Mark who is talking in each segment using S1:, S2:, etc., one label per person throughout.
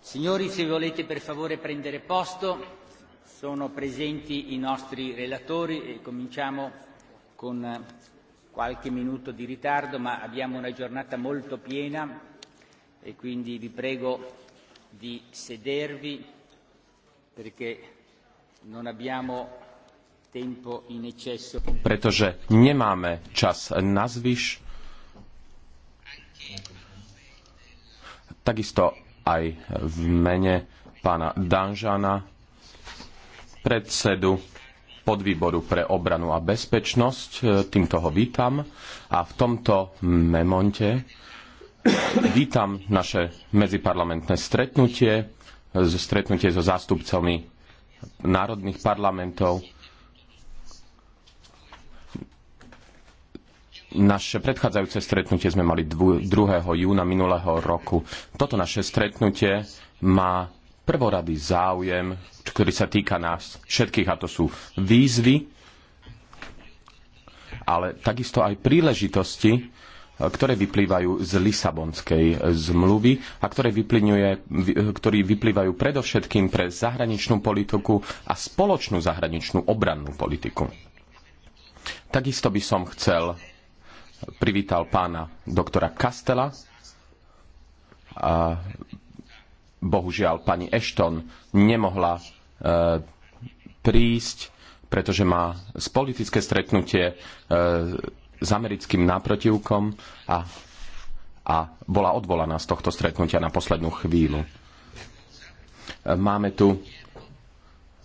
S1: Signori, se volete per favore prendere posto, sono presenti i nostri relatori e cominciamo con qualche minuto di ritardo, ma abbiamo una giornata molto piena e quindi vi prego di sedervi perché non abbiamo tempo in eccesso.
S2: Pretože nemáme čas na takisto aj v mene pána Danžana, predsedu podvýboru pre obranu a bezpečnosť. E, Týmto ho vítam a v tomto memonte vítam naše medziparlamentné stretnutie, e, stretnutie so zástupcami národných parlamentov Naše predchádzajúce stretnutie sme mali 2. júna minulého roku. Toto naše stretnutie má prvorady záujem, ktorý sa týka nás všetkých, a to sú výzvy, ale takisto aj príležitosti, ktoré vyplývajú z Lisabonskej zmluvy a ktoré ktorí vyplývajú predovšetkým pre zahraničnú politiku a spoločnú zahraničnú obrannú politiku. Takisto by som chcel privítal pána doktora Kastela. A bohužiaľ pani Ashton nemohla e, prísť, pretože má politické stretnutie e, s americkým náprotivkom a, a bola odvolaná z tohto stretnutia na poslednú chvíľu. E, máme tu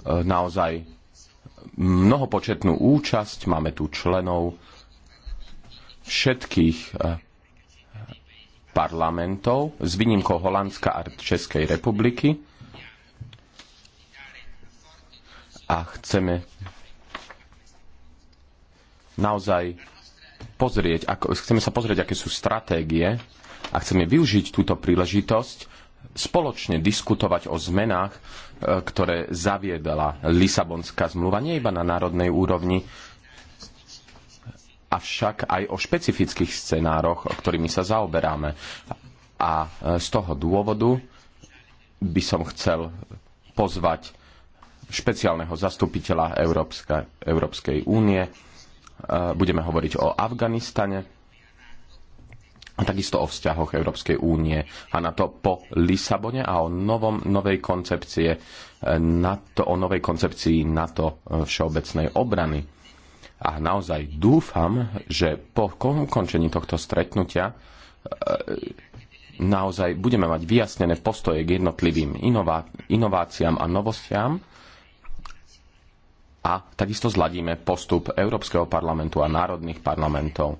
S2: naozaj mnohopočetnú účasť, máme tu členov všetkých eh, parlamentov s výnimkou Holandska a Českej republiky a chceme naozaj pozrieť, ako, chceme sa pozrieť, aké sú stratégie a chceme využiť túto príležitosť spoločne diskutovať o zmenách, eh, ktoré zaviedala Lisabonská zmluva nie iba na národnej úrovni, avšak aj o špecifických scenároch, ktorými sa zaoberáme. A e, z toho dôvodu by som chcel pozvať špeciálneho zastupiteľa Európska, Európskej únie. E, budeme hovoriť o Afganistane a takisto o vzťahoch Európskej únie a na to po Lisabone a o novom, novej koncepcie e, NATO, o novej koncepcii NATO všeobecnej obrany a naozaj dúfam, že po ukončení tohto stretnutia e, naozaj budeme mať vyjasnené postoje k jednotlivým inová- inováciám a novostiam a takisto zladíme postup Európskeho parlamentu a národných parlamentov.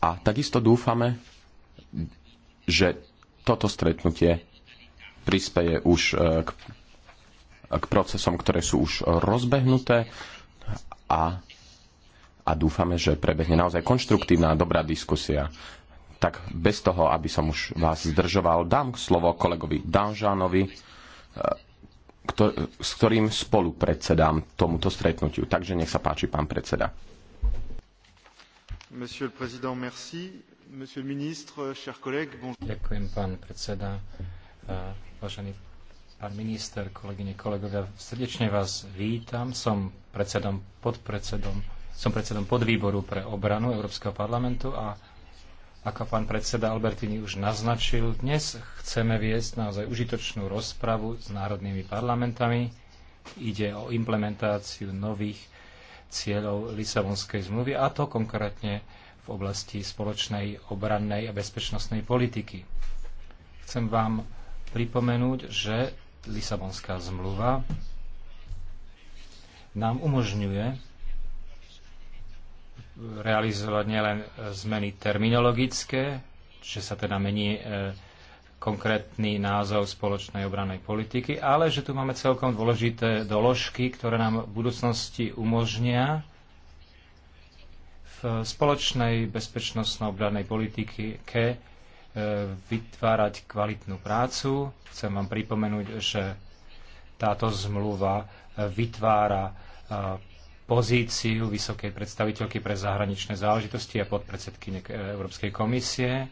S2: A takisto dúfame, že toto stretnutie prispeje už e, k k procesom, ktoré sú už rozbehnuté a, a dúfame, že prebehne naozaj konštruktívna a dobrá diskusia. Tak bez toho, aby som už vás zdržoval, dám slovo kolegovi Danžánovi, e, ktor- s ktorým spolu predsedám tomuto stretnutiu. Takže nech sa páči, pán predseda.
S3: Monsieur le Président, merci. Monsieur le Ministre, chers
S4: collègues, bonjour. Ďakujem, pán predseda. E, vážený pán minister, kolegyne, kolegovia, srdečne vás vítam. Som predsedom, podpredsedom, som predsedom podvýboru pre obranu Európskeho parlamentu a ako pán predseda Albertini už naznačil, dnes chceme viesť naozaj užitočnú rozpravu s národnými parlamentami. Ide o implementáciu nových cieľov Lisabonskej zmluvy a to konkrétne v oblasti spoločnej obrannej a bezpečnostnej politiky. Chcem vám pripomenúť, že Lisabonská zmluva nám umožňuje realizovať nielen e, zmeny terminologické, že sa teda mení e, konkrétny názov spoločnej obranej politiky, ale že tu máme celkom dôležité doložky, ktoré nám v budúcnosti umožnia v spoločnej bezpečnostno-obrannej politike vytvárať kvalitnú prácu. Chcem vám pripomenúť, že táto zmluva e, vytvára e, pozíciu vysokej predstaviteľky pre zahraničné záležitosti a podpredsedky e, Európskej komisie.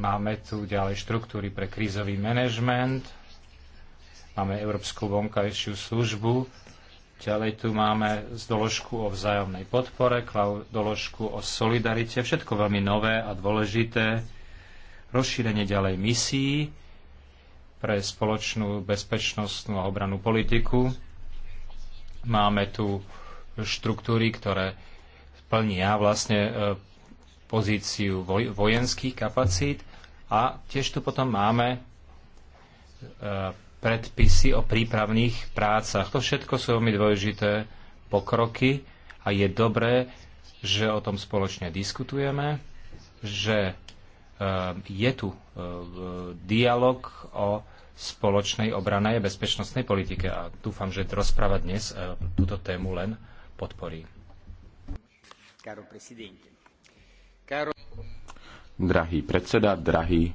S4: Máme tu ďalej štruktúry pre krízový manažment, máme Európsku vonkajšiu službu, ďalej tu máme doložku o vzájomnej podpore, doložku o solidarite, všetko veľmi nové a dôležité rozšírenie ďalej misií pre spoločnú bezpečnostnú a obranú politiku. Máme tu štruktúry, ktoré plnia vlastne e, pozíciu vojenských kapacít a tiež tu potom máme e, predpisy o prípravných prácach. To všetko sú veľmi dôležité pokroky a je dobré, že o tom spoločne diskutujeme, že Eh, je tu eh, dialog o spoločnej obranej a bezpečnostnej politike a dúfam, že rozpráva dnes eh, túto tému len podporí.
S2: Drahý predseda, drahý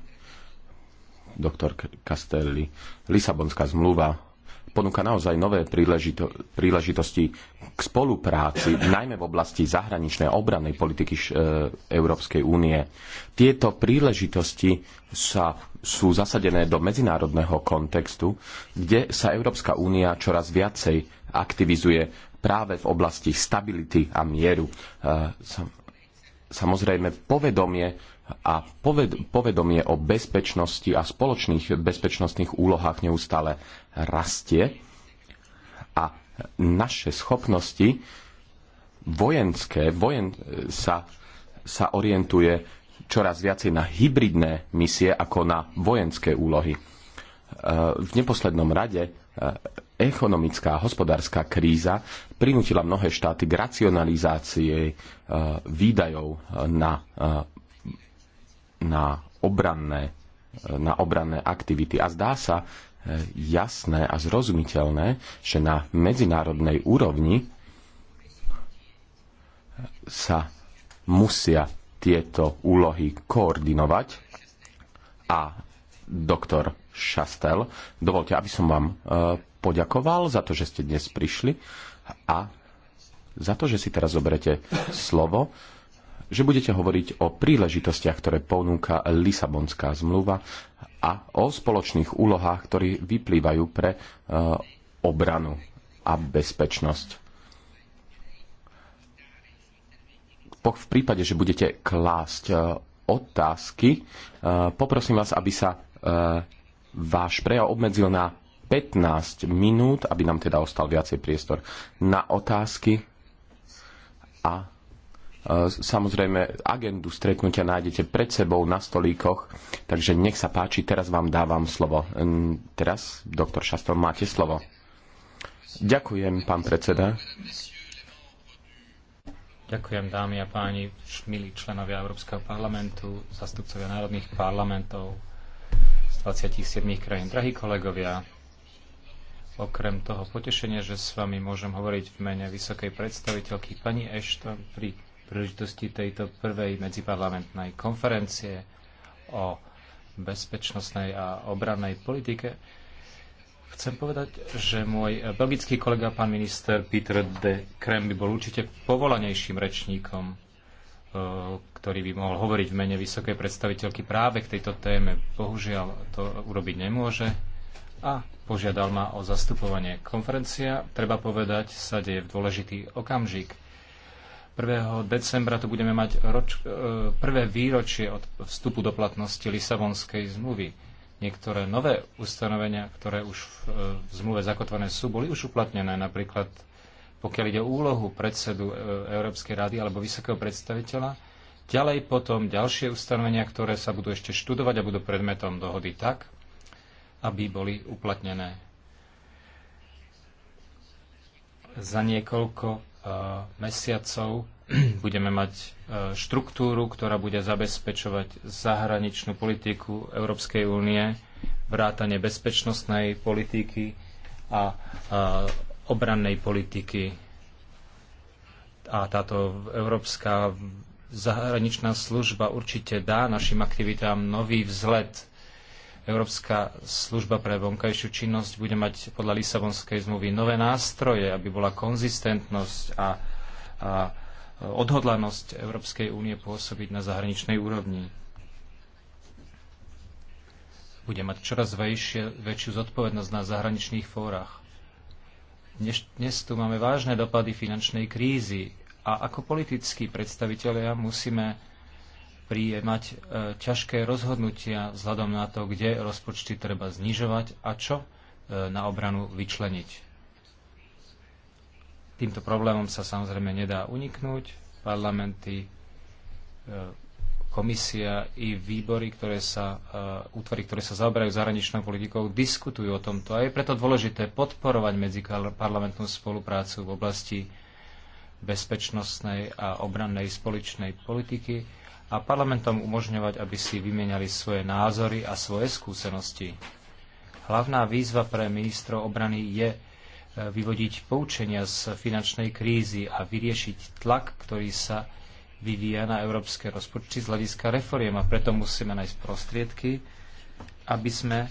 S2: doktor Castelli, Lisabonská zmluva ponúka naozaj nové príležito- príležitosti k spolupráci, najmä v oblasti zahraničnej obrannej politiky e, Európskej únie. Tieto príležitosti sa, sú zasadené do medzinárodného kontextu, kde sa Európska únia čoraz viacej aktivizuje práve v oblasti stability a mieru. E, sam, samozrejme, povedomie a poved- povedomie o bezpečnosti a spoločných bezpečnostných úlohách neustále rastie a naše schopnosti vojenské vojen- sa, sa orientuje čoraz viacej na hybridné misie ako na vojenské úlohy. E, v neposlednom rade e, ekonomická a hospodárska kríza prinútila mnohé štáty k racionalizácii e, výdajov na na obranné, na obranné aktivity. A zdá sa e, jasné a zrozumiteľné, že na medzinárodnej úrovni sa musia tieto úlohy koordinovať a doktor Šastel, dovolte, aby som vám e, poďakoval za to, že ste dnes prišli a za to, že si teraz zoberete slovo že budete hovoriť o príležitostiach, ktoré ponúka Lisabonská zmluva a o spoločných úlohách, ktoré vyplývajú pre eh, obranu a bezpečnosť. V prípade, že budete klásť eh, otázky, eh, poprosím vás, aby sa váš prejav obmedzil na 15 minút, aby nám teda ostal viacej priestor na otázky a E, samozrejme, agendu stretnutia nájdete pred sebou na stolíkoch, takže nech sa páči, teraz vám dávam slovo. Teraz, doktor Šastov, máte slovo. Ďakujem, pán predseda.
S4: Ďakujem, dámy a páni, milí členovia Európskeho parlamentu, zastupcovia národných parlamentov z 27 krajín. Drahí kolegovia, okrem toho potešenia, že s vami môžem hovoriť v mene vysokej predstaviteľky pani Ashton pri príležitosti tejto prvej medziparlamentnej konferencie o bezpečnostnej a obrannej politike. Chcem povedať, že môj belgický kolega, pán minister Peter de Krem, by bol určite povolanejším rečníkom, e, ktorý by mohol hovoriť v mene vysokej predstaviteľky práve k tejto téme. Bohužiaľ to urobiť nemôže a požiadal ma o zastupovanie. Konferencia, treba povedať, sa deje v dôležitý okamžik 1. decembra tu budeme mať roč, e, prvé výročie od vstupu do platnosti Lisabonskej zmluvy. Niektoré nové ustanovenia, ktoré už v e, zmluve zakotvené sú, boli už uplatnené. Napríklad pokiaľ ide o úlohu predsedu e, Európskej rady alebo vysokého predstaviteľa. Ďalej potom ďalšie ustanovenia, ktoré sa budú ešte študovať a budú predmetom dohody tak, aby boli uplatnené. Za niekoľko Eh, mesiacov budeme mať eh, štruktúru, ktorá bude zabezpečovať zahraničnú politiku Európskej únie, vrátanie bezpečnostnej politiky a eh, obrannej politiky. A táto európska zahraničná služba určite dá našim aktivitám nový vzhled Európska služba pre vonkajšiu činnosť bude mať podľa Lisabonskej zmluvy nové nástroje, aby bola konzistentnosť a, a odhodlanosť Európskej únie pôsobiť na zahraničnej úrovni. Bude mať čoraz väčšie, väčšiu zodpovednosť na zahraničných fórach. Dnes, dnes tu máme vážne dopady finančnej krízy a ako politickí predstavitelia musíme e, ťažké rozhodnutia vzhľadom na to, kde rozpočty treba znižovať a čo e, na obranu vyčleniť. Týmto problémom sa samozrejme nedá uniknúť. Parlamenty, e, komisia i výbory, ktoré sa, e, útvary, ktoré sa zaoberajú zahraničnou politikou, diskutujú o tomto. A je preto dôležité podporovať medziparlamentnú spoluprácu v oblasti bezpečnostnej a obrannej spoločnej politiky a parlamentom umožňovať, aby si vymenali svoje názory a svoje skúsenosti. Hlavná výzva pre ministrov obrany je e, vyvodiť poučenia z finančnej krízy a vyriešiť tlak, ktorý sa vyvíja na európske rozpočty z hľadiska reforiem a preto musíme nájsť prostriedky, aby sme e,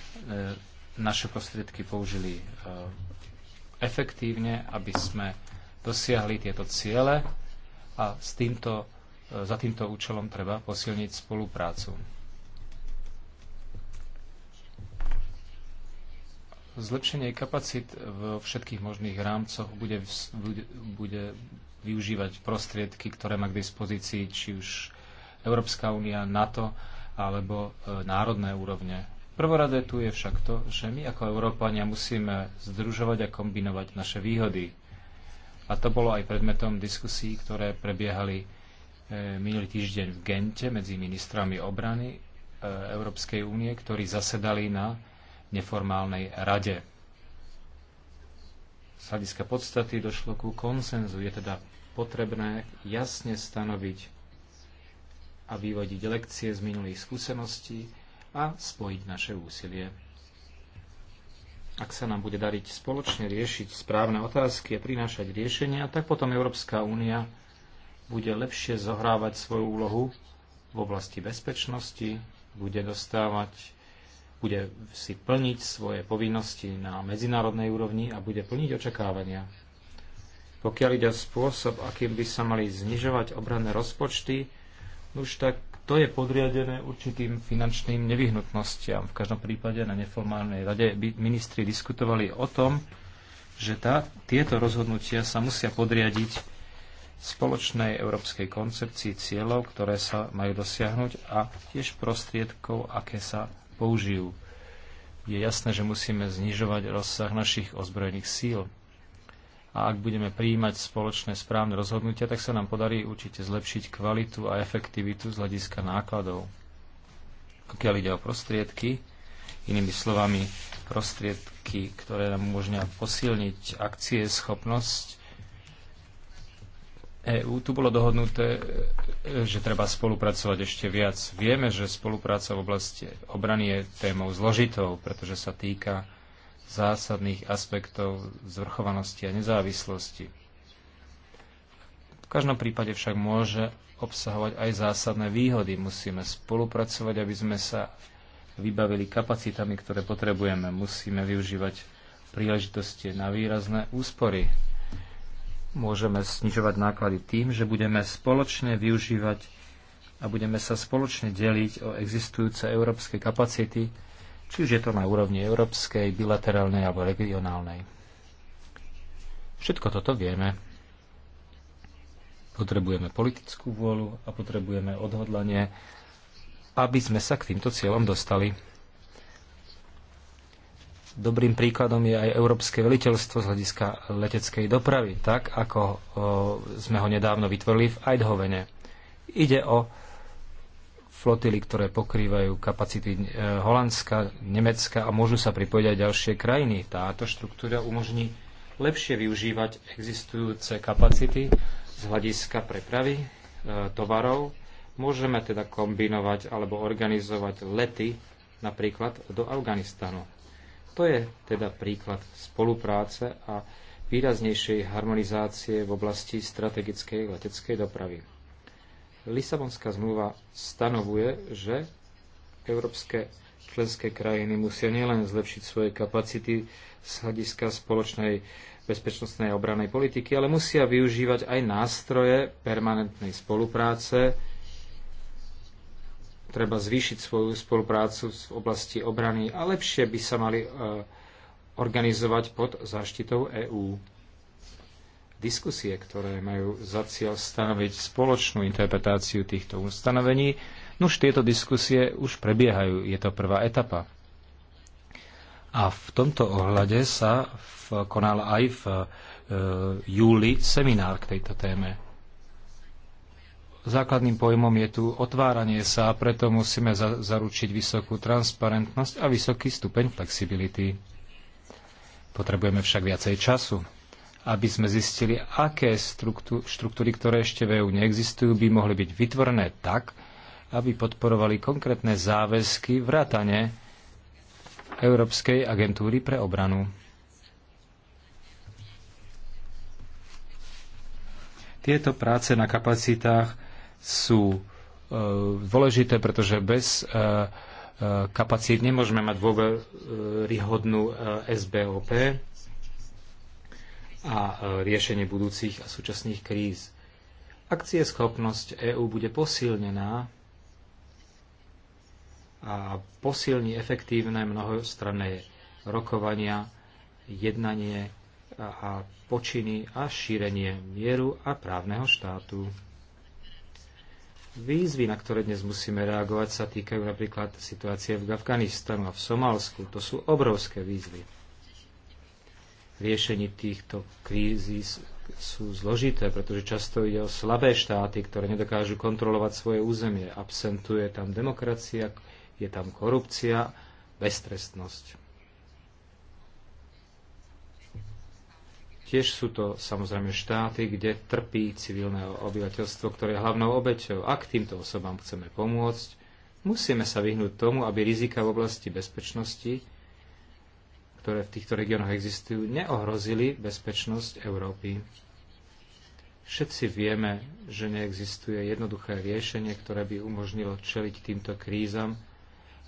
S4: naše prostriedky použili e, efektívne, aby sme dosiahli tieto ciele a s týmto E, za týmto účelom treba posilniť spoluprácu. Zlepšenie kapacít vo všetkých možných rámcoch bude, bude, bude využívať prostriedky, ktoré má k dispozícii či už Európska únia, NATO alebo e, národné úrovne. Prvoradé tu je však to, že my ako Európania musíme združovať a kombinovať naše výhody. A to bolo aj predmetom diskusí, ktoré prebiehali Eh, minulý týždeň v Gente medzi ministrami obrany eh, Európskej únie, ktorí zasedali na neformálnej rade. Z hľadiska podstaty došlo ku konsenzu. Je teda potrebné jasne stanoviť a vyvodiť lekcie z minulých skúseností a spojiť naše úsilie. Ak sa nám bude dariť spoločne riešiť správne otázky a prinášať riešenia, tak potom Európska únia bude lepšie zohrávať svoju úlohu v oblasti bezpečnosti, bude dostávať, bude si plniť svoje povinnosti na medzinárodnej úrovni a bude plniť očakávania. Pokiaľ ide o spôsob, akým by sa mali znižovať obranné rozpočty, už tak to je podriadené určitým finančným nevyhnutnostiam. V každom prípade na neformálnej rade by ministri diskutovali o tom, že tá, tieto rozhodnutia sa musia podriadiť spoločnej európskej koncepcii cieľov, ktoré sa majú dosiahnuť a tiež prostriedkov, aké sa použijú. Je jasné, že musíme znižovať rozsah našich ozbrojených síl. A ak budeme prijímať spoločné správne rozhodnutia, tak sa nám podarí určite zlepšiť kvalitu a efektivitu z hľadiska nákladov. Pokiaľ ide o prostriedky, inými slovami prostriedky, ktoré nám umožňujú posilniť akcie, schopnosť EÚ. Tu bolo dohodnuté, e, že treba spolupracovať ešte viac. Vieme, že spolupráca v oblasti obrany je témou zložitou, pretože sa týka zásadných aspektov zvrchovanosti a nezávislosti. V každom prípade však môže obsahovať aj zásadné výhody. Musíme spolupracovať, aby sme sa vybavili kapacitami, ktoré potrebujeme. Musíme využívať príležitosti na výrazné úspory môžeme snižovať náklady tým, že budeme spoločne využívať a budeme sa spoločne deliť o existujúce európske kapacity, či už je to na úrovni európskej, bilaterálnej alebo regionálnej. Všetko toto vieme. Potrebujeme politickú vôľu a potrebujeme odhodlanie, aby sme sa k týmto cieľom dostali. Dobrým príkladom je aj Európske veliteľstvo z hľadiska leteckej dopravy, tak ako o, sme ho nedávno vytvorili v Eidhovene. Ide o flotily, ktoré pokrývajú kapacity e, Holandska, Nemecka a môžu sa pripojiť aj ďalšie krajiny. Táto štruktúra umožní lepšie využívať existujúce kapacity z hľadiska prepravy e, tovarov. Môžeme teda kombinovať alebo organizovať lety napríklad do Afganistanu. To je teda príklad spolupráce a výraznejšej harmonizácie v oblasti strategickej leteckej dopravy. Lisabonská zmluva stanovuje, že európske členské krajiny musia nielen zlepšiť svoje kapacity z hľadiska spoločnej bezpečnostnej a obranej politiky, ale musia využívať aj nástroje permanentnej spolupráce, treba zvýšiť svoju spoluprácu v oblasti obrany a lepšie by sa mali e, organizovať pod záštitou EÚ. Diskusie, ktoré majú za cieľ stanoviť spoločnú interpretáciu týchto ustanovení, nuž tieto diskusie už prebiehajú, je to prvá etapa. A v tomto ohľade sa v, konal aj v e, júli seminár k tejto téme. Základným pojmom je tu otváranie sa a preto musíme za- zaručiť vysokú transparentnosť a vysoký stupeň flexibility. Potrebujeme však viacej času, aby sme zistili, aké štruktú- štruktúry, ktoré ešte v EU neexistujú, by mohli byť vytvorené tak, aby podporovali konkrétne záväzky vrátane Európskej agentúry pre obranu. Tieto práce na kapacitách sú e, dôležité, pretože bez e, e, kapacít nemôžeme mať dôveryhodnú SBOP a riešenie budúcich a súčasných kríz. Akcie schopnosť EÚ bude posilnená a posilní efektívne mnohostranné rokovania, jednanie a počiny a šírenie mieru a právneho štátu. Výzvy, na ktoré dnes musíme reagovať, sa týkajú napríklad situácie v Afganistanu a v Somálsku. To sú obrovské výzvy. Riešenie týchto krízy sú zložité, pretože často ide o slabé štáty, ktoré nedokážu kontrolovať svoje územie. Absentuje tam demokracia, je tam korupcia, bestrestnosť. Tiež sú to samozrejme štáty, kde trpí civilné obyvateľstvo, ktoré je hlavnou obeťou. Ak týmto osobám chceme pomôcť, musíme sa vyhnúť tomu, aby rizika v oblasti bezpečnosti, ktoré v týchto regiónoch existujú, neohrozili bezpečnosť Európy. Všetci vieme, že neexistuje jednoduché riešenie, ktoré by umožnilo čeliť týmto krízam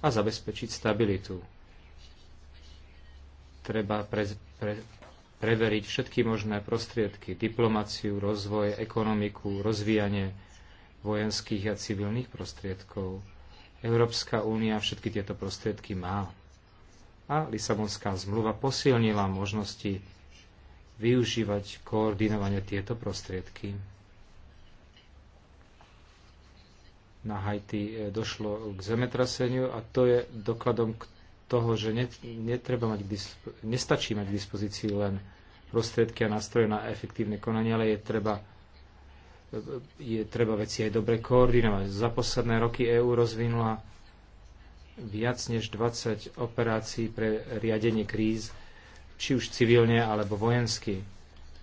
S4: a zabezpečiť stabilitu. Treba pre, pre, preveriť všetky možné prostriedky, diplomáciu, rozvoj, ekonomiku, rozvíjanie vojenských a civilných prostriedkov. Európska únia všetky tieto prostriedky má. A Lisabonská zmluva posilnila možnosti využívať koordinovanie tieto prostriedky. Na Haiti eh, došlo k zemetraseniu a to je dokladom k toho, že netreba mať, nestačí mať k dispozícii len prostriedky a nástroje na efektívne konanie, ale je treba, je treba veci aj dobre koordinovať. Za posledné roky EÚ rozvinula viac než 20 operácií pre riadenie kríz, či už civilne alebo vojensky.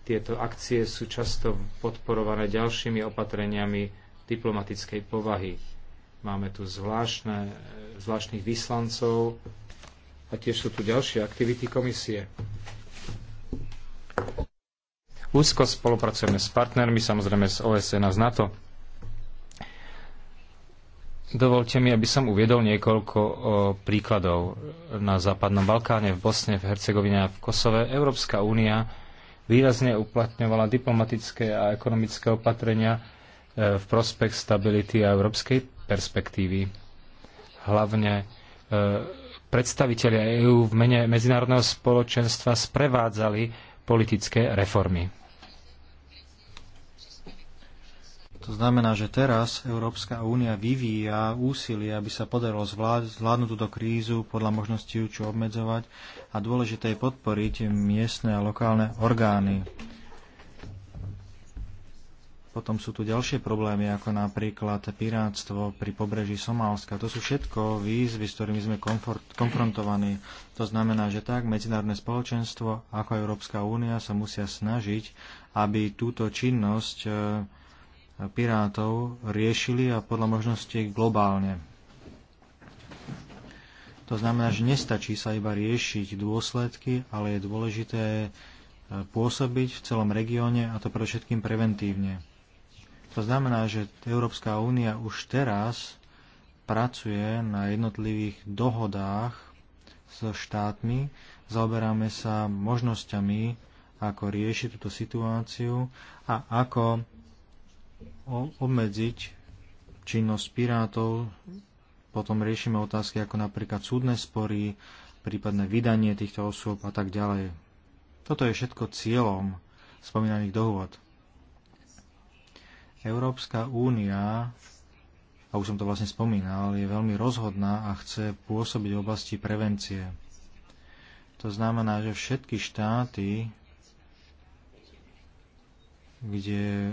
S4: Tieto akcie sú často podporované ďalšími opatreniami diplomatickej povahy. Máme tu zvláštne, zvláštnych vyslancov, a tiež sú tu ďalšie aktivity komisie. Úzko spolupracujeme s partnermi, samozrejme s OSN a z NATO. Dovolte mi, aby som uviedol niekoľko príkladov. Na Západnom Balkáne, v Bosne, v Hercegovine a v Kosove Európska únia výrazne uplatňovala diplomatické a ekonomické opatrenia e, v prospech stability a európskej perspektívy. Hlavne e, predstavitelia EÚ v mene medzinárodného spoločenstva sprevádzali politické reformy.
S3: To znamená, že teraz Európska únia vyvíja úsilie, aby sa podarilo zvládnuť túto krízu, podľa možností ju čo obmedzovať a dôležité je podporiť miestne a lokálne orgány. Potom sú tu ďalšie problémy, ako napríklad pirátstvo pri pobreží Somálska. To sú všetko výzvy, s ktorými sme komfort, konfrontovaní. To znamená, že tak medzinárodné spoločenstvo ako Európska únia sa musia snažiť, aby túto činnosť e, pirátov riešili a podľa možnosti globálne. To znamená, že nestačí sa iba riešiť dôsledky, ale je dôležité e, pôsobiť v celom regióne a to všetkým preventívne. To znamená, že Európska únia už teraz pracuje na jednotlivých dohodách so štátmi, zaoberáme sa možnosťami, ako riešiť túto situáciu a ako obmedziť činnosť pirátov. Potom riešime otázky ako napríklad súdne spory, prípadné vydanie týchto osôb a tak ďalej. Toto je všetko cieľom spomínaných dohôd. Európska únia, a už som to vlastne spomínal, je veľmi rozhodná a chce pôsobiť v oblasti prevencie. To znamená, že všetky štáty, kde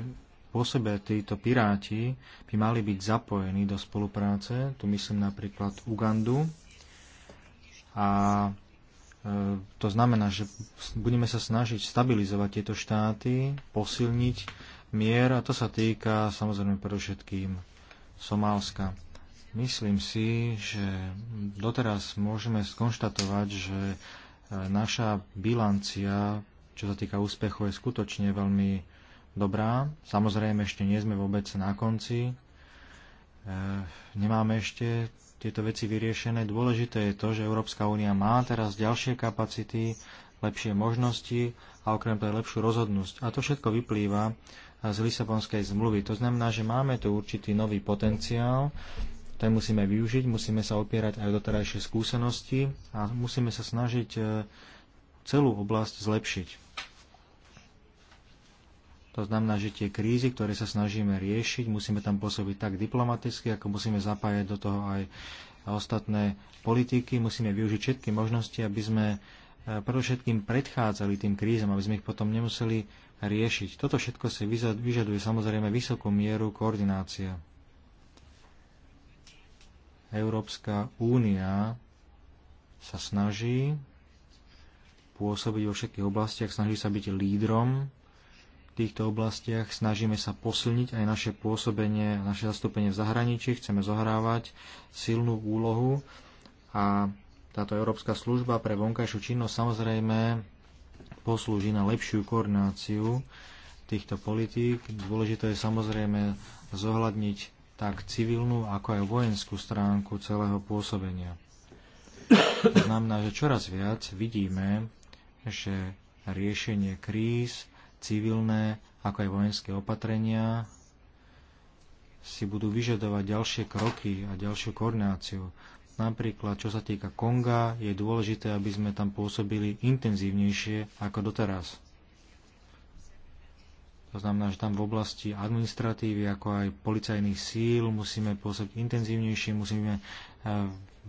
S3: pôsobia títo piráti, by mali byť zapojení do spolupráce. Tu myslím napríklad Ugandu. A e, to znamená, že budeme sa snažiť stabilizovať tieto štáty, posilniť mier a to sa týka samozrejme predovšetkým Somálska. Myslím si, že doteraz môžeme skonštatovať, že e, naša bilancia, čo sa týka úspechu, je skutočne veľmi dobrá. Samozrejme, ešte nie sme vôbec na konci. E, nemáme ešte tieto veci vyriešené. Dôležité je to, že Európska únia má teraz ďalšie kapacity, lepšie možnosti a okrem toho lepšiu rozhodnosť. A to všetko vyplýva z Lisabonskej zmluvy. To znamená, že máme tu určitý nový potenciál, ten musíme využiť, musíme sa opierať aj o doterajšie skúsenosti a musíme sa snažiť e, celú oblasť zlepšiť. To znamená, že tie krízy, ktoré sa snažíme riešiť, musíme tam pôsobiť tak diplomaticky, ako musíme zapájať do toho aj ostatné politiky, musíme využiť všetky možnosti, aby sme e, predovšetkým predchádzali tým krízam, aby sme ich potom nemuseli riešiť. Toto všetko si vyžaduje samozrejme vysokú mieru koordinácia. Európska únia sa snaží pôsobiť vo všetkých oblastiach, snaží sa byť lídrom v týchto oblastiach, snažíme sa posilniť aj naše pôsobenie, naše zastúpenie v zahraničí, chceme zohrávať silnú úlohu a táto Európska služba pre vonkajšiu činnosť samozrejme poslúži na lepšiu koordináciu týchto politík. Dôležité je samozrejme zohľadniť tak civilnú, ako aj vojenskú stránku celého pôsobenia. To znamená, že čoraz viac vidíme, že riešenie kríz, civilné, ako aj vojenské opatrenia si budú vyžadovať ďalšie kroky a ďalšiu koordináciu. Napríklad, čo sa týka Konga, je dôležité, aby sme tam pôsobili intenzívnejšie ako doteraz. To znamená, že tam v oblasti administratívy, ako aj policajných síl musíme pôsobiť intenzívnejšie, musíme e,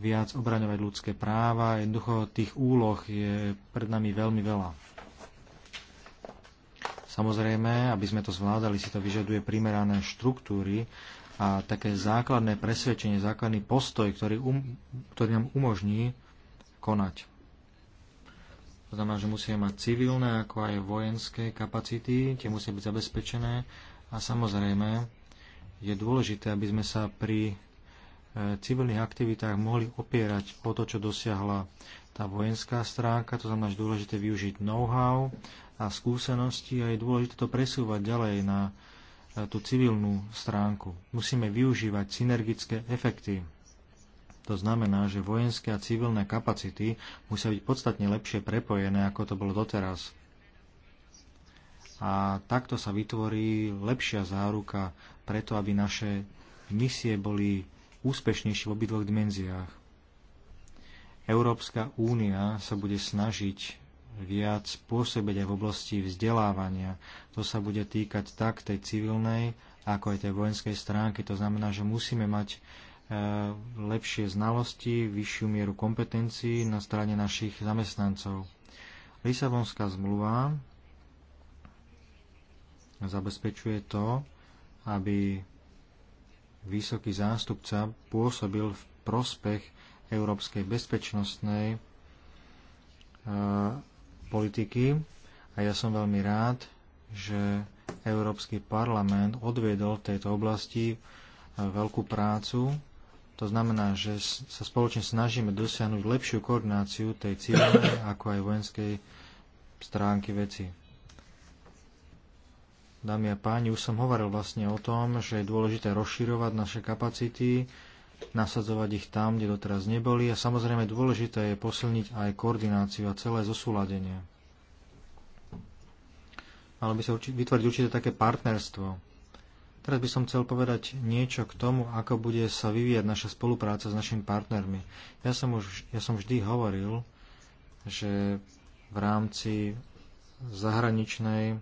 S3: viac obraňovať ľudské práva. Jednoducho tých úloh je pred nami veľmi veľa. Samozrejme, aby sme to zvládali, si to vyžaduje primerané štruktúry a také základné presvedčenie, základný postoj, ktorý, um, ktorý nám umožní konať. To znamená, že musíme mať civilné ako aj vojenské kapacity, tie musia byť zabezpečené a samozrejme je dôležité, aby sme sa pri e, civilných aktivitách mohli opierať o to, čo dosiahla tá vojenská stránka, to znamená, že dôležité využiť know-how a skúsenosti a je dôležité to presúvať ďalej na E, tú civilnú stránku. Musíme využívať synergické efekty. To znamená, že vojenské a civilné kapacity musia byť podstatne lepšie prepojené, ako to bolo doteraz. A takto sa vytvorí lepšia záruka preto, aby naše misie boli úspešnejšie v obidvoch dimenziách. Európska únia sa bude snažiť viac pôsobiť aj v oblasti vzdelávania. To sa bude týkať tak tej civilnej, ako aj tej vojenskej stránky. To znamená, že musíme mať e, lepšie znalosti, vyššiu mieru kompetencií na strane našich zamestnancov. Lisabonská zmluva zabezpečuje to, aby vysoký zástupca pôsobil v prospech európskej bezpečnostnej e, politiky a ja som veľmi rád, že Európsky parlament odviedol v tejto oblasti e, veľkú prácu. To znamená, že sa spoločne snažíme dosiahnuť lepšiu koordináciu tej civilnej ako aj vojenskej stránky veci. Dámy a páni, už som hovoril vlastne o tom, že je dôležité rozširovať naše kapacity, nasadzovať ich tam, kde doteraz neboli a samozrejme dôležité je posilniť aj koordináciu a celé zosúladenie. Malo by sa vytvoriť určité také partnerstvo. Teraz by som chcel povedať niečo k tomu, ako bude sa vyvíjať naša spolupráca s našimi partnermi. Ja som, už, ja som vždy hovoril, že v rámci zahraničnej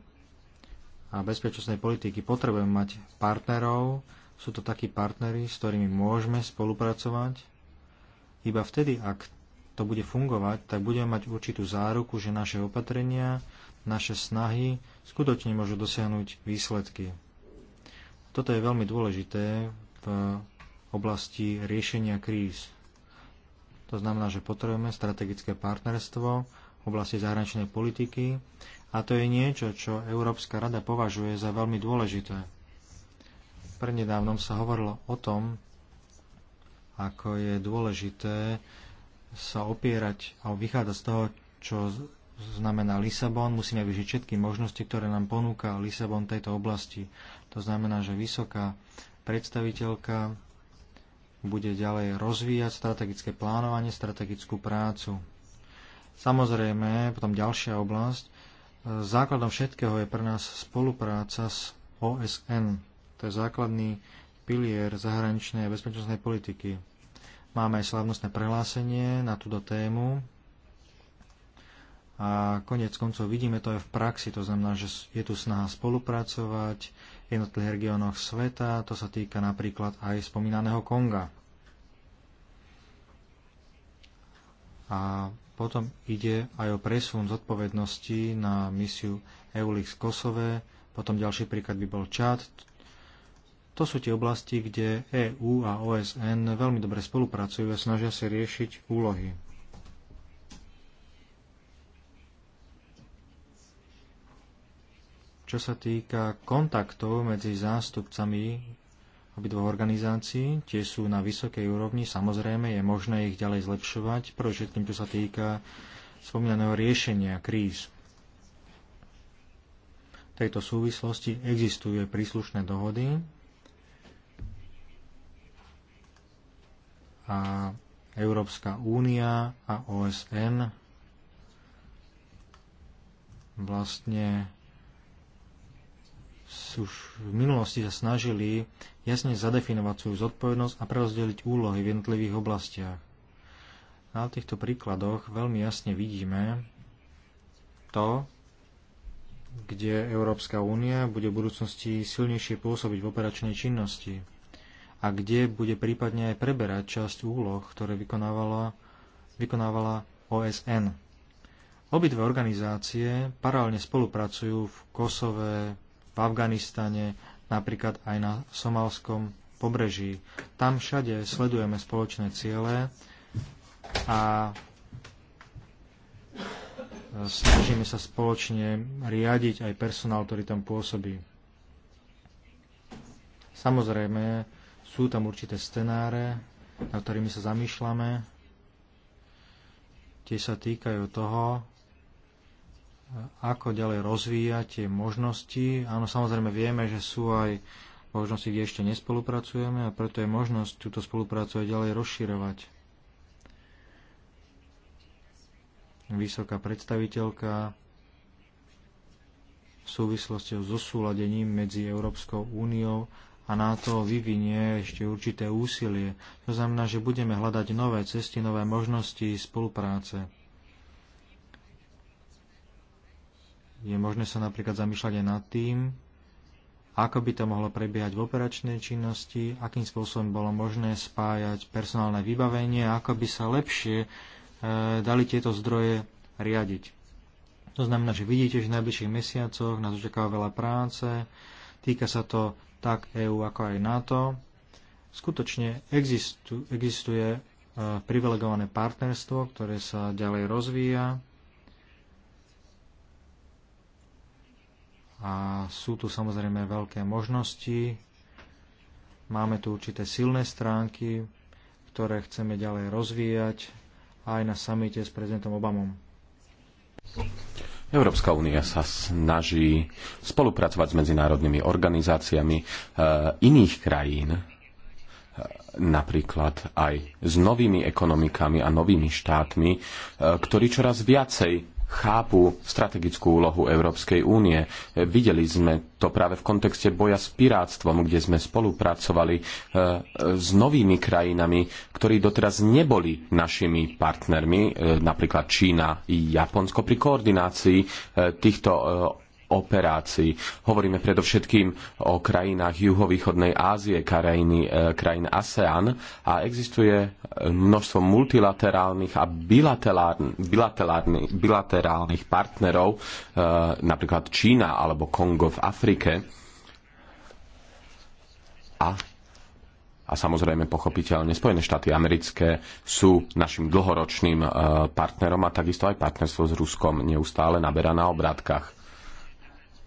S3: a bezpečnostnej politiky potrebujeme mať partnerov, sú to takí partnery, s ktorými môžeme spolupracovať. Iba vtedy, ak to bude fungovať, tak budeme mať určitú záruku, že naše opatrenia, naše snahy skutočne môžu dosiahnuť výsledky. Toto je veľmi dôležité v oblasti riešenia kríz. To znamená, že potrebujeme strategické partnerstvo v oblasti zahraničnej politiky a to je niečo, čo Európska rada považuje za veľmi dôležité prednedávnom sa hovorilo o tom, ako je dôležité sa opierať a vychádzať z toho, čo znamená Lisabon. Musíme vyžiť všetky možnosti, ktoré nám ponúka Lisabon tejto oblasti. To znamená, že vysoká predstaviteľka bude ďalej rozvíjať strategické plánovanie, strategickú prácu. Samozrejme, potom ďalšia oblasť. Základom všetkého je pre nás spolupráca s OSN. To je základný pilier zahraničnej a bezpečnostnej politiky. Máme aj slavnostné prehlásenie na túto tému. A konec koncov vidíme to aj v praxi, to znamená, že je tu snaha spolupracovať v jednotlivých regiónoch sveta, to sa týka napríklad aj spomínaného Konga. A potom ide aj o presun zodpovednosti na misiu EULIX Kosove, potom ďalší príklad by bol Čad, to sú tie oblasti, kde EÚ a OSN veľmi dobre spolupracujú a snažia sa riešiť úlohy. Čo sa týka kontaktov medzi zástupcami obidvoch organizácií, tie sú na vysokej úrovni, samozrejme je možné ich ďalej zlepšovať, všetkým, čo sa týka spomínaného riešenia kríz. V tejto súvislosti existujú príslušné dohody a Európska únia a OSN vlastne už v minulosti sa snažili jasne zadefinovať svoju zodpovednosť a prerozdeliť úlohy v jednotlivých oblastiach. Na týchto príkladoch veľmi jasne vidíme to, kde Európska únia bude v budúcnosti silnejšie pôsobiť v operačnej činnosti a kde bude prípadne aj preberať časť úloh, ktoré vykonávala, vykonávala OSN. Obidve organizácie paralelne spolupracujú v Kosove, v Afganistane, napríklad aj na somalskom pobreží. Tam všade sledujeme spoločné ciele a snažíme sa spoločne riadiť aj personál, ktorý tam pôsobí. Samozrejme, sú tam určité scenáre, na ktorými sa zamýšľame. Tie sa týkajú toho, ako ďalej rozvíjať tie možnosti. Áno, samozrejme vieme, že sú aj možnosti, kde ešte nespolupracujeme a preto je možnosť túto spoluprácu aj ďalej rozširovať. Vysoká predstaviteľka v súvislosti so zosúladením medzi Európskou úniou a na to vyvinie ešte určité úsilie. To znamená, že budeme hľadať nové cesty, nové možnosti spolupráce. Je možné sa napríklad zamýšľať aj nad tým, ako by to mohlo prebiehať v operačnej činnosti, akým spôsobom bolo možné spájať personálne vybavenie, ako by sa lepšie e, dali tieto zdroje riadiť. To znamená, že vidíte, že v najbližších mesiacoch nás očakáva veľa práce, týka sa to tak EÚ ako aj NATO, skutočne existu, existuje e, privilegované partnerstvo, ktoré sa ďalej rozvíja a sú tu samozrejme veľké možnosti. Máme tu určité silné stránky, ktoré chceme ďalej rozvíjať aj na samite s prezidentom Obamom.
S2: Európska únia sa snaží spolupracovať s medzinárodnými organizáciami eh, iných krajín, eh, napríklad aj s novými ekonomikami a novými štátmi, eh, ktorí čoraz viacej chápu strategickú úlohu Európskej únie. Videli sme to práve v kontexte boja s pirátstvom, kde sme spolupracovali e, s novými krajinami, ktorí doteraz neboli našimi partnermi, e, napríklad Čína i Japonsko, pri koordinácii e, týchto operácií. Hovoríme predovšetkým o krajinách juhovýchodnej Ázie, krajiny, e, krajín ASEAN a existuje množstvo multilaterálnych a bilaterálnych, bilaterálnych partnerov, e, napríklad Čína alebo Kongo v Afrike. A a samozrejme pochopiteľne Spojené štáty americké sú našim dlhoročným e, partnerom a takisto aj partnerstvo s Ruskom neustále naberá na obrátkach.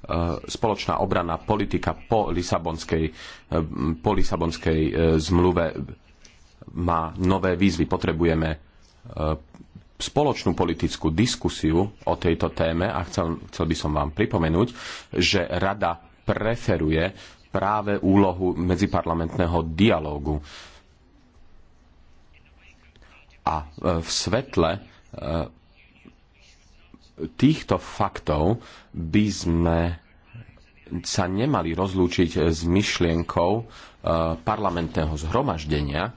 S2: E, spoločná obranná politika po Lisabonskej, e, po Lisabonskej e, zmluve má nové výzvy. Potrebujeme spoločnú politickú diskusiu o tejto téme a chcel, chcel by som vám pripomenúť, že Rada preferuje práve úlohu medziparlamentného dialógu. A v svetle týchto faktov by sme sa nemali rozlúčiť s myšlienkou e, parlamentného zhromaždenia, e,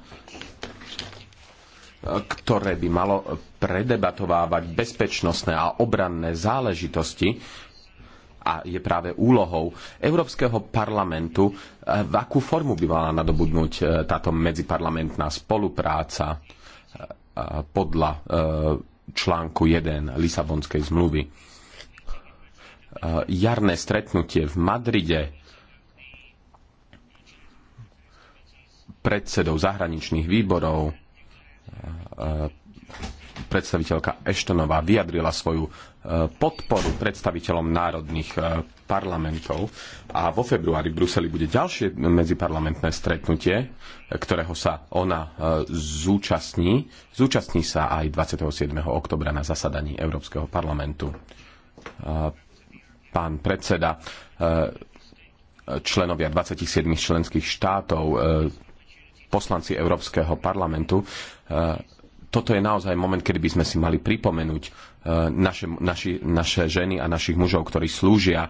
S2: ktoré by malo predebatovávať bezpečnostné a obranné záležitosti, a je práve úlohou Európskeho parlamentu, e, v akú formu by mala nadobudnúť táto medziparlamentná spolupráca podľa článku 1 Lisabonskej zmluvy. E, jarné stretnutie v Madride predsedov zahraničných výborov e, predstaviteľka Eštonová vyjadrila svoju e, podporu predstaviteľom národných parlamentov a vo februári v Bruseli bude ďalšie medziparlamentné stretnutie, ktorého sa ona e, zúčastní. Zúčastní sa aj 27. oktobra na zasadaní Európskeho parlamentu. E, pán predseda, e, členovia 27 členských štátov, poslanci Európskeho parlamentu toto je naozaj moment, kedy by sme si mali pripomenúť e, naše, naši, naše ženy a našich mužov, ktorí slúžia e,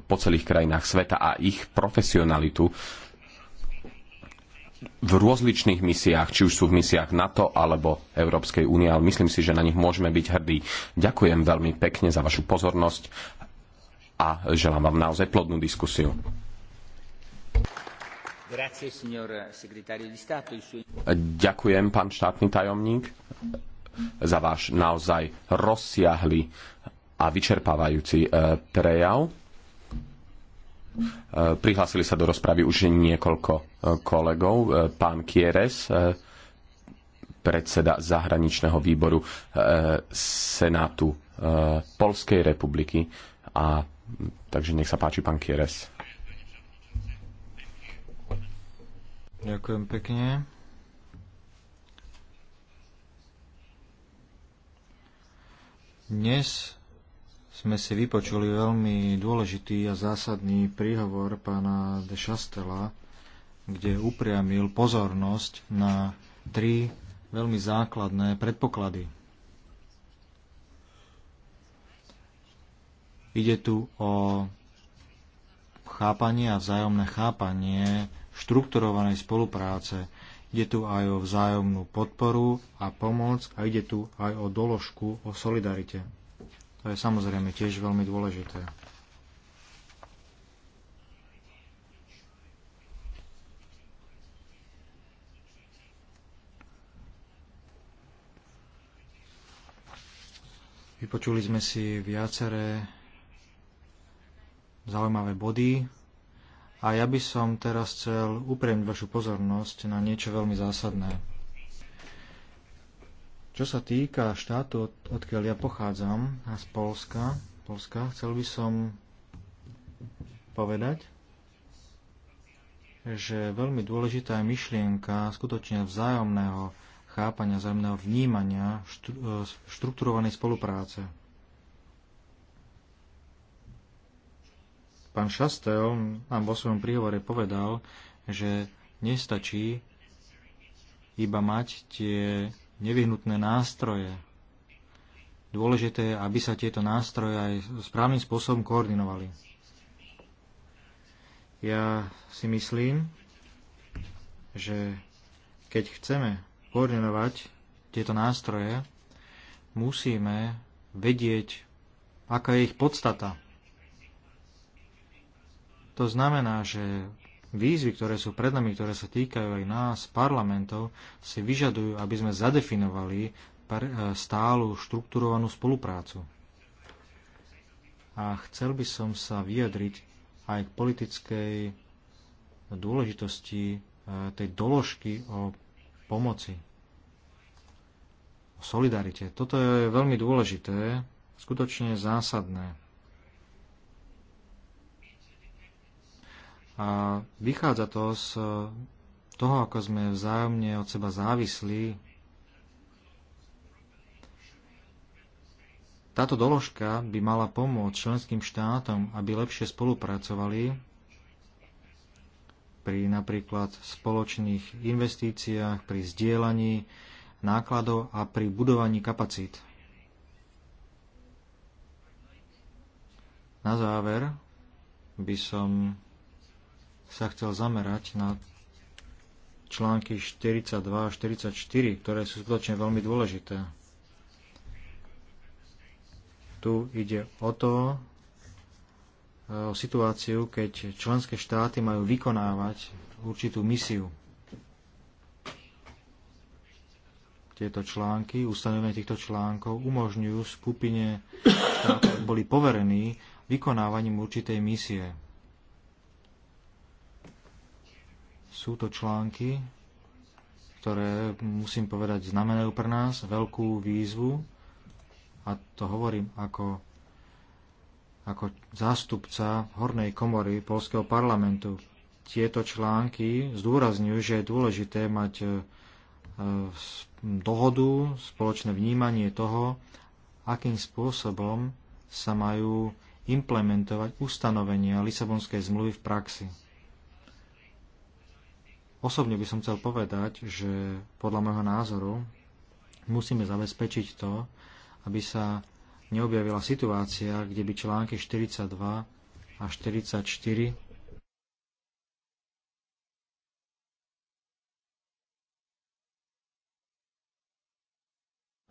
S2: po celých krajinách sveta a ich profesionalitu v rozličných misiách, či už sú v misiách NATO alebo Európskej únie, ale myslím si, že na nich môžeme byť hrdí. Ďakujem veľmi pekne za vašu pozornosť a želám vám naozaj plodnú diskusiu. Ďakujem, pán štátny tajomník, za váš naozaj rozsiahly a vyčerpávajúci e, prejav. E, prihlásili sa do rozpravy už niekoľko e, kolegov. Pán Kieres, predseda zahraničného výboru Senátu Polskej republiky. A, takže nech sa páči, pán Kieres.
S3: Ďakujem pekne. Dnes sme si vypočuli veľmi dôležitý a zásadný príhovor pána de Chastela, kde upriamil pozornosť na tri veľmi základné predpoklady. Ide tu o chápanie a vzájomné chápanie štrukturovanej spolupráce. Ide tu aj o vzájomnú podporu a pomoc a ide tu aj o doložku o solidarite. To je samozrejme tiež veľmi dôležité. Vypočuli sme si viaceré zaujímavé body a ja by som teraz chcel upriamiť vašu pozornosť na niečo veľmi zásadné. Čo sa týka štátu, od, odkiaľ ja pochádzam, a z Polska, Polska, chcel by som povedať, že veľmi dôležitá je myšlienka skutočne vzájomného chápania, vzájomného vnímania, štru, e, štrukturovanej spolupráce. Pán Šastel nám vo svojom príhovore povedal, že nestačí iba mať tie nevyhnutné nástroje. Dôležité je, aby sa tieto nástroje aj správnym spôsobom koordinovali. Ja si myslím, že keď chceme koordinovať tieto nástroje, musíme vedieť, aká je ich podstata. To znamená, že výzvy, ktoré sú pred nami, ktoré sa týkajú aj nás, parlamentov, si vyžadujú, aby sme zadefinovali e, stálu štrukturovanú spoluprácu. A chcel by som sa vyjadriť aj k politickej dôležitosti e, tej doložky o pomoci, o solidarite. Toto je veľmi dôležité, skutočne zásadné. A vychádza to z e, toho, ako sme vzájomne od seba závislí. Táto doložka by mala pomôcť členským štátom, aby lepšie spolupracovali pri napríklad spoločných investíciách, pri zdieľaní nákladov a pri budovaní kapacít. Na záver by som sa chcel zamerať na články 42 a 44, ktoré sú skutočne veľmi dôležité. Tu ide o to, e, o situáciu, keď členské štáty majú vykonávať určitú misiu. Tieto články, ustanovenie týchto článkov umožňujú skupine ktoré boli poverení vykonávaním určitej misie. Sú to články, ktoré, musím povedať, znamenajú pre nás veľkú výzvu a to hovorím ako, ako zástupca hornej komory Polského parlamentu. Tieto články zdôrazňujú, že je dôležité mať e, dohodu, spoločné vnímanie toho, akým spôsobom sa majú implementovať ustanovenia Lisabonskej zmluvy v praxi. Osobne by som chcel povedať, že podľa môjho názoru musíme zabezpečiť to, aby sa neobjavila situácia, kde by články 42 a 44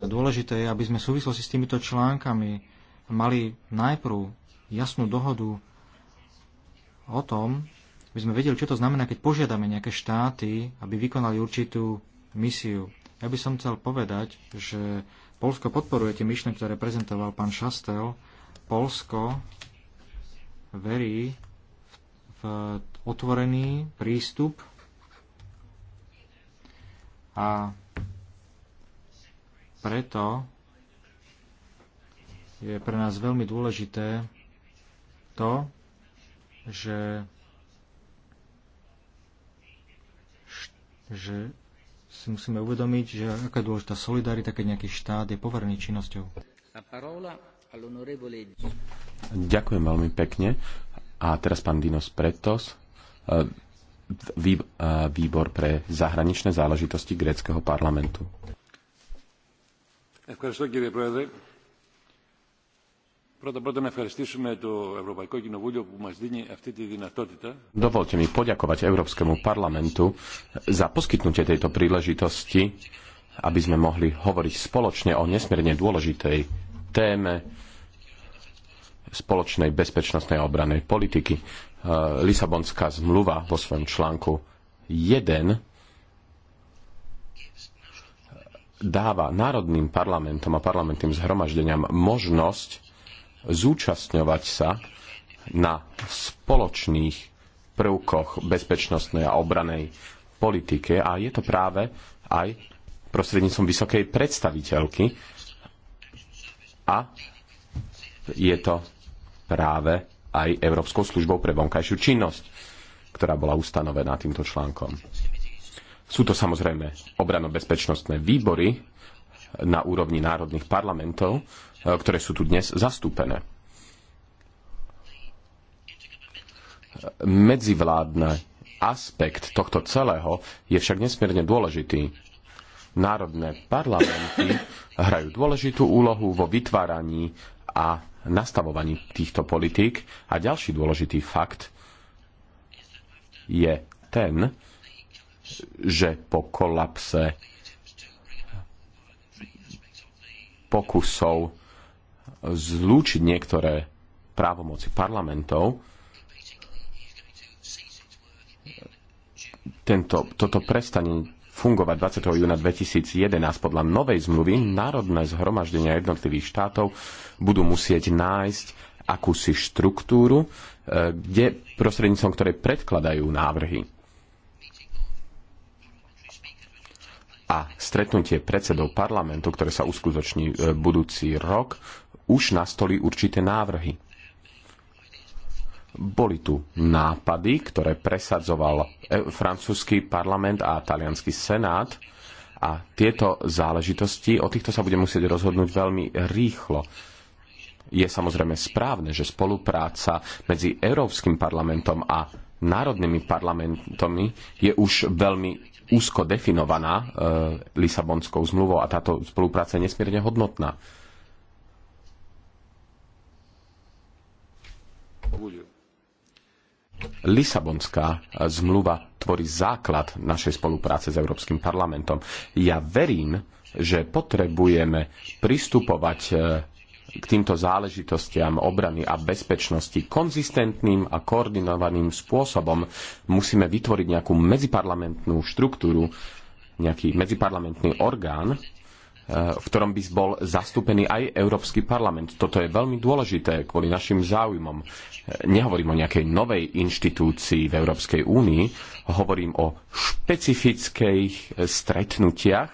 S3: Dôležité je, aby sme v súvislosti s týmito článkami mali najprv jasnú dohodu o tom, aby sme vedeli, čo to znamená, keď požiadame nejaké štáty, aby vykonali určitú misiu. Ja by som chcel povedať, že Polsko podporuje tie myšlenky, ktoré prezentoval pán Šastel. Polsko verí v otvorený prístup a preto je pre nás veľmi dôležité to, že že si musíme uvedomiť, že aká je dôležitá solidarita, keď nejaký štát je poverený činnosťou.
S2: Ďakujem veľmi pekne. A teraz pán Dinos Pretos, e, e, výbor pre zahraničné záležitosti gréckého parlamentu. Ďakujem, Dovolte mi poďakovať Európskemu parlamentu za poskytnutie tejto príležitosti, aby sme mohli hovoriť spoločne o nesmierne dôležitej téme spoločnej bezpečnostnej a obranej politiky. E, Lisabonská zmluva vo svojom článku 1 dáva národným parlamentom a parlamentným zhromaždeniam možnosť zúčastňovať sa na spoločných prvkoch bezpečnostnej a obranej politike a je to práve aj prostredníctvom vysokej predstaviteľky a je to práve aj Európskou službou pre vonkajšiu činnosť, ktorá bola ustanovená týmto článkom. Sú to samozrejme obrano-bezpečnostné výbory na úrovni národných parlamentov, E, ktoré sú tu dnes zastúpené. Medzivládny aspekt tohto celého je však nesmierne dôležitý. Národné parlamenty hrajú dôležitú úlohu vo vytváraní a nastavovaní týchto politík a ďalší dôležitý fakt je ten, že po kolapse pokusov zlúčiť niektoré právomoci parlamentov. Tento, toto prestane fungovať 20. júna 2011 podľa novej zmluvy národné zhromaždenia jednotlivých štátov budú musieť nájsť akúsi štruktúru, e, kde prostredníctvom ktoré predkladajú návrhy. A stretnutie predsedov parlamentu, ktoré sa uskutoční e, budúci rok, už nastolí určité návrhy. Boli tu nápady, ktoré presadzoval e, francúzsky parlament a talianský senát a tieto záležitosti, o týchto sa bude musieť rozhodnúť veľmi rýchlo. Je samozrejme správne, že spolupráca medzi Európskym parlamentom a národnými parlamentami je už veľmi úzko definovaná e, Lisabonskou zmluvou a táto spolupráca je nesmierne hodnotná. Lisabonská zmluva tvorí základ našej spolupráce s Európskym parlamentom. Ja verím, že potrebujeme pristupovať e, k týmto záležitostiam obrany a bezpečnosti konzistentným a koordinovaným spôsobom. Musíme vytvoriť nejakú medziparlamentnú štruktúru, nejaký medziparlamentný orgán, Eh, v ktorom by bol zastúpený aj Európsky parlament. Toto je veľmi dôležité kvôli našim záujmom. Eh, nehovorím o nejakej novej inštitúcii v Európskej únii, hovorím o špecifických eh, stretnutiach,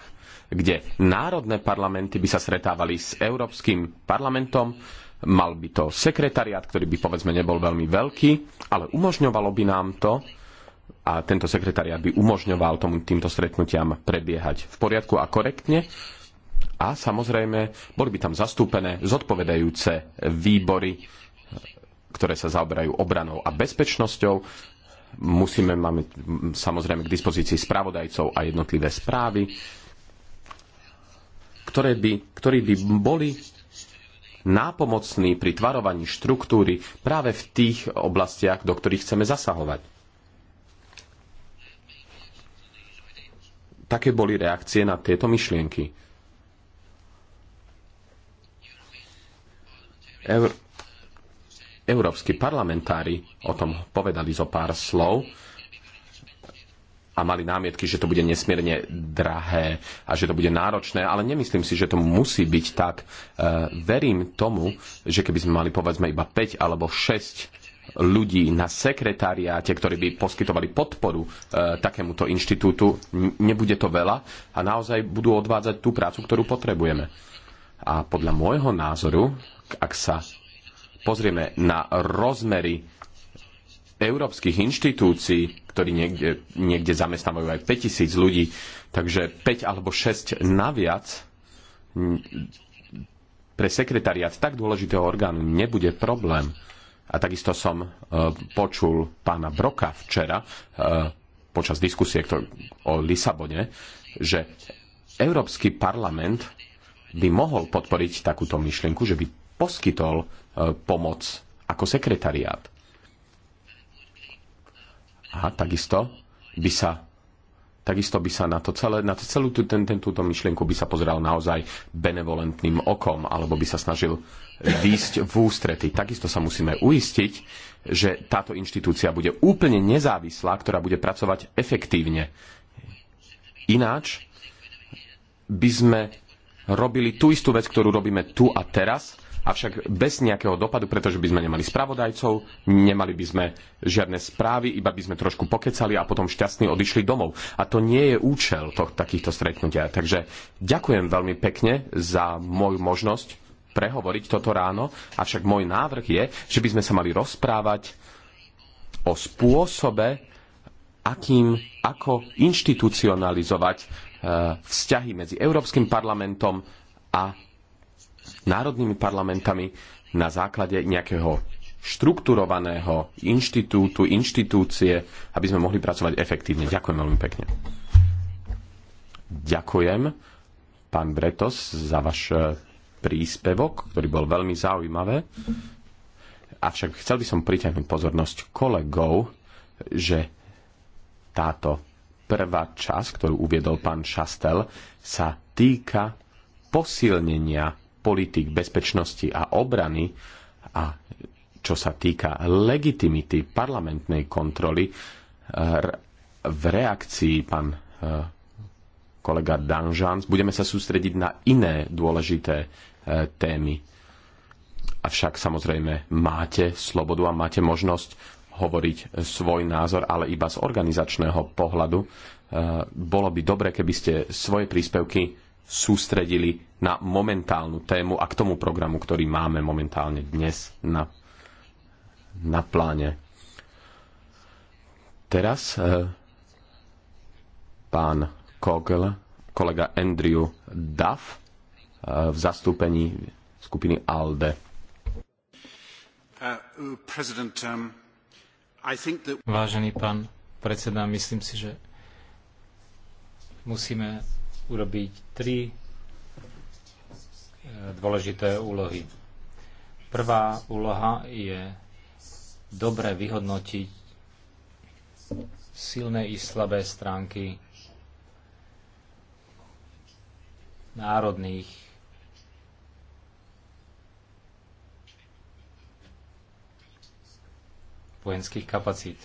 S2: kde národné parlamenty by sa stretávali s Európskym parlamentom, mal by to sekretariat, ktorý by povedzme nebol veľmi veľký, ale umožňovalo by nám to, a tento sekretariat by umožňoval tomu, týmto stretnutiam prebiehať v poriadku a korektne, a samozrejme boli by tam zastúpené zodpovedajúce výbory, ktoré sa zaoberajú obranou a bezpečnosťou. Musíme mať samozrejme k dispozícii spravodajcov a jednotlivé správy, ktoré by, ktorí by boli nápomocní pri tvarovaní štruktúry práve v tých oblastiach, do ktorých chceme zasahovať. Také boli reakcie na tieto myšlienky. Eur- európsky parlamentári o tom povedali zo pár slov a mali námietky, že to bude nesmierne drahé a že to bude náročné, ale nemyslím si, že to musí byť tak. E, verím tomu, že keby sme mali povedzme iba 5 alebo 6 ľudí na sekretariáte, ktorí by poskytovali podporu e, takémuto inštitútu, nebude to veľa a naozaj budú odvádzať tú prácu, ktorú potrebujeme a podľa môjho názoru, ak sa pozrieme na rozmery európskych inštitúcií, ktorí niekde, niekde zamestnávajú aj 5000 ľudí, takže 5 alebo 6 naviac pre sekretariat tak dôležitého orgánu nebude problém. A takisto som e, počul pána Broka včera e, počas diskusie o Lisabone, že Európsky parlament by mohol podporiť takúto myšlienku, že by poskytol e, pomoc ako sekretariát. A takisto by sa takisto by sa na, to celé, na to celú tú, ten, ten, túto myšlienku by sa pozeral naozaj benevolentným okom, alebo by sa snažil výsť v ústrety. Takisto sa musíme uistiť, že táto inštitúcia bude úplne nezávislá, ktorá bude pracovať efektívne. Ináč by sme robili tú istú vec, ktorú robíme tu a teraz, avšak bez nejakého dopadu, pretože by sme nemali spravodajcov, nemali by sme žiadne správy, iba by sme trošku pokecali a potom šťastní odišli domov. A to nie je účel to, takýchto stretnutia. Takže ďakujem veľmi pekne za moju možnosť prehovoriť toto ráno, avšak môj návrh je, že by sme sa mali rozprávať o spôsobe, akým, ako inštitucionalizovať Eh, vzťahy medzi Európskym parlamentom a národnými parlamentami na základe nejakého štrukturovaného inštitútu, inštitúcie, aby sme mohli pracovať efektívne. Ďakujem veľmi pekne. Ďakujem, pán Bretos, za váš eh, príspevok, ktorý bol veľmi zaujímavé. Avšak chcel by som priťahnuť pozornosť kolegov, že táto prvá časť, ktorú uviedol pán Šastel, sa týka posilnenia politik bezpečnosti a obrany a čo sa týka legitimity parlamentnej kontroly, eh, v reakcii pán eh, kolega Danžans budeme sa sústrediť na iné dôležité eh, témy. Avšak samozrejme máte slobodu a máte možnosť hovoriť svoj názor, ale iba z organizačného pohľadu. E, bolo by dobre, keby ste svoje príspevky sústredili na momentálnu tému a k tomu programu, ktorý máme momentálne dnes na, na pláne. Teraz e, pán Kogel, kolega Andrew Duff e, v zastúpení skupiny ALDE. Uh, um...
S4: Vážený pán predseda, myslím si, že musíme urobiť tri e, dôležité úlohy. Prvá úloha je dobre vyhodnotiť silné i slabé stránky národných vojenských kapacít.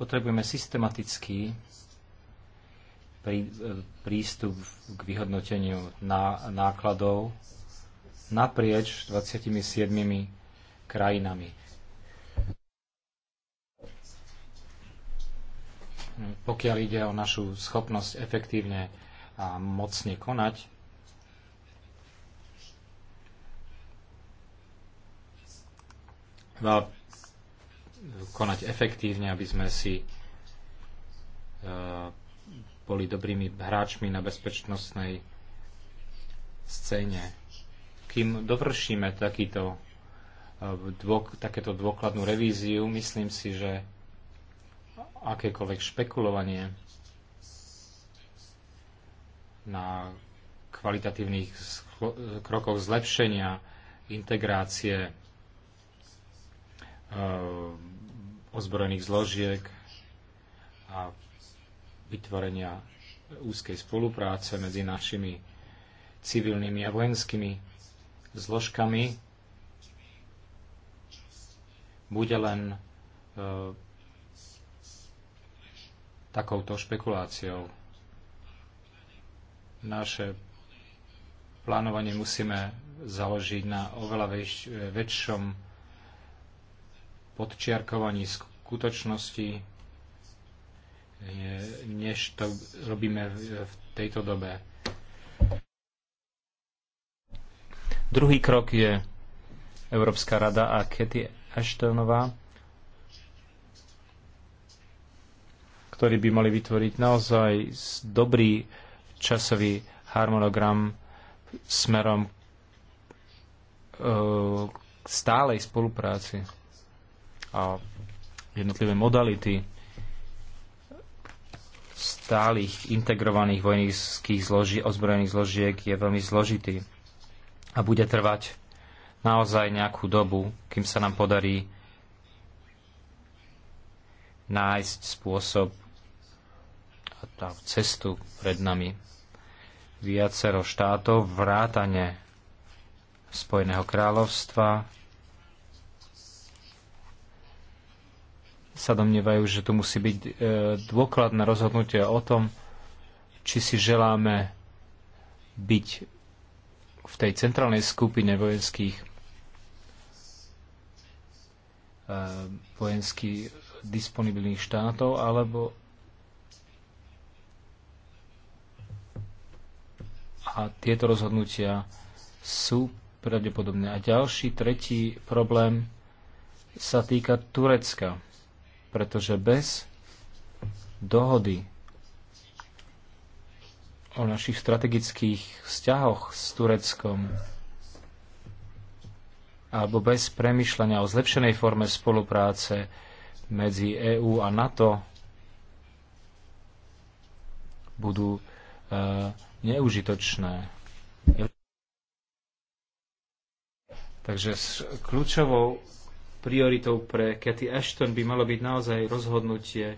S4: Potrebujeme systematický e, prístup k vyhodnoteniu nákladov naprieč 27 krajinami. Pokiaľ ide o našu schopnosť efektívne a mocne konať, mal konať efektívne, aby sme si e, boli dobrými hráčmi na bezpečnostnej scéne. Kým dovršíme takýto, e, takéto dôkladnú revíziu, myslím si, že akékoľvek špekulovanie na kvalitatívnych krokoch zlepšenia integrácie Eh, ozbrojených zložiek a vytvorenia úzkej spolupráce medzi našimi civilnými a vojenskými zložkami bude len e, takouto špekuláciou. Naše plánovanie musíme založiť na oveľa väč- väčšom podčiarkovaní skutočnosti, než to robíme v tejto dobe. Druhý krok je Európska rada a Katie Ashtonová, ktorí by mali vytvoriť naozaj dobrý časový harmonogram smerom e, k stálej spolupráci a jednotlivé modality stálych integrovaných vojenských zloži, ozbrojených zložiek je veľmi zložitý a bude trvať naozaj nejakú dobu, kým sa nám podarí nájsť spôsob a tá cestu pred nami. Viacero štátov, vrátane Spojeného kráľovstva, sa domnievajú, že tu musí byť e, dôkladné rozhodnutie o tom, či si želáme byť v tej centrálnej skupine vojenských e, vojenských disponibilných štátov, alebo a tieto rozhodnutia sú pravdepodobné. A ďalší, tretí problém sa týka Turecka pretože bez dohody o našich strategických vzťahoch s Tureckom alebo bez premyšľania o zlepšenej forme spolupráce medzi EÚ a NATO budú uh, neužitočné. Takže kľúčovou prioritou pre Cathy Ashton by malo byť naozaj rozhodnutie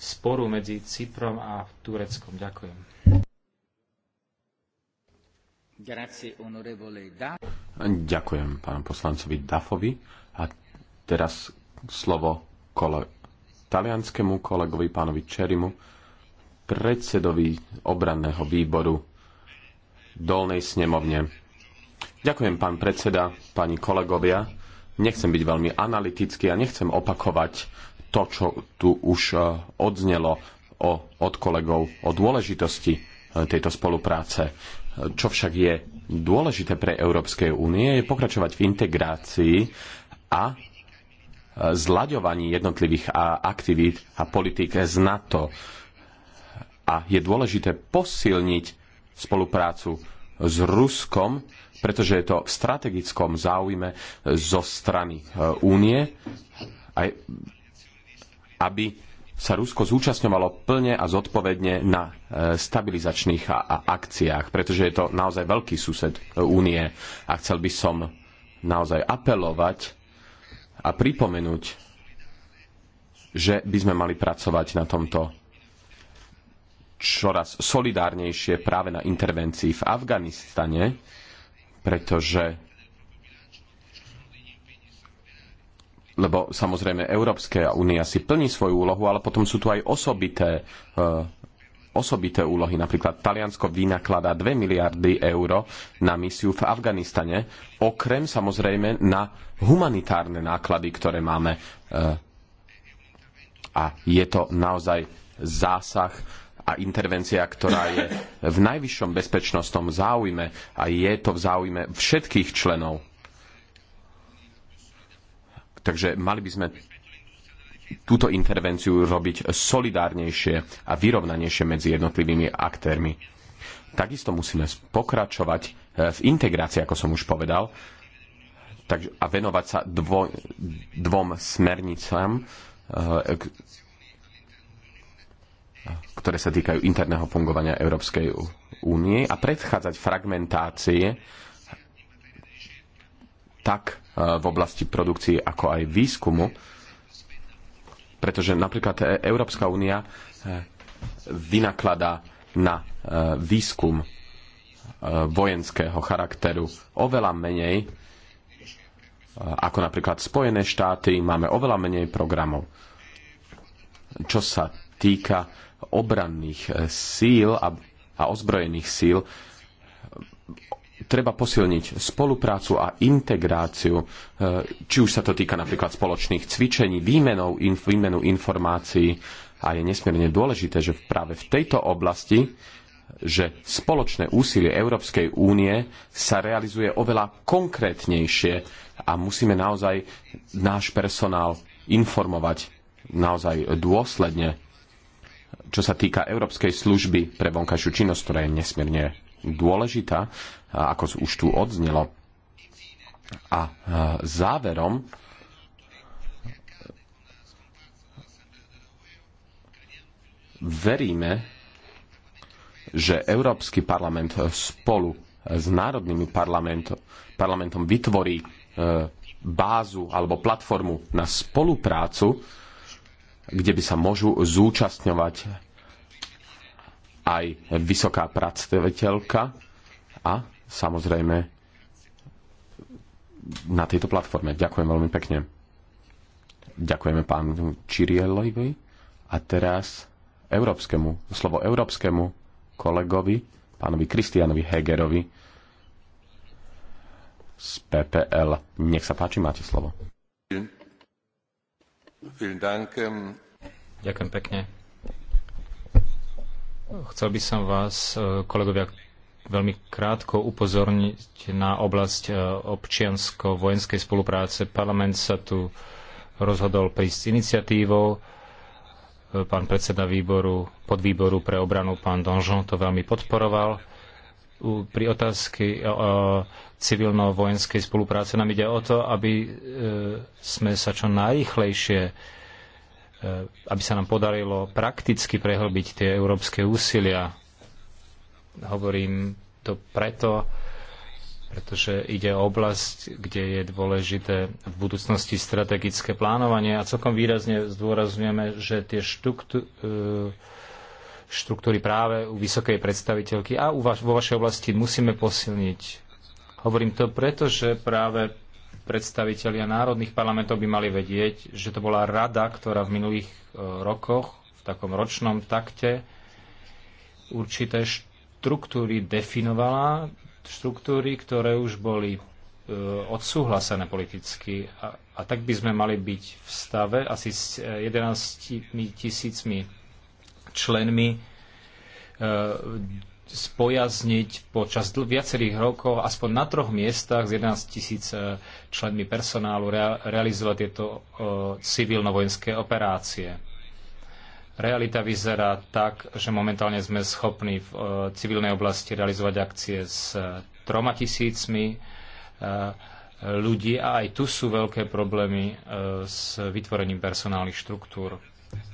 S4: sporu medzi Cyprom a Tureckom. Ďakujem.
S2: Ďakujem pánu poslancovi Dafovi. A teraz slovo kole, talianskému kolegovi pánovi Čerimu, predsedovi obranného výboru Dolnej snemovne. Ďakujem, pán predseda, pani kolegovia Nechcem byť veľmi analytický a nechcem opakovať to, čo tu už e, odznelo od kolegov o dôležitosti e, tejto spolupráce. E, čo však je dôležité pre Európskej únie je pokračovať v integrácii a zlaďovaní jednotlivých aktivít a politik z NATO. A je dôležité posilniť spoluprácu s Ruskom pretože je to v strategickom záujme e, zo strany e, únie, aby sa Rusko zúčastňovalo plne a zodpovedne na e, stabilizačných akciách, pretože je to naozaj veľký sused únie. A chcel by som naozaj apelovať a pripomenúť, že by sme mali pracovať na tomto čoraz solidárnejšie práve na intervencii v Afganistane, pretože lebo samozrejme Európska únia si plní svoju úlohu, ale potom sú tu aj osobité, uh, osobité úlohy. Napríklad Taliansko vynakladá 2 miliardy eur na misiu v Afganistane, okrem samozrejme na humanitárne náklady, ktoré máme. Uh, a je to naozaj zásah a intervencia, ktorá je v najvyššom bezpečnostnom záujme a je to v záujme všetkých členov. Takže mali by sme túto intervenciu robiť solidárnejšie a vyrovnanejšie medzi jednotlivými aktérmi. Takisto musíme pokračovať e, v integrácii, ako som už povedal, a venovať sa dvo, dvom smernicám, e, ktoré sa týkajú interného fungovania Európskej únie a predchádzať fragmentácie tak e, v oblasti produkcie ako aj výskumu, pretože napríklad e, Európska únia e, vynaklada na výskum vojenského charakteru oveľa menej ako napríklad Spojené štáty, máme oveľa menej programov. Čo sa týka obranných eh, síl a, a ozbrojených síl treba posilniť spoluprácu a integráciu, eh, či už sa to týka napríklad spoločných cvičení, výmenou, výmenu informácií a je nesmierne dôležité, že práve v tejto oblasti že spoločné úsilie Európskej únie sa realizuje oveľa konkrétnejšie a musíme naozaj náš personál informovať naozaj dôsledne čo sa týka Európskej služby pre vonkajšiu činnosť, ktorá je nesmierne dôležitá, ako už tu odznelo. A e, záverom veríme, že Európsky parlament spolu s národnými parlamentom, parlamentom vytvorí e, bázu alebo platformu na spoluprácu kde by sa môžu zúčastňovať aj vysoká predstaviteľka a samozrejme na tejto platforme. Ďakujem veľmi pekne. Ďakujeme pánu Čirielovi a teraz európskemu, slovo európskemu kolegovi, pánovi Kristianovi Hegerovi z PPL. Nech sa páči, máte slovo.
S1: Ähm.
S4: Ďakujem pekne. Chcel by som vás, e, kolegovia, veľmi krátko upozorniť na oblasť e, občiansko-vojenskej spolupráce. Parlament sa tu rozhodol prísť s iniciatívou. E, pán predseda výboru, podvýboru pre obranu, pán Donžon, to veľmi podporoval pri otázky civilno-vojenskej spolupráce nám ide o to, aby e, sme sa čo najrychlejšie e, aby sa nám podarilo prakticky prehlbiť tie európske úsilia. Hovorím to preto, pretože ide o oblasť, kde je dôležité v budúcnosti strategické plánovanie a celkom výrazne zdôrazňujeme, že tie štruktúry e, štruktúry práve u vysokej predstaviteľky a vaš, vo vašej oblasti musíme posilniť. Hovorím to preto, že práve predstavitelia národných parlamentov by mali vedieť, že to bola rada, ktorá v minulých e, rokoch v takom ročnom takte určité štruktúry definovala, štruktúry, ktoré už boli e, odsúhlasené politicky. A, a tak by sme mali byť v stave asi s 11 e, tisícmi členmi e, spojazniť počas viacerých rokov aspoň na troch miestach s 11 tisíc e, členmi personálu realizovať tieto e, civilno-vojenské operácie. Realita vyzerá tak, že momentálne sme schopní v civilnej oblasti realizovať akcie s troma tisícmi ľudí a aj tu sú veľké problémy s vytvorením personálnych štruktúr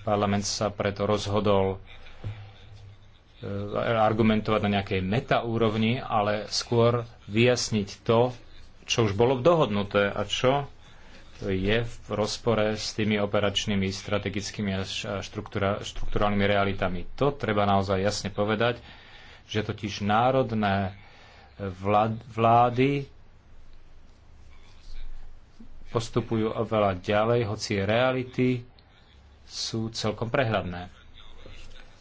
S4: Parlament sa preto rozhodol e, argumentovať na nejakej metaúrovni, ale skôr vyjasniť to, čo už bolo dohodnuté a čo je v rozpore s tými operačnými, strategickými a štruktúrálnymi realitami. To treba naozaj jasne povedať, že totiž národné vlády postupujú oveľa ďalej, hoci reality sú celkom prehľadné.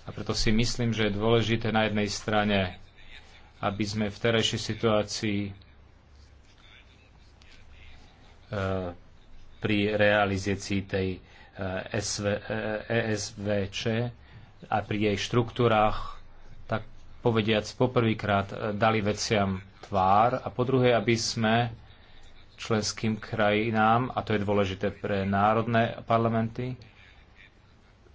S4: A preto si myslím, že je dôležité na jednej strane, aby sme v terajšej situácii e, pri realizácii tej e, SV, ESVČ e a pri jej štruktúrách, tak povediac poprvýkrát dali veciam tvár a po druhé, aby sme členským krajinám, a to je dôležité pre národné parlamenty,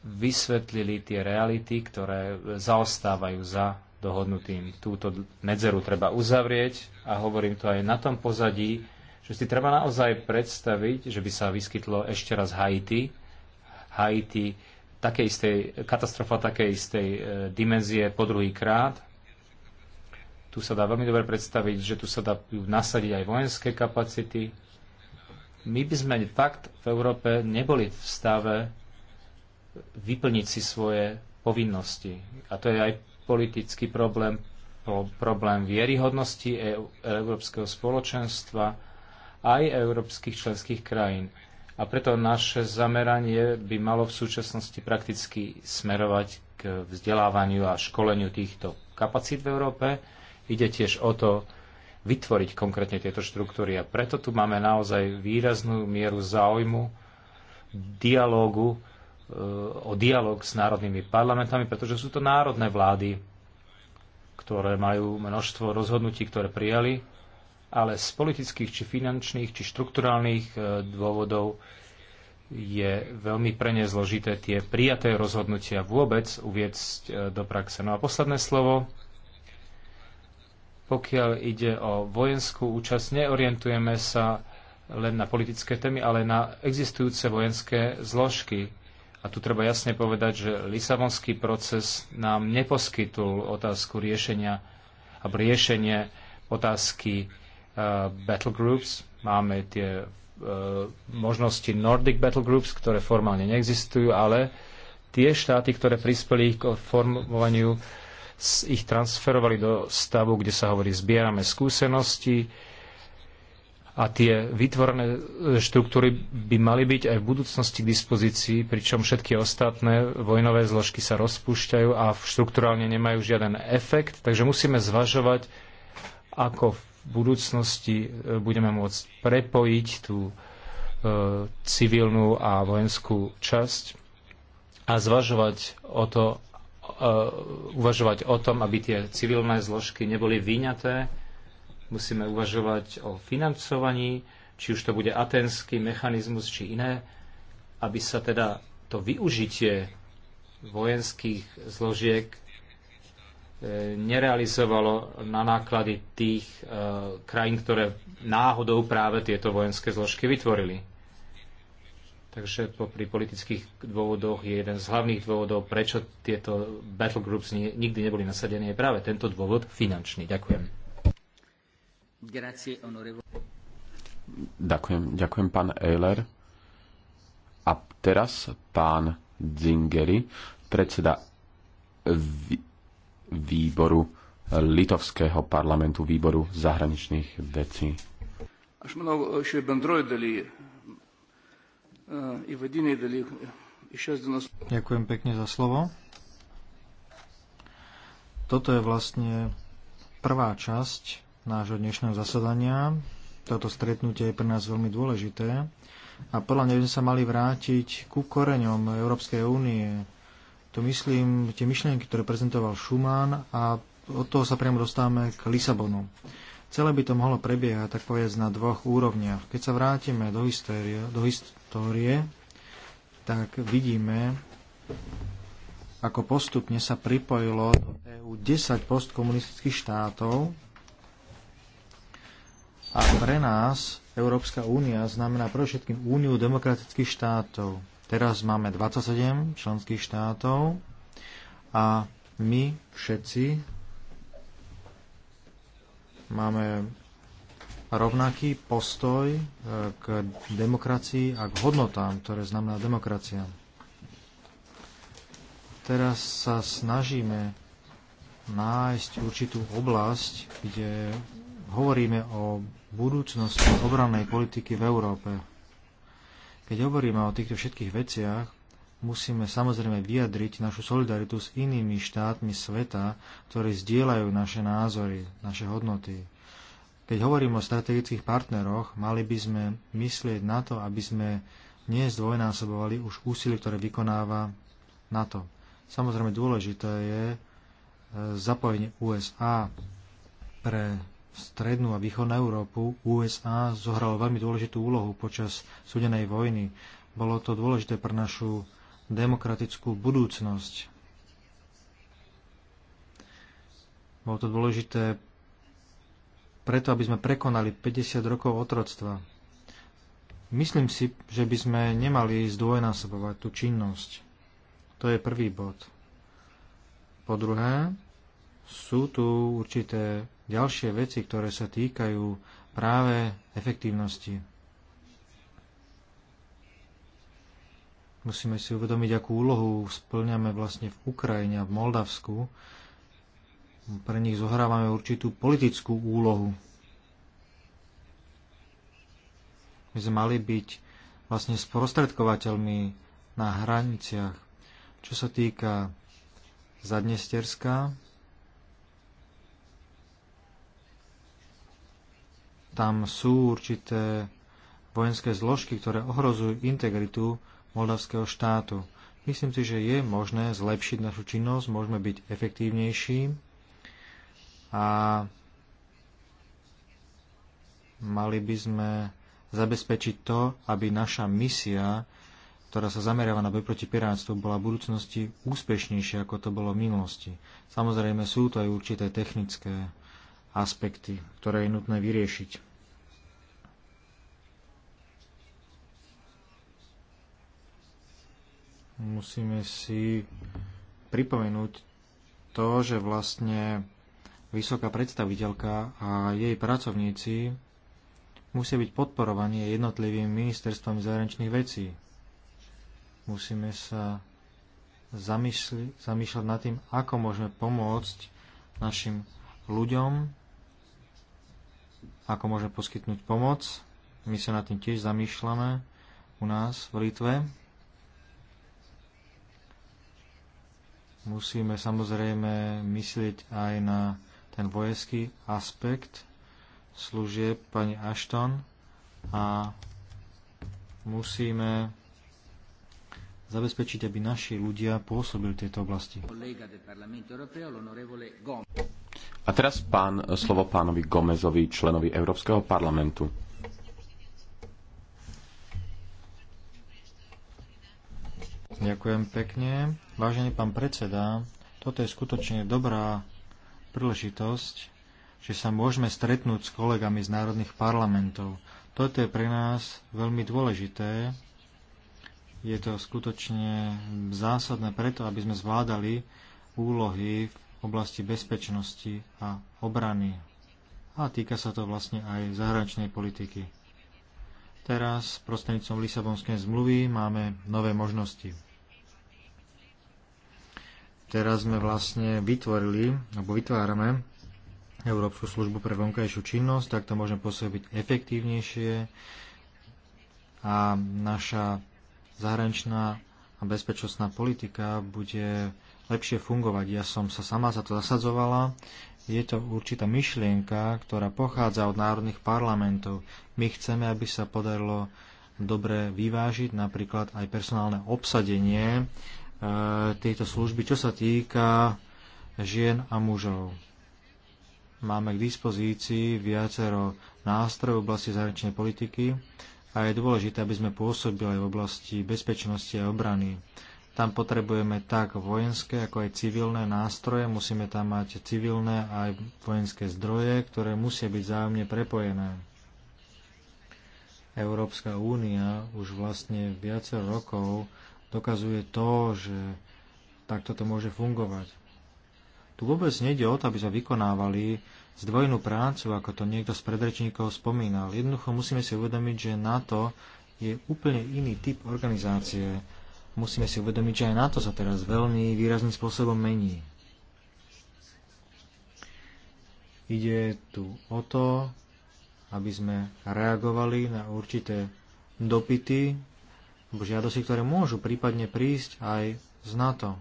S4: vysvetlili tie reality, ktoré zaostávajú za dohodnutým. Túto medzeru treba uzavrieť a hovorím to aj na tom pozadí, že si treba naozaj predstaviť, že by sa vyskytlo ešte raz Haiti. Haiti, také istej, katastrofa takej istej e, dimenzie po druhý krát. Tu sa dá veľmi dobre predstaviť, že tu sa dá nasadiť aj vojenské kapacity. My by sme fakt v Európe neboli v stave vyplniť si svoje povinnosti. A to je aj politický problém, problém vieryhodnosti e Európskeho spoločenstva aj európskych členských krajín. A preto naše zameranie by malo v súčasnosti prakticky smerovať k vzdelávaniu a školeniu týchto kapacít v Európe. Ide tiež o to vytvoriť konkrétne tieto štruktúry. A preto tu máme naozaj výraznú mieru záujmu, dialógu Eh, o dialog s národnými parlamentami, pretože sú to národné vlády, ktoré majú množstvo rozhodnutí, ktoré prijali, ale z politických, či finančných, či štrukturálnych eh, dôvodov je veľmi pre ne zložité tie prijaté rozhodnutia vôbec uviecť eh, do praxe. No a posledné slovo. Pokiaľ ide o vojenskú účasť, neorientujeme sa len na politické témy, ale na existujúce vojenské zložky a tu treba jasne povedať, že Lisabonský proces nám neposkytul otázku riešenia a riešenie otázky uh, battle groups. Máme tie uh, možnosti Nordic battle groups, ktoré formálne neexistujú, ale tie štáty, ktoré prispeli k formovaniu, ich transferovali do stavu, kde sa hovorí, zbierame skúsenosti, a tie vytvorené e, štruktúry by mali byť aj v budúcnosti k dispozícii, pričom všetky ostatné vojnové zložky sa rozpúšťajú a štruktúrálne nemajú žiaden efekt, takže musíme zvažovať, ako v budúcnosti e, budeme môcť prepojiť tú e, civilnú a vojenskú časť a zvažovať o to, e, uvažovať o tom, aby tie civilné zložky neboli vyňaté Musíme uvažovať o financovaní, či už to bude atenský mechanizmus, či iné, aby sa teda to využitie vojenských zložiek e, nerealizovalo na náklady tých e, krajín, ktoré náhodou práve tieto vojenské zložky vytvorili. Takže po, pri politických dôvodoch je jeden z hlavných dôvodov, prečo tieto battle groups nie, nikdy neboli nasadené, je práve tento dôvod finančný. Ďakujem
S1: ďakujem,
S2: ďakujem, pán Eiler. A teraz pán Zingeri, predseda výboru Litovského parlamentu, výboru zahraničných vecí.
S1: Aš manau, šioje bendroje dalyje, įvadiniai e, dalykai, iš šios dienos.
S3: Ďakujem pekne za slovo. Toto je vlastne prvá časť nášho dnešného zasadania. Toto stretnutie je pre nás veľmi dôležité a podľa mňa by sme sa mali vrátiť ku koreňom Európskej únie. To myslím tie myšlienky, ktoré prezentoval Schumann a od toho sa priamo dostávame k Lisabonu. Celé by to mohlo prebiehať, tak povedz na dvoch úrovniach. Keď sa vrátime do, histórie, do histórie, tak vidíme, ako postupne sa pripojilo do EU 10 postkomunistických štátov, a pre nás Európska únia znamená pre všetkým úniu demokratických štátov. Teraz máme 27 členských štátov a my všetci máme rovnaký postoj e, k demokracii a k hodnotám, ktoré znamená demokracia. Teraz sa snažíme nájsť určitú oblasť, kde hovoríme o budúcnosti obrannej politiky v Európe. Keď hovoríme o týchto všetkých veciach, musíme samozrejme vyjadriť našu solidaritu s inými štátmi sveta, ktorí zdieľajú naše názory, naše hodnoty. Keď hovorím o strategických partneroch, mali by sme myslieť na to, aby sme nezdvojnásobovali už úsilie, ktoré vykonáva NATO. Samozrejme dôležité je e, zapojenie USA pre strednú a východnú Európu, USA zohralo veľmi dôležitú úlohu počas súdenej vojny. Bolo to dôležité pre našu demokratickú budúcnosť. Bolo to dôležité preto, aby sme prekonali 50 rokov otroctva. Myslím si, že by sme nemali zdvojnásobovať tú činnosť. To je prvý bod. Po druhé, sú tu určité ďalšie veci, ktoré sa týkajú práve efektívnosti. Musíme si uvedomiť, akú úlohu splňame vlastne v Ukrajine a v Moldavsku. Pre nich zohrávame určitú politickú úlohu. My sme mali byť vlastne sprostredkovateľmi na hraniciach. Čo sa týka Zadnesterska, Tam sú určité vojenské zložky, ktoré ohrozujú integritu moldavského štátu. Myslím si, že je možné zlepšiť našu činnosť, môžeme byť efektívnejší a mali by sme zabezpečiť to, aby naša misia, ktorá sa zameriava na boj proti piráctvu bola v budúcnosti úspešnejšia, ako to bolo v minulosti. Samozrejme sú to aj určité technické aspekty, ktoré je nutné vyriešiť. Musíme si pripomenúť to, že vlastne vysoká predstaviteľka a jej pracovníci musia byť podporovaní jednotlivým ministerstvami zahraničných vecí. Musíme sa zamýšľať nad tým, ako môžeme pomôcť našim ľuďom ako môžeme poskytnúť pomoc. My sa nad tým tiež zamýšľame u nás v Litve. Musíme samozrejme myslieť aj na ten vojenský aspekt služieb pani Ashton a musíme zabezpečiť, aby naši ľudia pôsobili v tejto oblasti.
S2: A teraz pán, slovo pánovi Gomezovi, členovi Európskeho parlamentu.
S3: Ďakujem pekne. Vážený pán predseda, toto je skutočne dobrá príležitosť, že sa môžeme stretnúť s kolegami z národných parlamentov. Toto je pre nás veľmi dôležité. Je to skutočne zásadné preto, aby sme zvládali úlohy v oblasti bezpečnosti a obrany. A týka sa to vlastne aj zahraničnej politiky. Teraz prostrednícom Lisabonskej zmluvy máme nové možnosti. Teraz sme vlastne vytvorili, alebo vytvárame Európsku službu pre vonkajšiu činnosť, tak to môžeme pôsobiť efektívnejšie a naša zahraničná a bezpečnostná politika bude lepšie fungovať. Ja som sa sama za to zasadzovala. Je to určitá myšlienka, ktorá pochádza od národných parlamentov. My chceme, aby sa podarilo dobre vyvážiť napríklad aj personálne obsadenie e, tejto služby, čo sa týka žien a mužov. Máme k dispozícii viacero nástrojov v oblasti zahraničnej politiky a je dôležité, aby sme pôsobili aj v oblasti bezpečnosti a obrany. Tam potrebujeme tak vojenské, ako aj civilné nástroje. Musíme tam mať civilné aj vojenské zdroje, ktoré musia byť vzájomne prepojené. Európska únia už vlastne viacero rokov dokazuje to, že takto to môže fungovať. Tu vôbec nejde o to, aby sa vykonávali zdvojnú prácu, ako to niekto z predrečníkov spomínal. Jednoducho musíme si uvedomiť, že NATO je úplne iný typ organizácie musíme si uvedomiť, že aj NATO sa teraz veľmi výrazným spôsobom mení. Ide tu o to, aby sme reagovali na určité dopity alebo žiadosti, ktoré môžu prípadne prísť aj z NATO.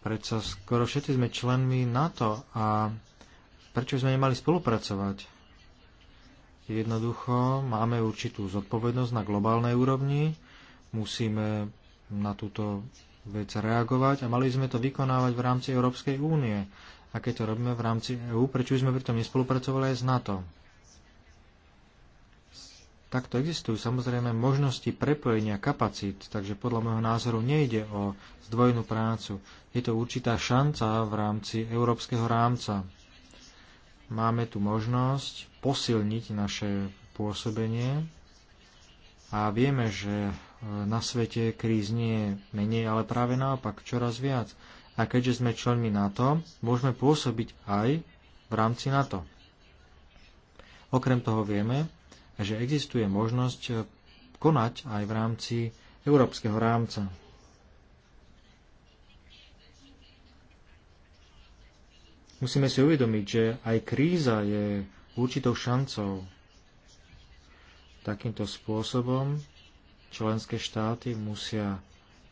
S3: Prečo skoro všetci sme členmi NATO a prečo sme nemali spolupracovať? Jednoducho máme určitú zodpovednosť na globálnej úrovni musíme na túto vec reagovať a mali sme to vykonávať v rámci Európskej únie. A keď to robíme v rámci EÚ, prečo by sme pritom nespolupracovali aj s NATO? Takto existujú samozrejme možnosti prepojenia kapacít, takže podľa môjho názoru nejde o zdvojnú prácu. Je to určitá šanca v rámci európskeho rámca. Máme tu možnosť posilniť naše pôsobenie a vieme, že na svete kríz nie je menej, ale práve naopak, čoraz viac. A keďže sme členmi NATO, môžeme pôsobiť aj v rámci NATO. Okrem toho vieme, že existuje možnosť eh, konať aj v rámci európskeho rámca. Musíme si uvedomiť, že aj kríza je určitou šancou. Takýmto spôsobom Členské štáty musia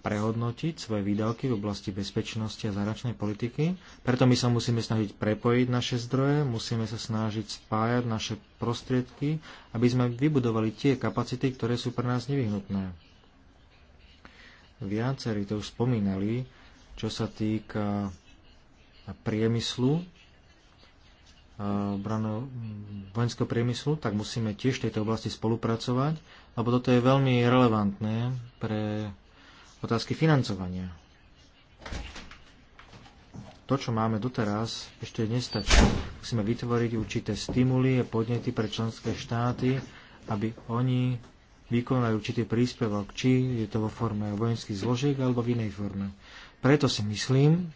S3: prehodnotiť svoje výdavky v oblasti bezpečnosti a zahraničnej politiky. Preto my sa musíme snažiť prepojiť naše zdroje, musíme sa snažiť spájať naše prostriedky, aby sme vybudovali tie kapacity, ktoré sú pre nás nevyhnutné. Viacerí to už spomínali, čo sa týka priemyslu, eh, vojenského priemyslu, tak musíme tiež v tejto oblasti spolupracovať lebo toto je veľmi relevantné pre otázky financovania. To, čo máme doteraz, ešte nestačí. Musíme vytvoriť určité stimuly a podnety pre členské štáty, aby oni vykonali určitý príspevok, či je to vo forme vojenských zložiek alebo v inej forme. Preto si myslím,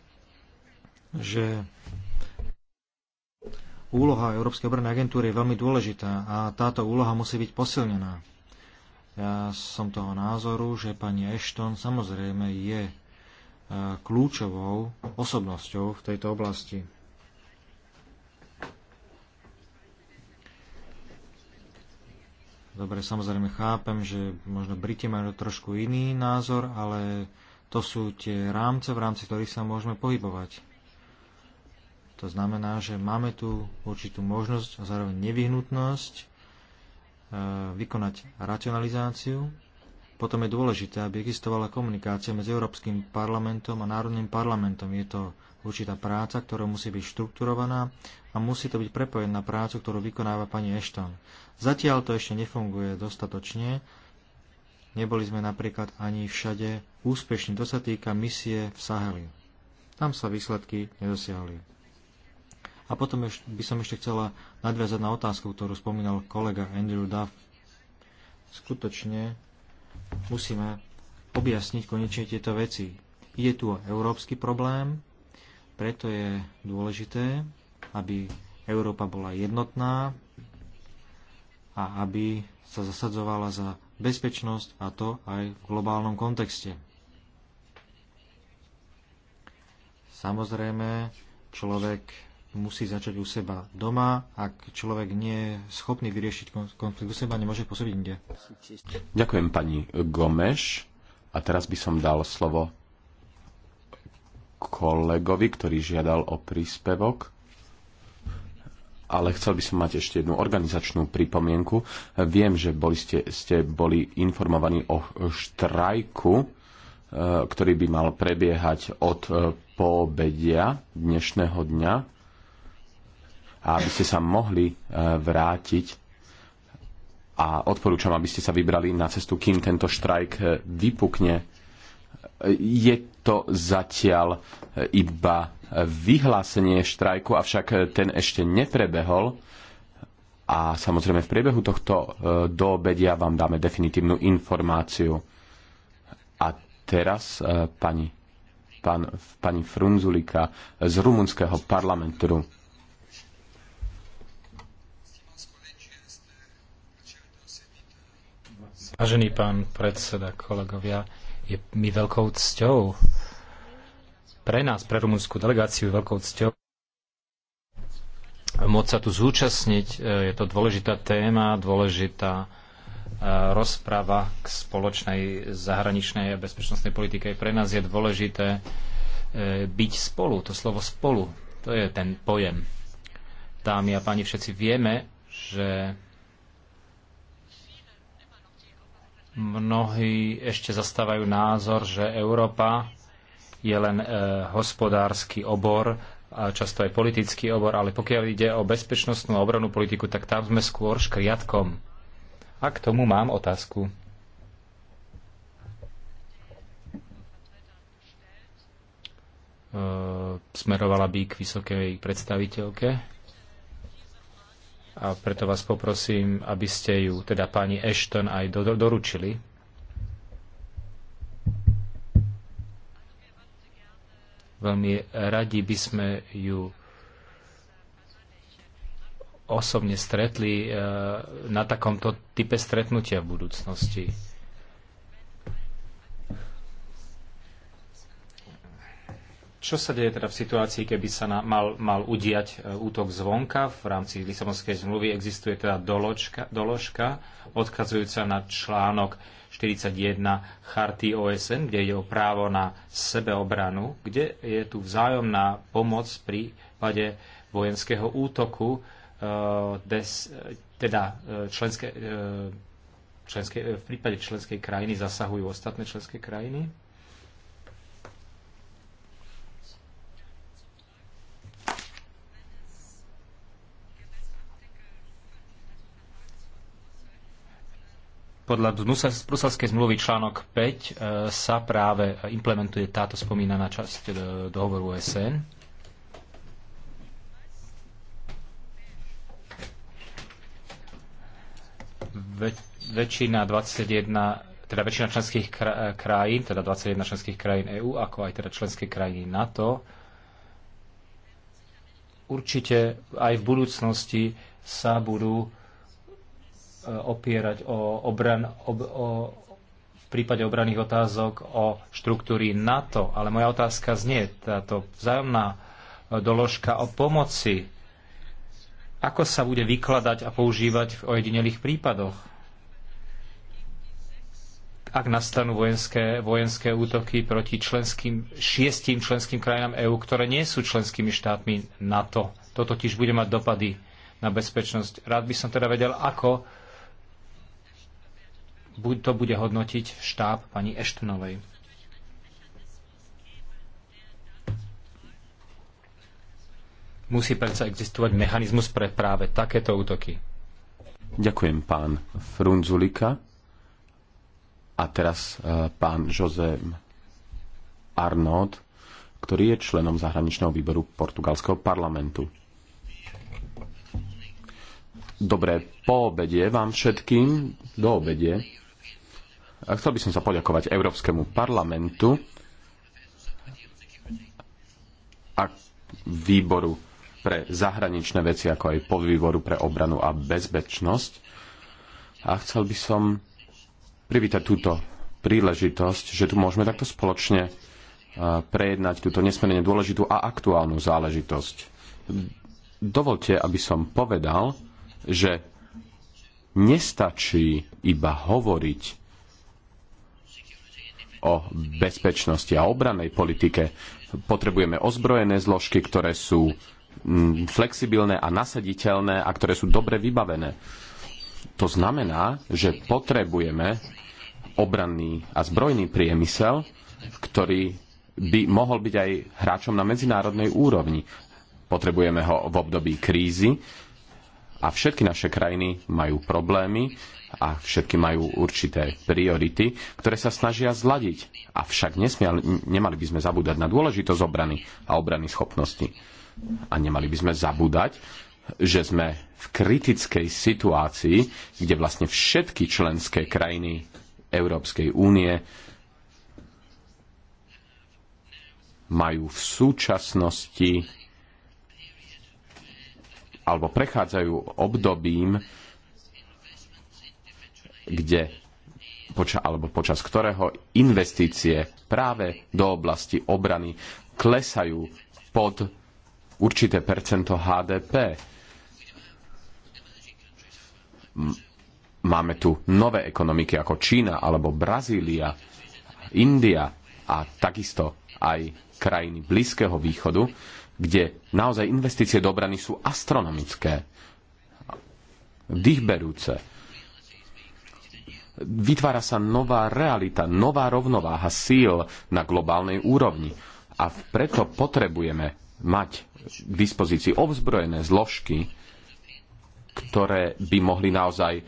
S3: že úloha Európskej obrannej agentúry je veľmi dôležitá a táto úloha musí byť posilnená. Ja som toho názoru, že pani Ashton samozrejme je e, kľúčovou osobnosťou v tejto oblasti. Dobre, samozrejme chápem, že možno Briti majú trošku iný názor, ale to sú tie rámce, v rámci ktorých sa môžeme pohybovať. To znamená, že máme tu určitú možnosť a zároveň nevyhnutnosť vykonať racionalizáciu. Potom je dôležité, aby existovala komunikácia medzi Európskym parlamentom a Národným parlamentom. Je to určitá práca, ktorá musí byť štrukturovaná a musí to byť prepojené na prácu, ktorú vykonáva pani Ashton. Zatiaľ to ešte nefunguje dostatočne. Neboli sme napríklad ani všade úspešní, to sa týka misie v Saheli. Tam sa výsledky nedosiahli. A potom by som ešte chcela nadviazať na otázku, ktorú spomínal kolega Andrew Duff. Skutočne musíme objasniť konečne tieto veci. Ide tu o európsky problém, preto je dôležité, aby Európa bola jednotná a aby sa zasadzovala za bezpečnosť a to aj v globálnom kontexte. Samozrejme, človek musí začať u seba doma. Ak človek nie je schopný vyriešiť konflikt u seba, nemôže pôsobiť inde.
S2: Ďakujem pani Gomeš. A teraz by som dal slovo kolegovi, ktorý žiadal o príspevok. Ale chcel by som mať ešte jednu organizačnú pripomienku. Viem, že boli ste, ste boli informovaní o štrajku, e, ktorý by mal prebiehať od e, poobedia dnešného dňa a aby ste sa mohli e, vrátiť a odporúčam, aby ste sa vybrali na cestu, kým tento štrajk e, vypukne. E, je to zatiaľ iba vyhlásenie štrajku, avšak ten ešte neprebehol. A samozrejme v priebehu tohto do obedia vám dáme definitívnu informáciu. A teraz pani, pan, pani Frunzulika z rumunského parlamentu.
S4: Vážený pán predseda, kolegovia, je mi veľkou cťou pre nás, pre rumúnskú delegáciu, veľkou cťou môcť sa tu zúčastniť. E, je to dôležitá téma, dôležitá e, rozprava k spoločnej zahraničnej a bezpečnostnej politike. Pre nás je dôležité e, byť spolu, to slovo spolu, to je ten pojem. Dámy a páni, všetci vieme, že Mnohí ešte zastávajú názor, že Európa je len e, hospodársky obor, a často aj politický obor, ale pokiaľ ide o bezpečnostnú a obranú politiku, tak tam sme skôr škriatkom. A k tomu mám otázku. E, smerovala by k vysokej predstaviteľke a preto vás poprosím, aby ste ju, teda pani Ashton, aj do, do, doručili. Veľmi radi by sme ju osobne stretli eh, na takomto type stretnutia v budúcnosti. Čo sa deje teda v situácii, keby sa na, mal, mal udiať e, útok zvonka? V rámci Lisabonskej zmluvy existuje teda doložka, doložka odkazujúca na článok 41 charty OSN, kde ide o právo na sebeobranu, kde je tu vzájomná pomoc v prípade vojenského útoku, e, des, teda e, členské, členské, v prípade členskej krajiny zasahujú ostatné členské krajiny? Podľa Bruselskej zmluvy článok 5 e, sa práve implementuje táto spomínaná časť e, dohovoru OSN. väčšina 21 teda väčšina členských e, krajín, teda 21 členských krajín EÚ, ako aj teda členské krajiny NATO, určite aj v budúcnosti sa budú opierať o, obran, ob, o v prípade obranných otázok o štruktúry NATO, ale moja otázka znie táto vzájomná e, doložka o pomoci. Ako sa bude vykladať a používať v ojedinelých prípadoch? Ak nastanú vojenské, vojenské útoky proti členským, šiestim členským krajinám EÚ, ktoré nie sú členskými štátmi NATO. To totiž bude mať dopady na bezpečnosť. Rád by som teda vedel, ako to bude hodnotiť štáb pani Eštnovej. Musí predsa existovať mechanizmus pre práve takéto útoky.
S2: Ďakujem pán Frunzulika. A teraz e, pán Jose Arnold, ktorý je členom zahraničného výboru portugalského parlamentu. Dobré poobedie vám všetkým, do obedie. A chcel by som sa poďakovať Európskemu parlamentu a výboru pre zahraničné veci, ako aj podvýboru pre obranu a bezpečnosť. A chcel by som privítať túto príležitosť, že tu môžeme takto spoločne prejednať túto nesmierne dôležitú a aktuálnu záležitosť. Dovolte, aby som povedal, že nestačí iba hovoriť o bezpečnosti a obranej politike. Potrebujeme ozbrojené zložky, ktoré sú mm, flexibilné a nasaditeľné a ktoré sú dobre vybavené. To znamená, že potrebujeme obranný a zbrojný priemysel, ktorý by mohol byť aj hráčom na medzinárodnej úrovni. Potrebujeme ho v období krízy, a všetky naše krajiny majú problémy a všetky majú určité priority, ktoré sa snažia zladiť. Avšak nesmia, nemali by sme zabúdať na dôležitosť obrany a obrany schopnosti. A nemali by sme zabúdať, že sme v kritickej situácii, kde vlastne všetky členské krajiny Európskej únie majú v súčasnosti alebo prechádzajú obdobím, kde poča, alebo počas ktorého investície práve do oblasti obrany klesajú pod určité percento HDP. Máme tu nové ekonomiky ako Čína alebo Brazília, India a takisto aj krajiny Blízkeho východu, kde naozaj investície do obrany sú astronomické, dýchberúce. Vytvára sa nová realita, nová rovnováha síl na globálnej úrovni. A preto potrebujeme mať k dispozícii obzbrojené zložky, ktoré by mohli naozaj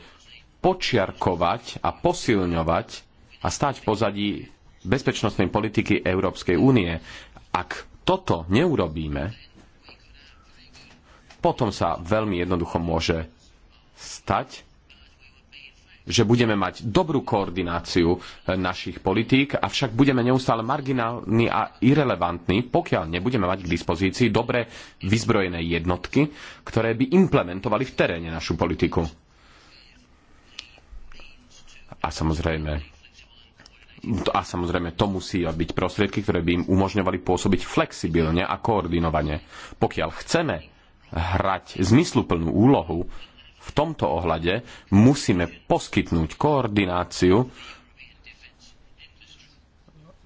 S2: počiarkovať a posilňovať a stať v pozadí bezpečnostnej politiky Európskej únie, ak toto neurobíme, potom sa veľmi jednoducho môže stať, že budeme mať dobrú koordináciu e, našich politík, avšak budeme neustále marginálni a irrelevantní, pokiaľ nebudeme mať k dispozícii dobre vyzbrojené jednotky, ktoré by implementovali v teréne našu politiku. A samozrejme, a samozrejme to musí byť prostriedky, ktoré by im umožňovali pôsobiť flexibilne a koordinovane. Pokiaľ chceme hrať zmysluplnú úlohu, v tomto ohľade musíme poskytnúť koordináciu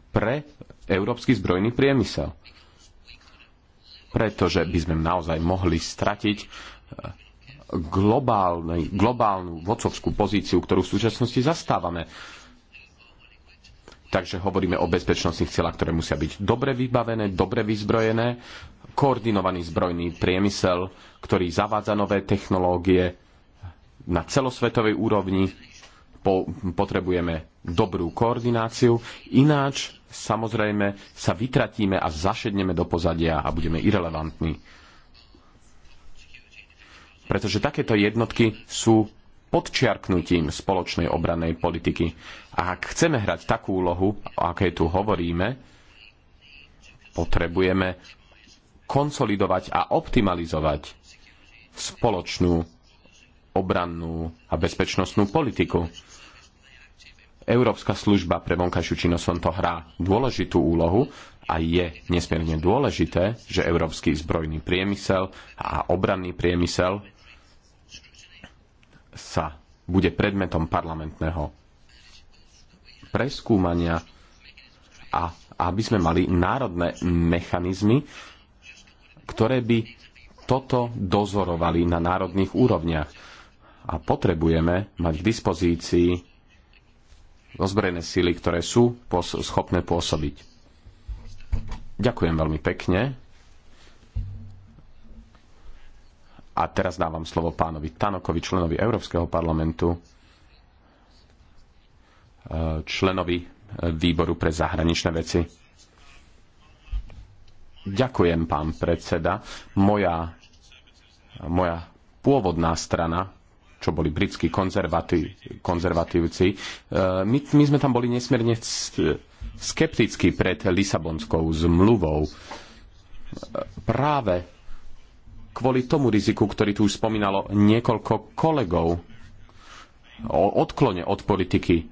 S2: pre európsky zbrojný priemysel. Pretože by sme naozaj mohli stratiť e, globálnu vocovskú pozíciu, ktorú v súčasnosti zastávame Takže hovoríme o bezpečnostných cieľach, ktoré musia byť dobre vybavené, dobre vyzbrojené, koordinovaný zbrojný priemysel, ktorý zavádza nové technológie na celosvetovej úrovni. Po, potrebujeme dobrú koordináciu, ináč samozrejme sa vytratíme a zašedneme do pozadia a budeme irrelevantní. Pretože takéto jednotky sú podčiarknutím spoločnej obrannej politiky. A ak chceme hrať takú úlohu, o akej tu hovoríme, potrebujeme konsolidovať a optimalizovať spoločnú obrannú a bezpečnostnú politiku. Európska služba pre vonkajšiu činnosť to hrá dôležitú úlohu a je nesmierne dôležité, že európsky zbrojný priemysel a obranný priemysel sa bude predmetom parlamentného preskúmania a aby sme mali národné mechanizmy, ktoré by toto dozorovali na národných úrovniach. A potrebujeme mať k dispozícii ozbrojené síly, ktoré sú schopné pôsobiť. Ďakujem veľmi pekne. A teraz dávam slovo pánovi Tanokovi, členovi Európskeho parlamentu, eh, členovi eh, výboru pre zahraničné veci. Ďakujem, pán predseda. Moja, moja pôvodná strana, čo boli britskí konzervatívci, eh, my, my sme tam boli nesmierne skeptickí pred Lisabonskou zmluvou. Práve kvôli tomu riziku, ktorý tu už spomínalo niekoľko kolegov o odklone od politiky e,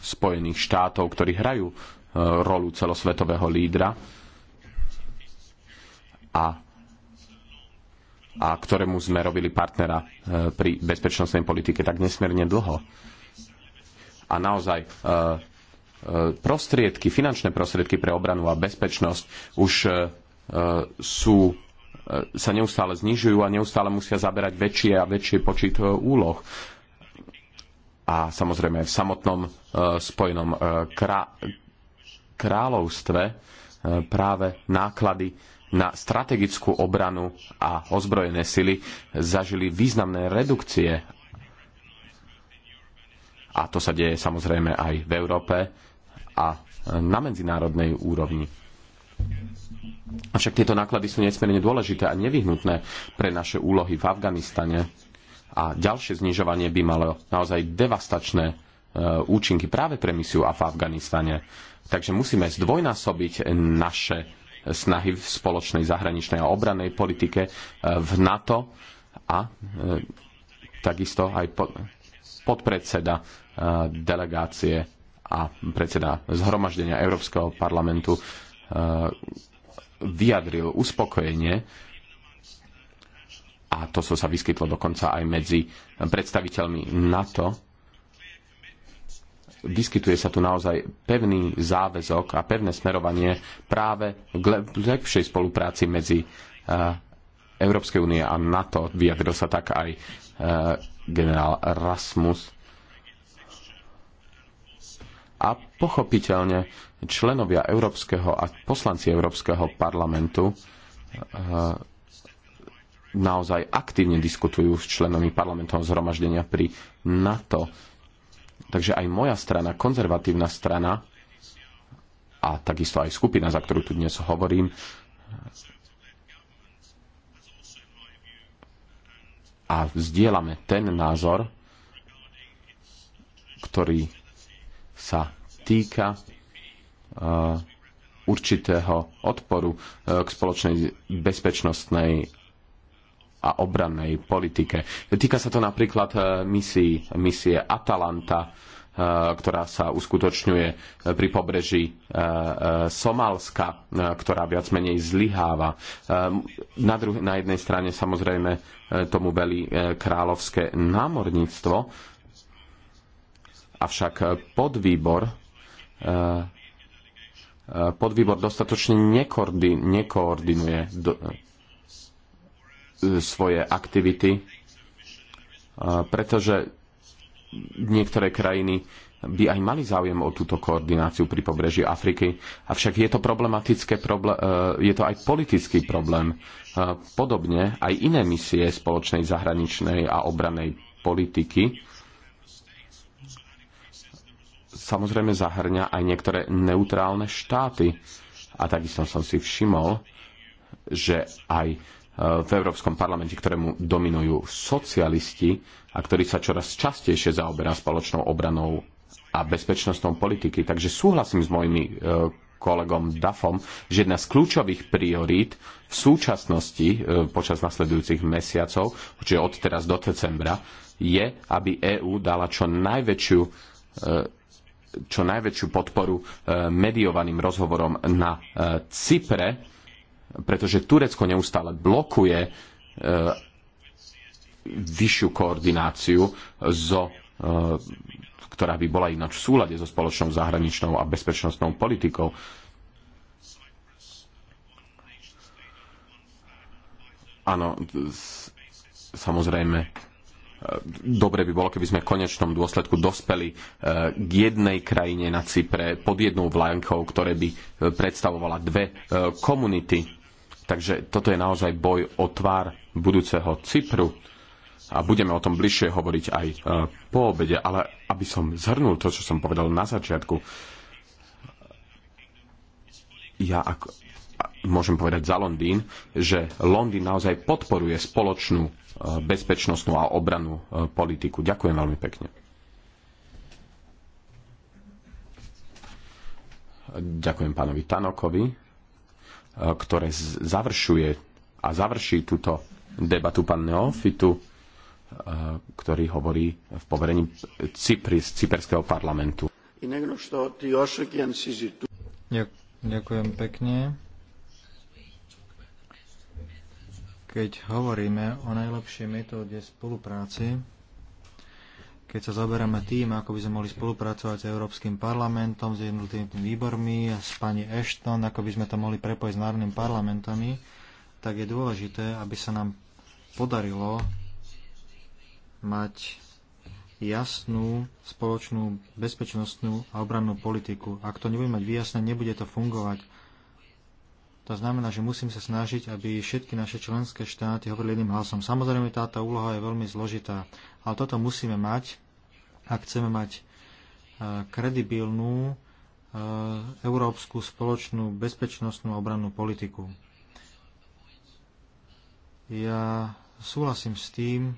S2: Spojených štátov, ktorí hrajú e, rolu celosvetového lídra a, a ktorému sme robili partnera e, pri bezpečnostnej politike tak nesmierne dlho. A naozaj e, e prostriedky, finančné prostriedky pre obranu a bezpečnosť už e, e, sú sa neustále znižujú a neustále musia zaberať väčšie a väčšie počet e, úloh. A samozrejme v samotnom e, spojenom e, krá- kráľovstve práve náklady na strategickú obranu a ozbrojené sily zažili významné redukcie. A to sa deje samozrejme aj v Európe a na medzinárodnej úrovni. Avšak tieto náklady sú nesmierne dôležité a nevyhnutné pre naše úlohy v Afganistane. A ďalšie znižovanie by malo naozaj devastačné e, účinky práve pre misiu a v Afganistane. Takže musíme zdvojnásobiť naše snahy v spoločnej zahraničnej a obranej politike e, v NATO a e, takisto aj podpredseda delegácie a predseda zhromaždenia Európskeho parlamentu vyjadril uspokojenie a to so sa vyskytlo dokonca aj medzi predstaviteľmi NATO, vyskytuje sa tu naozaj pevný záväzok a pevné smerovanie práve k lepšej spolupráci medzi e, Európskej únie a NATO. Vyjadril sa tak aj e, generál Rasmus. A Pochopiteľne členovia Európskeho a poslanci Európskeho parlamentu eh, naozaj aktívne diskutujú s členami parlamentov zhromaždenia pri NATO. Takže aj moja strana, konzervatívna strana a takisto aj skupina, za ktorú tu dnes hovorím, a vzdielame ten názor, ktorý sa týka e, určitého odporu e, k spoločnej bezpečnostnej a obrannej politike. Týka sa to napríklad e, misií, misie Atalanta, ktorá sa uskutočňuje pri pobreží Somálska, ktorá viac menej zlyháva. Na, druh- na jednej strane samozrejme tomu velí kráľovské námorníctvo, avšak podvýbor Eh, podvýbor dostatočne nekoordinuje eh, svoje aktivity, eh, pretože niektoré krajiny by aj mali záujem o túto koordináciu pri pobreží Afriky. Avšak je to problematické, je to aj politický problém. Podobne aj iné misie spoločnej zahraničnej a obranej politiky samozrejme zahrňa aj niektoré neutrálne štáty. A takisto som si všimol, že aj e, v Európskom parlamente, ktorému dominujú socialisti a ktorý sa čoraz častejšie zaoberá spoločnou obranou a bezpečnostnou politiky. Takže súhlasím s mojimi e, kolegom Dafom, že jedna z kľúčových priorít v súčasnosti e, počas nasledujúcich mesiacov, čiže od teraz do decembra, je, aby EÚ dala čo najväčšiu čo najväčšiu podporu e, mediovaným rozhovorom na e, Cypre, pretože Turecko neustále blokuje e, vyššiu koordináciu zo ktorá by bola ináč v súlade so spoločnou zahraničnou a bezpečnostnou politikou. Áno, samozrejme, dobre by bolo, keby sme v konečnom dôsledku dospeli eh, k jednej krajine na Cypre pod jednou vlajkou, ktoré by eh, predstavovala dve eh, komunity. Takže toto je naozaj boj o tvár budúceho Cypru a budeme o tom bližšie hovoriť aj po obede, ale aby som zhrnul to, čo som povedal na začiatku, ja ako, môžem povedať za Londýn, že Londýn naozaj podporuje spoločnú e, bezpečnostnú a obranú e, politiku. Ďakujem veľmi pekne. Ďakujem pánovi Tanokovi, e, ktoré završuje a završí túto debatu pán Neofitu, ktorý hovorí v poverení z cyperského parlamentu.
S3: Ďakujem pekne. keď hovoríme o najlepšej metóde spolupráce, keď sa zaoberáme tým, ako by sme mohli spolupracovať s Európskym parlamentom, s jednotlivými výbormi, s pani Ashton, ako by sme to mohli prepojiť s národnými parlamentami, tak je dôležité, aby sa nám podarilo mať jasnú spoločnú bezpečnostnú a obrannú politiku. Ak to nebudeme mať vyjasné, nebude to fungovať. To znamená, že musím sa snažiť, aby všetky naše členské štáty hovorili jedným hlasom. Samozrejme, táto úloha je veľmi zložitá, ale toto musíme mať, ak chceme mať e, kredibilnú e, európsku spoločnú bezpečnostnú obrannú politiku. Ja súhlasím s tým,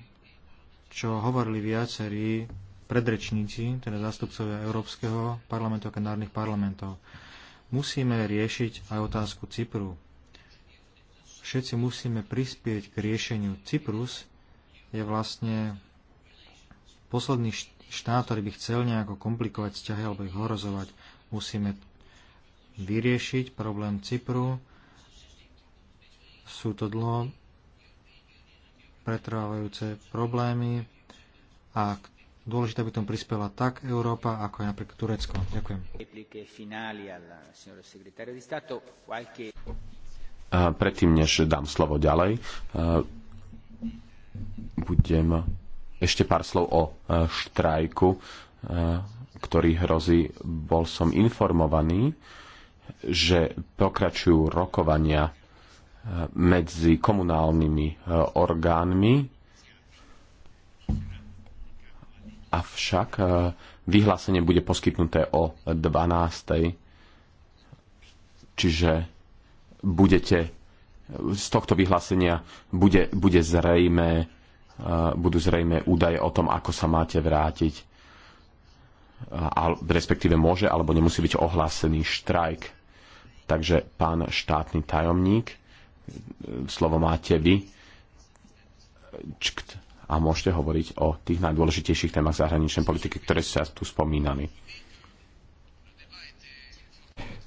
S3: čo hovorili viacerí predrečníci, teda zástupcovia Európskeho parlamentu a kanárnych parlamentov. Musíme riešiť aj otázku Cypru. Všetci musíme prispieť k riešeniu. Cyprus je vlastne posledný štát, ktorý by chcel nejako komplikovať vzťahy alebo ich horozovať. Musíme vyriešiť problém Cypru. Sú to dlho pretrvávajúce problémy a k Dôležité by tom prispela tak Európa, ako aj napríklad Turecko. Ďakujem.
S2: Predtým, než dám slovo ďalej, e, budem ešte pár slov o e, štrajku, e, ktorý hrozí. Bol som informovaný, že pokračujú rokovania medzi komunálnymi orgánmi avšak e, vyhlásenie bude poskytnuté o 12. Čiže budete z tohto vyhlásenia bude, bude zrejme, budú zrejme údaje o tom, ako sa máte vrátiť. A, respektíve môže alebo nemusí byť ohlásený štrajk. Takže pán štátny tajomník, e, slovo máte vy. Čkt a môžete hovoriť o tých najdôležitejších témach zahraničnej politiky, ktoré sa tu spomínali.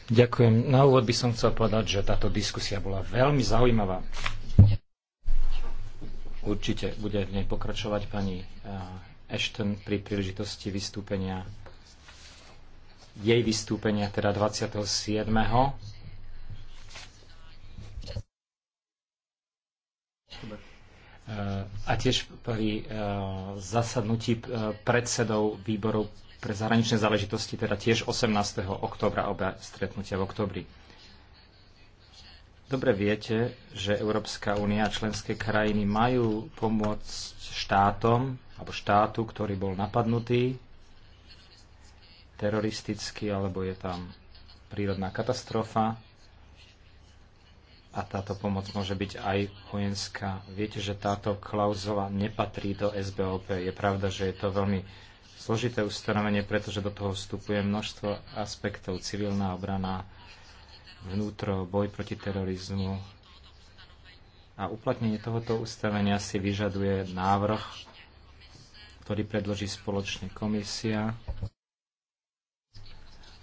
S4: Ďakujem. Na úvod by som chcel povedať, že táto diskusia bola veľmi zaujímavá. Určite bude v nej pokračovať pani eh, Ashton pri príležitosti vystúpenia jej vystúpenia, teda 27. Dobre a tiež pri e, zasadnutí e, predsedov výborov pre zahraničné záležitosti, teda tiež 18. oktobra oba stretnutia v oktobri. Dobre viete, že Európska únia a členské krajiny majú pomôcť štátom alebo štátu, ktorý bol napadnutý teroristicky alebo je tam prírodná katastrofa a táto pomoc môže byť aj vojenská. Viete, že táto klauzula nepatrí do SBOP. Je pravda, že je to veľmi zložité ustanovenie, pretože do toho vstupuje množstvo aspektov. Civilná obrana, vnútro, boj proti terorizmu. A uplatnenie tohoto ustanovenia si vyžaduje návrh, ktorý predloží spoločne komisia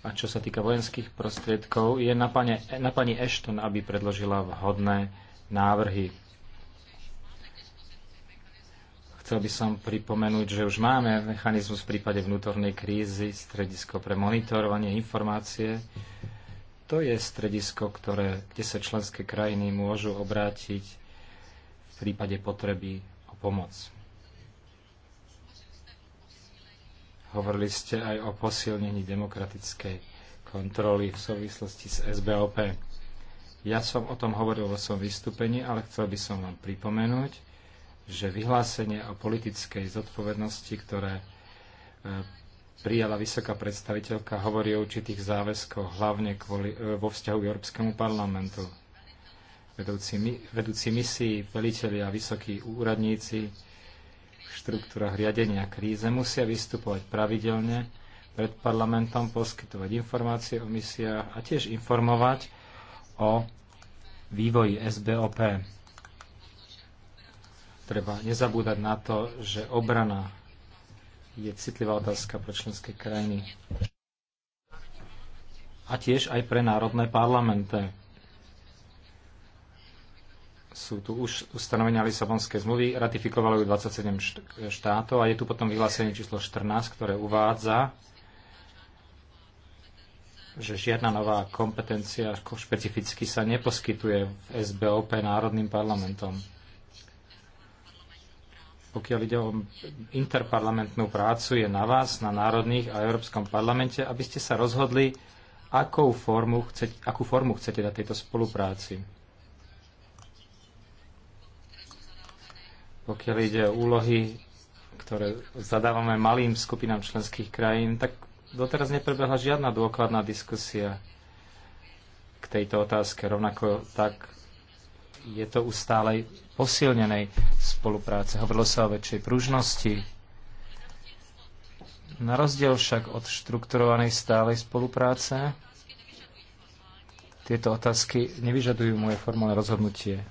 S4: a čo sa týka vojenských prostriedkov, je na, pane, na pani Ashton, aby predložila vhodné návrhy. Chcel by som pripomenúť, že už máme mechanizmus v prípade vnútornej krízy, stredisko pre monitorovanie informácie. To je stredisko, ktoré, kde sa členské krajiny môžu obrátiť v prípade potreby o pomoc. Hovorili ste aj o posilnení demokratickej kontroly v súvislosti s SBOP. Ja som o tom hovoril vo svojom vystúpení, ale chcel by som vám pripomenúť, že vyhlásenie o politickej zodpovednosti, ktoré e, prijala vysoká predstaviteľka, hovorí o určitých záväzkoch, hlavne kvôli, e, vo vzťahu k Európskemu parlamentu. Vedúci, vedúci misií, veliteľi a vysokí úradníci štruktúrach riadenia kríze musia vystupovať pravidelne pred parlamentom, poskytovať informácie o misiách a tiež informovať o vývoji SBOP. Treba nezabúdať na to, že obrana je citlivá otázka pre členské krajiny a tiež aj pre národné parlamenty sú tu už ustanovenia Lisabonskej zmluvy, ratifikovalo ju 27 štátov a je tu potom vyhlásenie číslo 14, ktoré uvádza, že žiadna nová kompetencia špecificky sa neposkytuje v SBOP národným parlamentom. Pokiaľ ide o interparlamentnú prácu, je na vás, na národných a Európskom parlamente, aby ste sa rozhodli, akou formu chcete, akú formu chcete dať tejto spolupráci Pokiaľ ide o úlohy, ktoré zadávame malým skupinám členských krajín, tak doteraz neprebehla žiadna dôkladná diskusia k tejto otázke. Rovnako tak je to u stálej posilnenej spolupráce. Hovorilo sa o väčšej pružnosti. Na rozdiel však od štrukturovanej stálej spolupráce, tieto otázky nevyžadujú moje formálne rozhodnutie.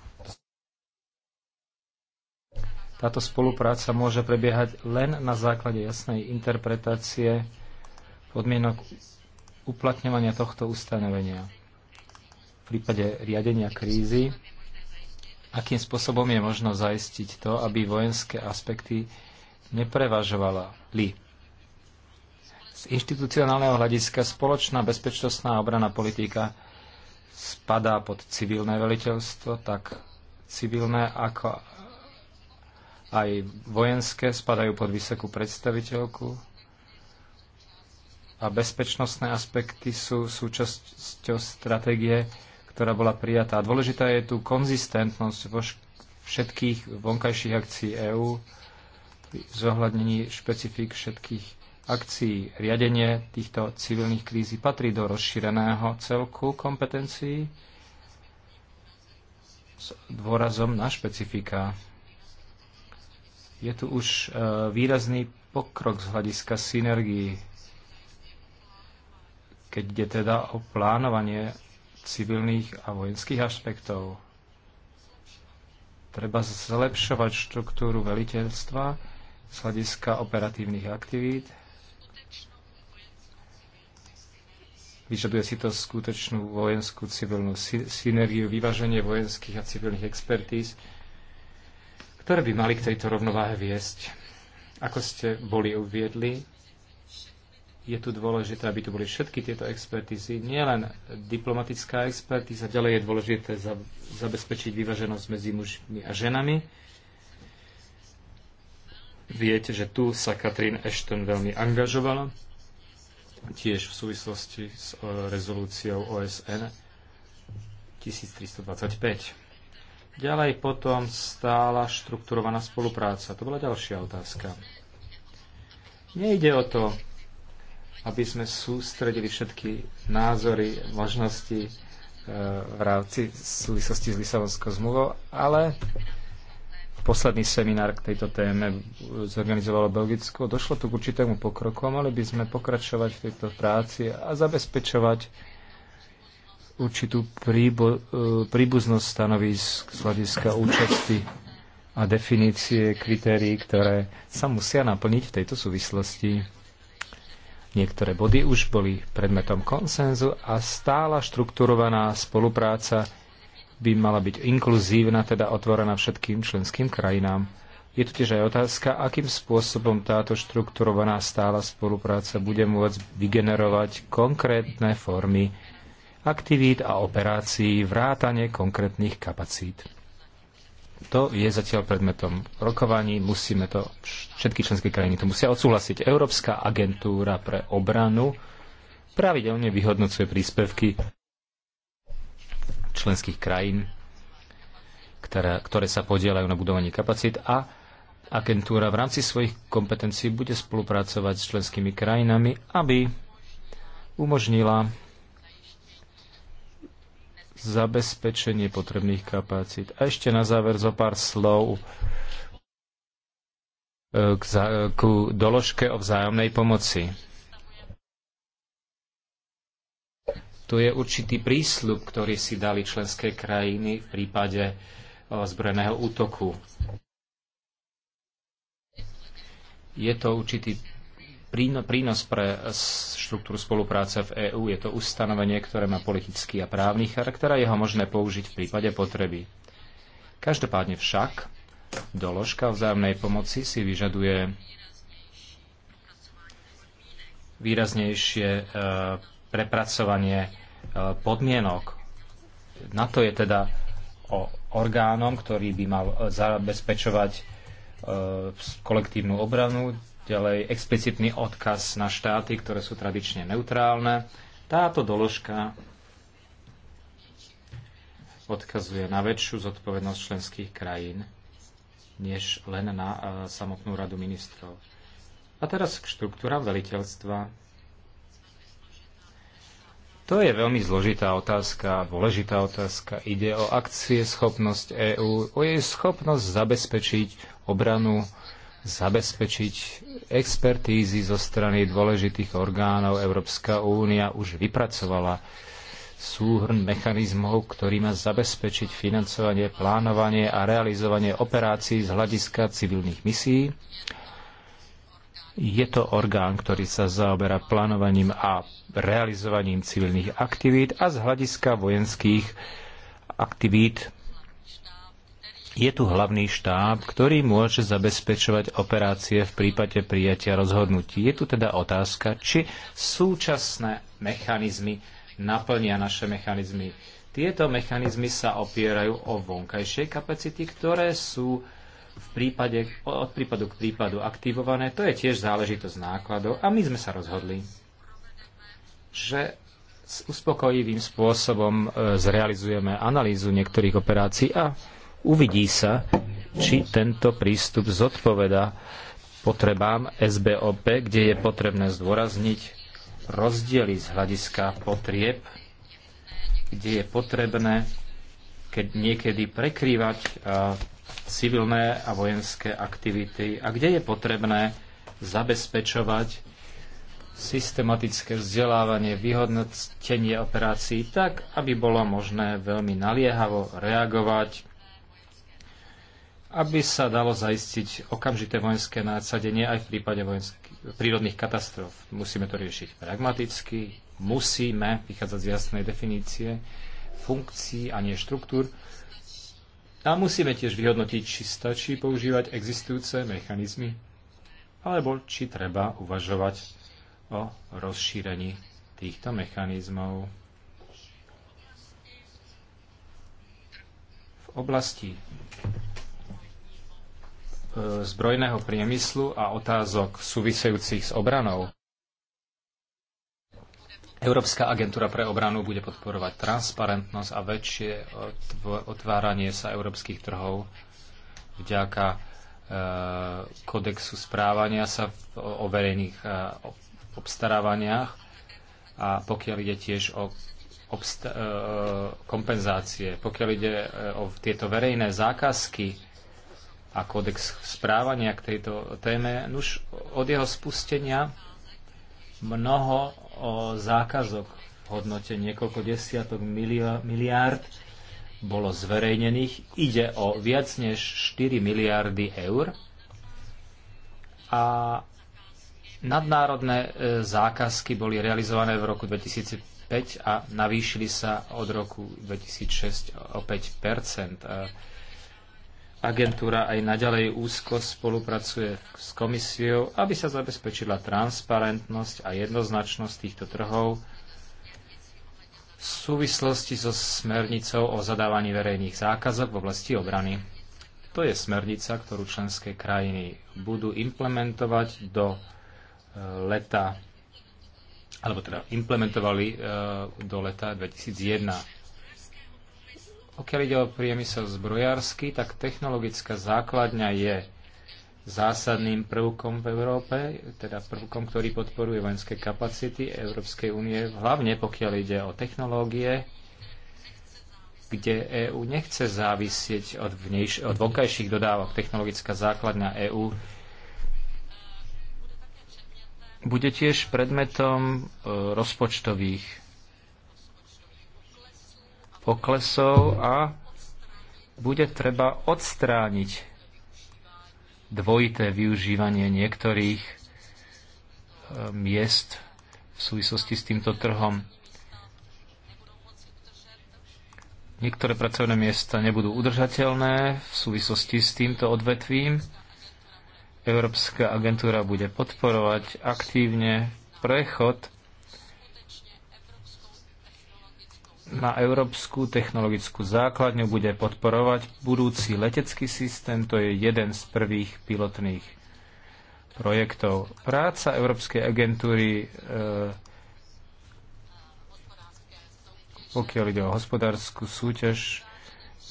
S4: Táto spolupráca môže prebiehať len na základe jasnej interpretácie podmienok uplatňovania tohto ustanovenia. V prípade riadenia krízy, akým spôsobom je možno zaistiť to, aby vojenské aspekty neprevažovali. Z inštitucionálneho hľadiska spoločná bezpečnostná obrana politika spadá pod civilné veliteľstvo, tak civilné ako aj vojenské spadajú pod vysokú predstaviteľku a bezpečnostné aspekty sú súčasťou stratégie, ktorá bola prijatá. dôležitá je tu konzistentnosť vo všetkých vonkajších akcií EÚ, zohľadnení špecifik všetkých akcií. Riadenie týchto civilných krízy patrí do rozšíreného celku kompetencií s dôrazom na špecifika je tu už e, výrazný pokrok z hľadiska synergií, keď ide teda o plánovanie civilných a vojenských aspektov. Treba zlepšovať štruktúru veliteľstva z hľadiska operatívnych aktivít. Vyžaduje si to skutočnú vojenskú civilnú synergiu, vyváženie vojenských a civilných expertíz, ktoré by mali k tejto rovnováhe viesť. Ako ste boli uviedli, je tu dôležité, aby tu boli všetky tieto expertízy, nielen diplomatická expertíza, ďalej je dôležité zabezpečiť vyvaženosť medzi mužmi a ženami. Viete, že tu sa Katrin Ashton veľmi angažovala, tiež v súvislosti s e, rezolúciou OSN 1325. Ďalej potom stála štrukturovaná spolupráca. To bola ďalšia otázka. Nejde o to, aby sme sústredili všetky názory, možnosti e, v rámci súvislosti s Lisabonskou zmluvou, ale posledný seminár k tejto téme zorganizovalo Belgicko. Došlo tu k určitému pokroku a mali by sme pokračovať v tejto práci a zabezpečovať určitú príbo, e, príbuznosť stanovisk z hľadiska účasti a definície kritérií, ktoré sa musia naplniť v tejto súvislosti. Niektoré body už boli predmetom konsenzu a stála štrukturovaná spolupráca by mala byť inkluzívna, teda otvorená všetkým členským krajinám. Je tu tiež aj otázka, akým spôsobom táto štrukturovaná stála spolupráca bude môcť vygenerovať konkrétne formy aktivít a operácií vrátane konkrétnych kapacít. To je zatiaľ predmetom rokovaní, musíme to, všetky členské krajiny to musia odsúhlasiť. Európska agentúra pre obranu pravidelne vyhodnocuje príspevky členských krajín, ktoré, ktoré sa podielajú na budovaní kapacít a agentúra v rámci svojich kompetencií bude spolupracovať s členskými krajinami, aby umožnila zabezpečenie potrebných kapacít. A ešte na záver zo pár slov e, k, za, e, ku doložke o vzájomnej pomoci. Tu je určitý prísľub, ktorý si dali členské krajiny v prípade e, zbrojeného útoku. Je to určitý prínos pre štruktúru spolupráce v EÚ. Je to ustanovenie, ktoré má politický a právny charakter a jeho možné použiť v prípade potreby. Každopádne však doložka vzájomnej pomoci si vyžaduje výraznejšie e, prepracovanie e, podmienok. Na to je teda o orgánom, ktorý by mal e, zabezpečovať kolektívnu obranu, ďalej explicitný odkaz na štáty, ktoré sú tradične neutrálne. Táto doložka odkazuje na väčšiu zodpovednosť členských krajín, než len na e, samotnú radu ministrov. A teraz k štruktúram veliteľstva. To je veľmi zložitá otázka, dôležitá otázka. Ide o akcie schopnosť EÚ, o jej schopnosť zabezpečiť obranu zabezpečiť expertízy zo strany dôležitých orgánov. Európska únia už vypracovala súhrn mechanizmov, ktorý má zabezpečiť financovanie, plánovanie a realizovanie operácií z hľadiska civilných misií. Je to orgán, ktorý sa zaoberá plánovaním a realizovaním civilných aktivít a z hľadiska vojenských aktivít je tu hlavný štáb, ktorý môže zabezpečovať operácie v prípade prijatia rozhodnutí. Je tu teda otázka, či súčasné mechanizmy naplnia naše mechanizmy. Tieto mechanizmy sa opierajú o vonkajšie kapacity, ktoré sú v prípade, od prípadu k prípadu aktivované. To je tiež záležitosť nákladov a my sme sa rozhodli, že s uspokojivým spôsobom e, zrealizujeme analýzu niektorých operácií a Uvidí sa, či tento prístup zodpoveda potrebám SBOP, kde je potrebné zdôrazniť rozdiely z hľadiska potrieb, kde je potrebné keď niekedy prekrývať civilné a vojenské aktivity a kde je potrebné zabezpečovať systematické vzdelávanie, vyhodnotenie operácií tak, aby bolo možné veľmi naliehavo reagovať aby sa dalo zaistiť okamžité vojenské násadenie aj v prípade prírodných katastrof. Musíme to riešiť pragmaticky, musíme vychádzať z jasnej definície funkcií a nie štruktúr a musíme tiež vyhodnotiť, či stačí používať existujúce mechanizmy alebo či treba uvažovať o rozšírení týchto mechanizmov. V oblasti E, zbrojného priemyslu a otázok súvisejúcich s obranou. Európska agentúra pre obranu bude podporovať transparentnosť a väčšie otváranie sa európskych trhov vďaka e, kodexu správania sa o verejných e, obstarávaniach a pokiaľ ide tiež o kompenzácie, pokiaľ ide o tieto verejné zákazky, a kódex správania k tejto téme. Už od jeho spustenia mnoho zákazok v hodnote niekoľko desiatok miliárd bolo zverejnených. Ide o viac než 4 miliardy eur a nadnárodné e, zákazky boli realizované v roku 2005 a navýšili sa od roku 2006 o 5 Agentúra aj naďalej úzko spolupracuje s komisiou, aby sa zabezpečila transparentnosť a jednoznačnosť týchto trhov v súvislosti so smernicou o zadávaní verejných zákazok v oblasti obrany. To je smernica, ktorú členské krajiny budú implementovať do e, leta, alebo teda implementovali e, do leta 2001 pokiaľ ide o priemysel zbrojársky, tak technologická základňa je zásadným prvkom v Európe, teda prvkom, ktorý podporuje vojenské kapacity Európskej únie, hlavne pokiaľ ide o technológie, kde EÚ nechce závisieť od, vnejš- od vonkajších dodávok. Technologická základňa EÚ bude tiež predmetom e, rozpočtových poklesov a bude treba odstrániť dvojité využívanie niektorých e, miest v súvislosti s týmto trhom. Niektoré pracovné miesta nebudú udržateľné v súvislosti s týmto odvetvím. Európska agentúra bude podporovať aktívne prechod na európsku technologickú základňu bude podporovať budúci letecký systém. To je jeden z prvých pilotných projektov. Práca Európskej agentúry, e, pokiaľ ide o hospodárskú súťaž,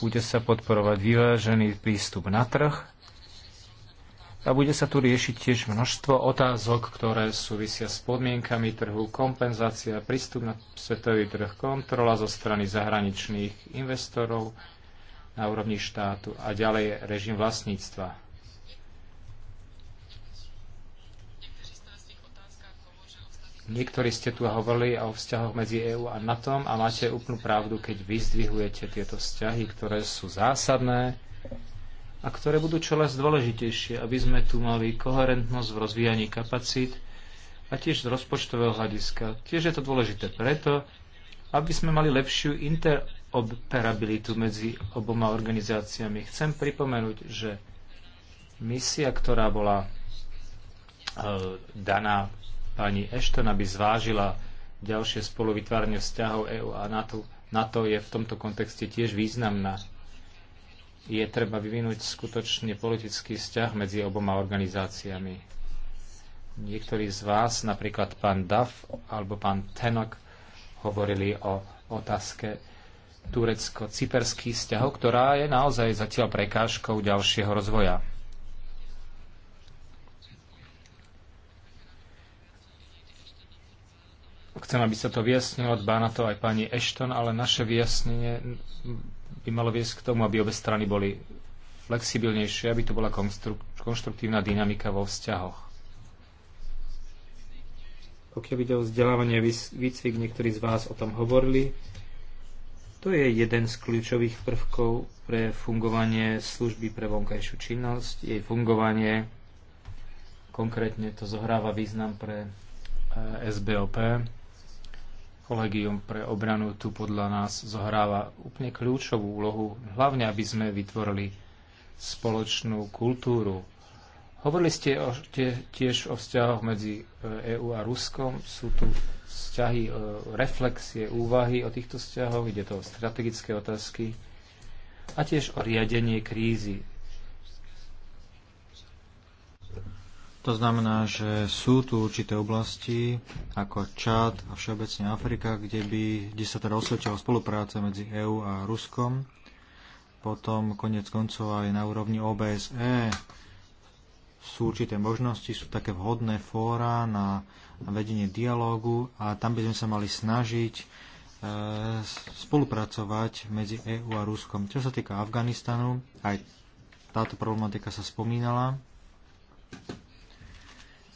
S4: bude sa podporovať vyvážený prístup na trh a bude sa tu riešiť tiež množstvo otázok, ktoré súvisia s podmienkami trhu, kompenzácia, prístup na svetový trh, kontrola zo strany zahraničných investorov na úrovni štátu a ďalej režim vlastníctva. Niektorí ste tu hovorili o vzťahoch medzi EÚ a NATO a máte úplnú pravdu, keď vyzdvihujete tieto vzťahy, ktoré sú zásadné a ktoré budú čoraz dôležitejšie, aby sme tu mali koherentnosť v rozvíjaní kapacít a tiež z rozpočtového hľadiska. Tiež je to dôležité preto, aby sme mali lepšiu interoperabilitu medzi oboma organizáciami. Chcem pripomenúť, že misia, ktorá bola e, daná pani Ashton, aby zvážila ďalšie spoluvytváranie vzťahov EÚ a NATO, NATO je v tomto kontexte tiež významná je treba vyvinúť skutočne politický vzťah medzi oboma organizáciami. Niektorí z vás, napríklad pán Duff alebo pán Tenok, hovorili o otázke turecko-cyperských vzťahov, ktorá je naozaj zatiaľ prekážkou ďalšieho rozvoja. Chcem, aby sa to vyjasnilo, dbá na to aj pani Ashton, ale naše vyjasnenie by malo viesť k tomu, aby obe strany boli flexibilnejšie, aby tu bola konštruktívna dynamika vo vzťahoch. Pokiaľ ide o vzdelávanie výcvik, niektorí z vás o tom hovorili, to je jeden z kľúčových prvkov pre fungovanie služby pre vonkajšiu činnosť, jej fungovanie. Konkrétne to zohráva význam pre eh, SBOP, Kolegium pre obranu tu podľa nás zohráva úplne kľúčovú úlohu, hlavne aby sme vytvorili spoločnú kultúru. Hovorili ste o, tie, tiež o vzťahoch medzi EÚ e a Ruskom. Sú tu vzťahy, e, reflexie, úvahy o týchto vzťahoch, ide to o strategické otázky a tiež o riadenie krízy To
S3: znamená, že sú tu určité oblasti ako Čad a všeobecne Afrika, kde, by, kde sa teda osvedčila spolupráca medzi EÚ a Ruskom. Potom konec koncov aj na úrovni OBSE sú určité možnosti, sú také vhodné fóra na vedenie dialógu a tam by sme sa mali snažiť e, spolupracovať medzi EÚ a Ruskom. Čo sa týka Afganistanu, aj táto problematika sa spomínala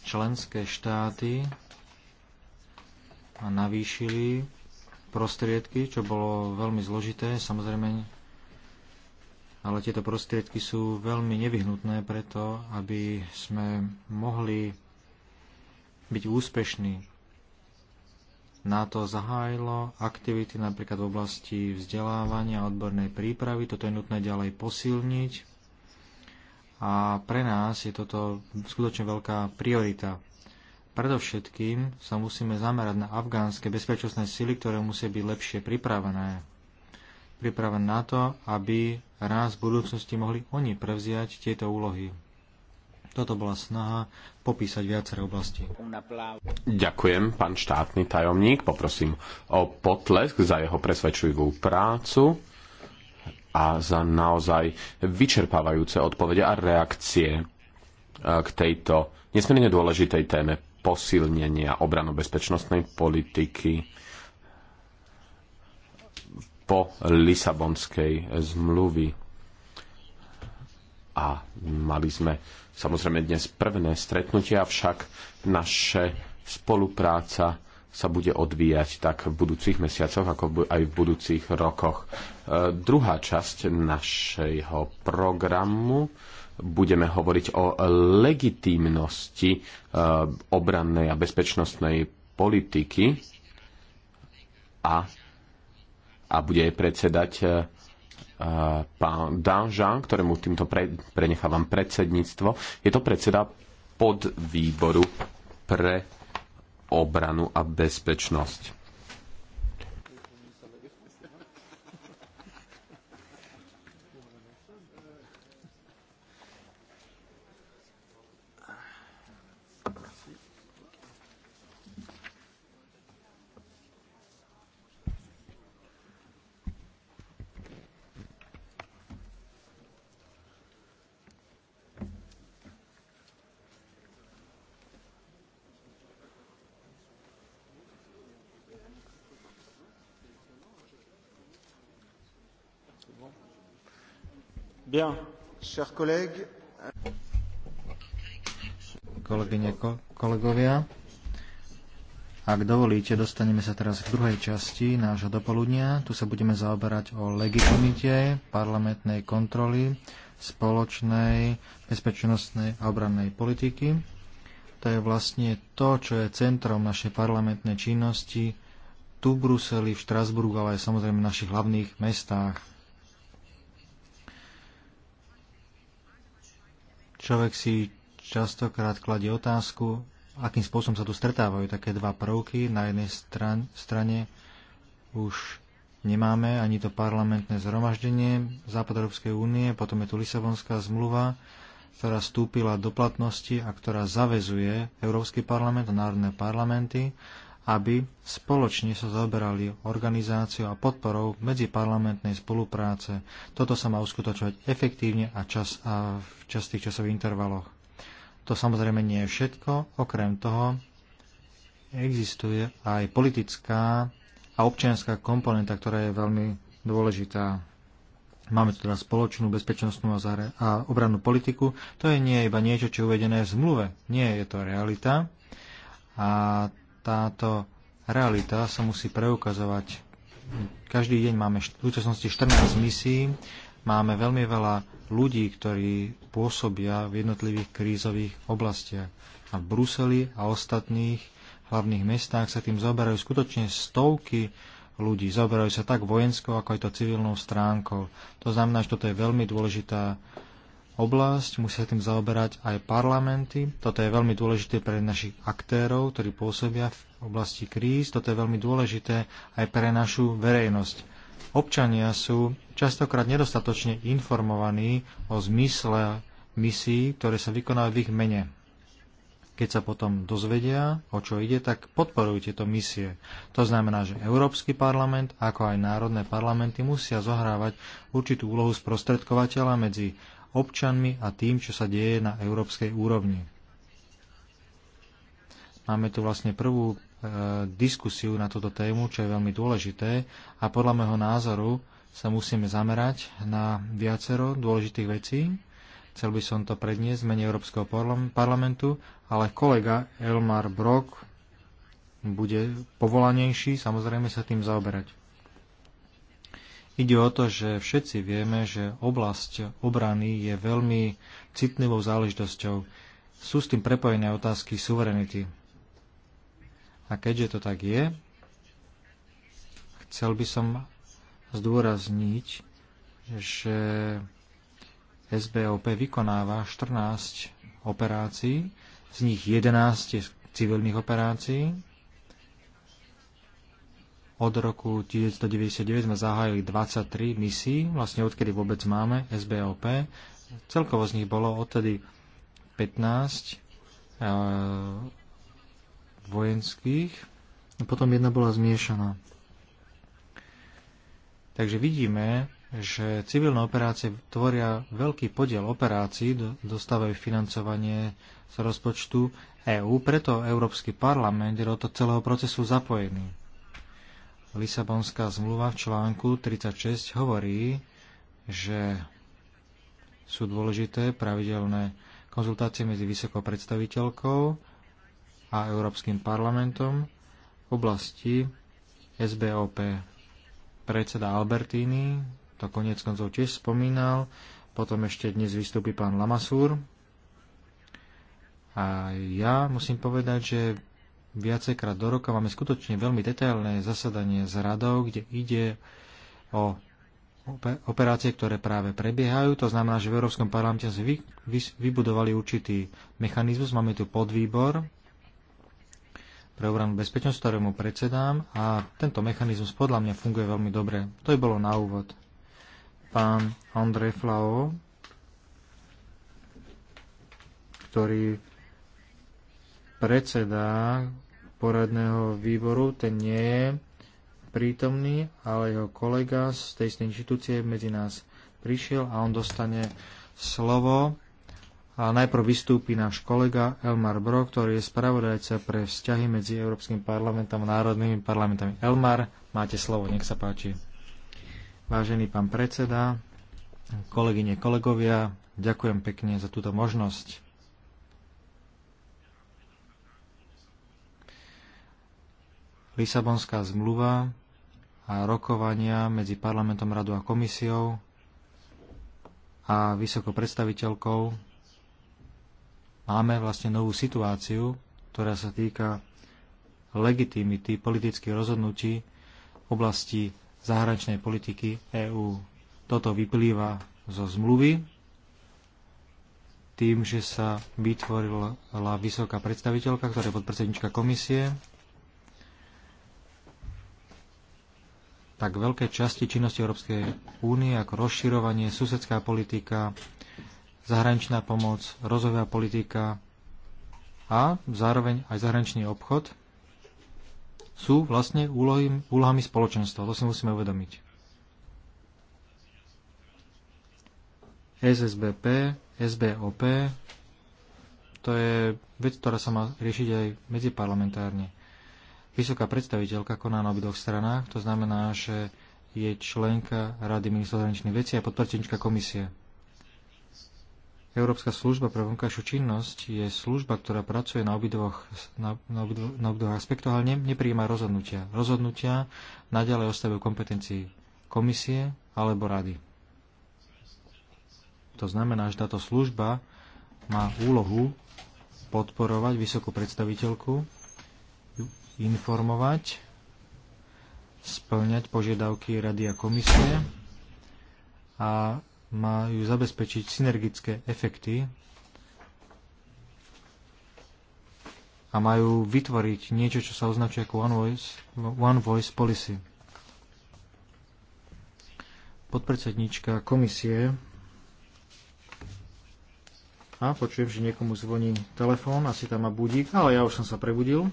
S3: členské štáty a navýšili prostriedky, čo bolo veľmi zložité, samozrejme, ale tieto prostriedky sú veľmi nevyhnutné preto, aby sme mohli byť úspešní. NATO zahájilo aktivity napríklad v oblasti vzdelávania a odbornej prípravy, toto je nutné ďalej posilniť a pre nás je toto skutočne veľká priorita. Predovšetkým sa musíme zamerať na afgánske bezpečnostné sily, ktoré musia byť lepšie pripravené. Pripravené na to, aby raz v budúcnosti mohli oni prevziať tieto úlohy. Toto bola snaha popísať viaceré oblasti.
S2: Ďakujem, pán štátny tajomník. Poprosím o potlesk za jeho presvedčujú prácu a za naozaj vyčerpávajúce odpovede a reakcie e, k tejto nesmierne dôležitej téme posilnenia obranobezpečnostnej politiky po Lisabonskej zmluvy. A mali sme samozrejme dnes prvné stretnutie, avšak naše spolupráca sa bude odvíjať tak v budúcich mesiacoch, ako aj v budúcich rokoch. E, druhá časť našeho programu budeme hovoriť o legitímnosti e, obrannej a bezpečnostnej politiky a, a bude jej predsedať e, pán Danžan, ktorému týmto pre, prenechávam predsedníctvo. Je to predseda podvýboru pre obranu a bezpečnosť.
S1: Bien, chers collègues.
S3: Kolegyne, kolegovia, ak dovolíte, dostaneme sa teraz k druhej časti nášho dopoludnia. Tu sa budeme zaoberať o legitimite parlamentnej kontroly spoločnej bezpečnostnej a obrannej politiky. To je vlastne to, čo je centrom našej parlamentnej činnosti tu v Bruseli, v Štrasburgu, ale aj samozrejme v našich hlavných mestách Človek si častokrát kladie otázku, akým spôsobom sa tu stretávajú také dva prvky. Na jednej stran, strane už nemáme ani to parlamentné zhromaždenie Západ Európskej únie, potom je tu Lisabonská zmluva, ktorá vstúpila do platnosti a ktorá zavezuje Európsky parlament a národné parlamenty aby spoločne sa zaoberali organizáciou a podporou medziparlamentnej spolupráce. Toto sa má uskutočovať efektívne a, čas, a v častých časových intervaloch. To samozrejme nie je všetko. Okrem toho existuje aj politická a občianská komponenta, ktorá je veľmi dôležitá. Máme tu teda spoločnú bezpečnostnú a, a obrannú politiku. To je nie iba niečo, čo je uvedené v zmluve. Nie je to realita. A táto realita sa musí preukazovať. Každý deň máme v súčasnosti 14 misií, máme veľmi veľa ľudí, ktorí pôsobia v jednotlivých krízových oblastiach. A v Bruseli a ostatných hlavných mestách sa tým zaoberajú skutočne stovky ľudí. Zaoberajú sa tak vojenskou, ako aj to civilnou stránkou. To znamená, že toto je veľmi dôležitá oblasť, musia tým zaoberať aj parlamenty. Toto je veľmi dôležité pre našich aktérov, ktorí pôsobia v oblasti kríz. Toto je veľmi dôležité aj pre našu verejnosť. Občania sú častokrát nedostatočne informovaní o zmysle misií, ktoré sa vykonajú v ich mene. Keď sa potom dozvedia, o čo ide, tak podporujú tieto misie. To znamená, že Európsky parlament, ako aj národné parlamenty musia zohrávať určitú úlohu sprostredkovateľa medzi občanmi a tým, čo sa deje na európskej úrovni. Máme tu vlastne prvú e, diskusiu na túto tému, čo je veľmi dôležité a podľa môjho názoru sa musíme zamerať na viacero dôležitých vecí. Chcel by som to predniesť mene Európskeho parlamentu, ale kolega Elmar Brok bude povolanejší samozrejme sa tým zaoberať. Ide o to, že všetci vieme, že oblasť obrany je veľmi citlivou záležitosťou. Sú s tým prepojené otázky suverenity. A keďže to tak je, chcel by som zdôrazniť, že SBOP vykonáva 14 operácií, z nich 11 civilných operácií od roku 1999 sme zahájili 23 misií, vlastne odkedy vôbec máme SBOP. Celkovo z nich bolo odtedy 15 e, eh, vojenských a no, potom jedna bola zmiešaná. Takže vidíme, že civilné operácie tvoria veľký podiel operácií, dostávajú financovanie z rozpočtu EÚ, preto Európsky parlament je do toho celého procesu zapojený. Lisabonská zmluva v článku 36 hovorí, že sú dôležité pravidelné konzultácie medzi vysokou predstaviteľkou a Európskym parlamentom v oblasti SBOP. Predseda Albertini to konec koncov tiež spomínal, potom ešte dnes vystúpi pán Lamasúr. A ja musím povedať, že viacejkrát do roka. Máme skutočne veľmi detailné zasadanie s radou, kde ide o operácie, ktoré práve prebiehajú. To znamená, že v Európskom parlamente sme vy, vy, vybudovali určitý mechanizmus. Máme tu podvýbor pre obranu bezpečnosť, ktorému predsedám a tento mechanizmus podľa mňa funguje veľmi dobre. To je bolo na úvod. Pán Andrej Flao, ktorý predseda poradného výboru, ten nie je prítomný, ale jeho kolega z tej istej inštitúcie medzi nás prišiel a on dostane slovo. A najprv vystúpi náš kolega Elmar Bro, ktorý je spravodajca pre vzťahy medzi Európskym parlamentom a národnými parlamentami. Elmar, máte slovo, nech sa páči. Vážený pán predseda, kolegyne, kolegovia, ďakujem pekne za túto možnosť. Lisabonská zmluva a rokovania medzi parlamentom, radu a komisiou a vysokou predstaviteľkou máme vlastne novú situáciu, ktorá sa týka legitimity politických rozhodnutí v oblasti zahraničnej politiky EÚ. Toto vyplýva zo zmluvy tým, že sa vytvorila vysoká predstaviteľka, ktorá je podpredsednička komisie tak veľké časti činnosti Európskej únie ako rozširovanie, susedská politika, zahraničná pomoc, rozvojová politika a zároveň aj zahraničný obchod sú vlastne úlohy, úlohami spoločenstva. To si musíme uvedomiť. SSBP, SBOP, to je vec, ktorá sa má riešiť aj medziparlamentárne. Vysoká predstaviteľka koná na obidvoch stranách, to znamená, že je členka Rady ministrov zahraničných vecí a podpredsednička komisie. Európska služba pre vonkajšiu činnosť je služba, ktorá pracuje na obidvoch, na, na obidvoch, na obidvoch aspektoch, ale ne, nepríjima rozhodnutia. Rozhodnutia naďalej ostavujú kompetencii komisie alebo rady. To znamená, že táto služba má úlohu podporovať vysokú predstaviteľku informovať, splňať požiadavky Rady a komisie a majú zabezpečiť synergické efekty a majú vytvoriť niečo, čo sa označuje ako One Voice, one voice Policy. Podpredsednička komisie a počujem, že niekomu zvoní telefón, asi tam má budík, ale ja už som sa prebudil.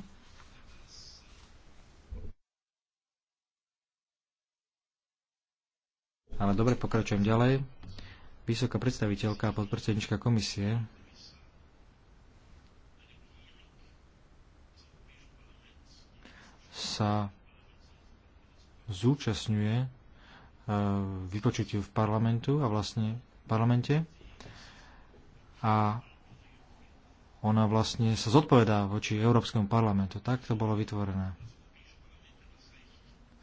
S3: Ale dobre, pokračujem ďalej. Vysoká predstaviteľka a podpredsednička komisie sa zúčastňuje e, vypočutiu v parlamentu a vlastne v parlamente a ona vlastne sa zodpovedá voči Európskemu parlamentu. Tak to bolo vytvorené.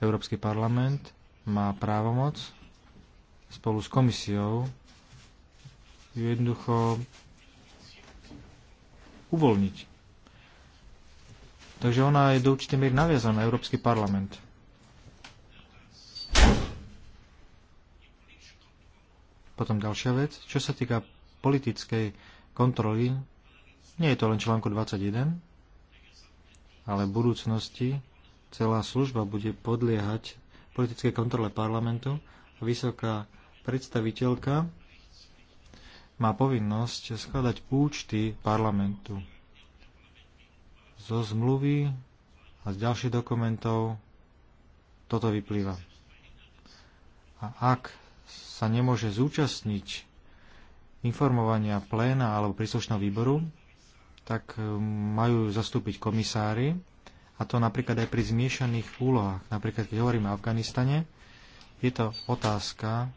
S3: Európsky parlament má právomoc spolu s komisiou ju jednoducho uvoľniť. Takže ona je do určitej miery naviazaná na Európsky parlament. Potom ďalšia vec, čo sa týka politickej kontroly, nie je to len článku 21, ale v budúcnosti celá služba bude podliehať politickej kontrole parlamentu a vysoká predstaviteľka má povinnosť skladať účty parlamentu zo zmluvy a z ďalších dokumentov toto vyplýva. A ak sa nemôže zúčastniť informovania pléna alebo príslušného výboru, tak um, majú zastúpiť komisári, a to napríklad aj pri zmiešaných úlohách. Napríklad, keď hovoríme o Afganistane, je to otázka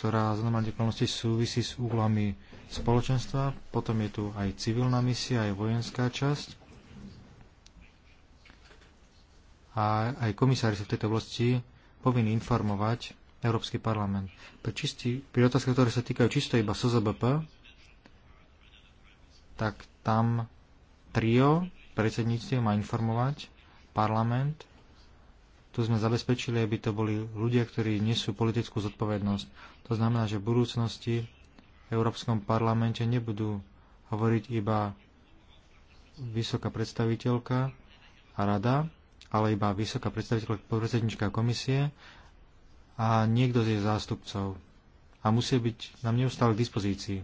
S3: ktorá z normálnej súvisí s úlami spoločenstva. Potom je tu aj civilná misia, aj vojenská časť. A aj komisári sú v tejto oblasti povinni informovať Európsky parlament. Pre, čistý, pri otázke, ktoré sa týkajú čisto iba SZBP, tak tam trio predsedníctiev má informovať parlament tu sme zabezpečili, aby to boli ľudia, ktorí nesú politickú zodpovednosť. To znamená, že v budúcnosti v Európskom parlamente nebudú hovoriť iba vysoká predstaviteľka a rada, ale iba vysoká predstaviteľka podpredsednička komisie a niekto z jej zástupcov. A musí byť nám neustále k dispozícii.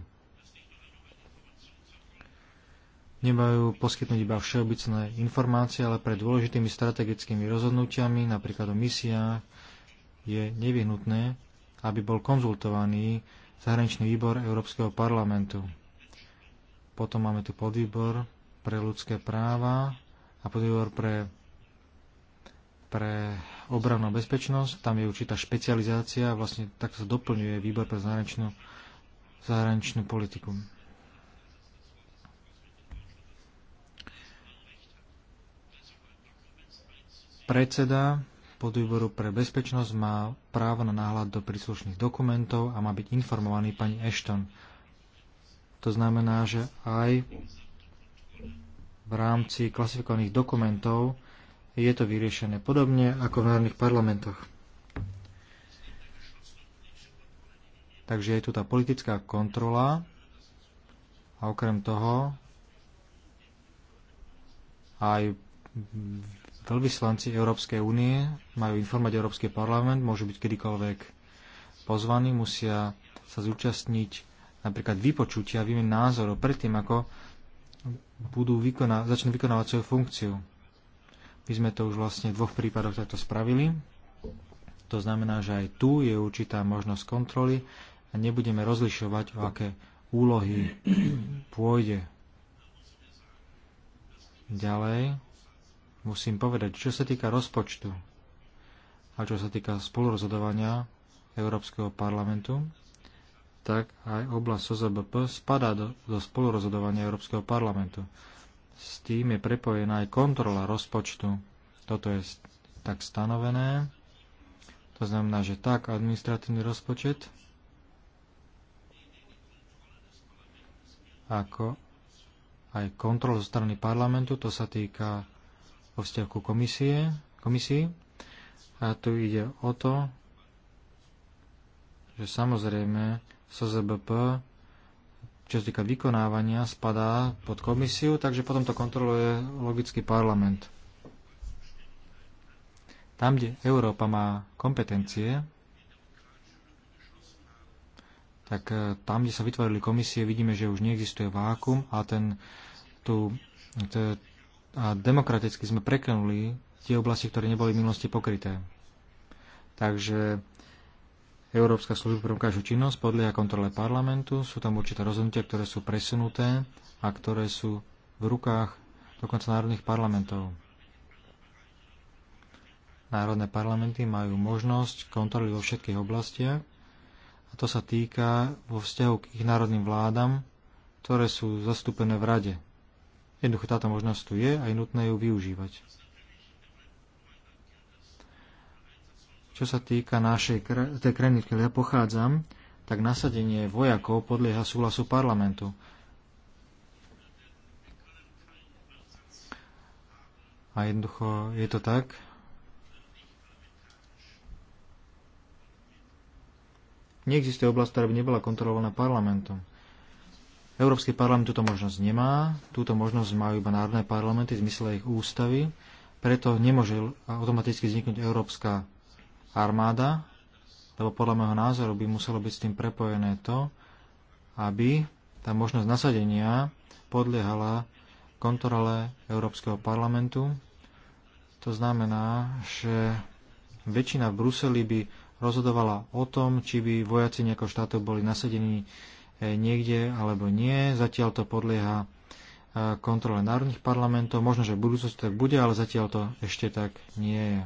S3: nemajú poskytnúť iba všeobecné informácie, ale pred dôležitými strategickými rozhodnutiami, napríklad o misiách, je nevyhnutné, aby bol konzultovaný zahraničný výbor Európskeho parlamentu. Potom máme tu podvýbor pre ľudské práva a podvýbor pre, pre obranu a bezpečnosť. Tam je určitá špecializácia, vlastne tak sa doplňuje výbor pre zahraničnú, zahraničnú politiku. Predseda podvýboru pre bezpečnosť má právo na náhľad do príslušných dokumentov a má byť informovaný pani Ashton. To znamená, že aj v rámci klasifikovaných dokumentov je to vyriešené podobne ako v národných parlamentoch. Takže je tu tá politická kontrola a okrem toho aj Veľvyslanci Európskej únie majú informovať Európsky parlament, môžu byť kedykoľvek pozvaní, musia sa zúčastniť napríklad vypočutia, výmen názorov predtým, ako budú vykoná- začnú vykonávať svoju funkciu. My sme to už vlastne v dvoch prípadoch takto spravili. To znamená, že aj tu je určitá možnosť kontroly a nebudeme rozlišovať, o aké úlohy pôjde. Ďalej, musím povedať, čo sa týka rozpočtu a čo sa týka spolurozhodovania Európskeho parlamentu, tak aj oblasť SZBP spadá do, do spolurozhodovania Európskeho parlamentu. S tým je prepojená aj kontrola rozpočtu. Toto je tak stanovené. To znamená, že tak administratívny rozpočet, ako aj kontrol zo strany parlamentu, to sa týka vo vzťahu ku komisie, komisii. A tu ide o to, že samozrejme SZBP, čo sa týka vykonávania, spadá pod komisiu, takže potom to kontroluje logický parlament. Tam, kde Európa má kompetencie, tak e, tam, kde sa vytvorili komisie, vidíme, že už neexistuje vákum a ten, tu, a demokraticky sme preklenuli tie oblasti, ktoré neboli v minulosti pokryté. Takže Európska služba pre vonkajšiu činnosť podlieha kontrole parlamentu, sú tam určité rozhodnutia, ktoré sú presunuté a ktoré sú v rukách dokonca národných parlamentov. Národné parlamenty majú možnosť kontroly vo všetkých oblastiach a to sa týka vo vzťahu k ich národným vládam, ktoré sú zastúpené v Rade. Jednoducho táto možnosť tu je a je nutné ju využívať. Čo sa týka našej tej krajiny, keď ja pochádzam, tak nasadenie vojakov podlieha súhlasu parlamentu. A jednoducho je to tak, Neexistuje oblasť, ktorá by nebola kontrolovaná parlamentom. Európsky parlament túto možnosť nemá, túto možnosť majú iba národné parlamenty v zmysle ich ústavy, preto nemôže automaticky vzniknúť Európska armáda, lebo podľa môjho názoru by muselo byť s tým prepojené to, aby tá možnosť nasadenia podliehala kontrole Európskeho parlamentu. To znamená, že väčšina v Bruseli by rozhodovala o tom, či by vojaci nejakého štátu boli nasadení Eh, niekde alebo nie. Zatiaľ to podlieha eh, kontrole národných parlamentov. Možno, že v budúcnosti tak bude, ale zatiaľ to ešte tak nie je.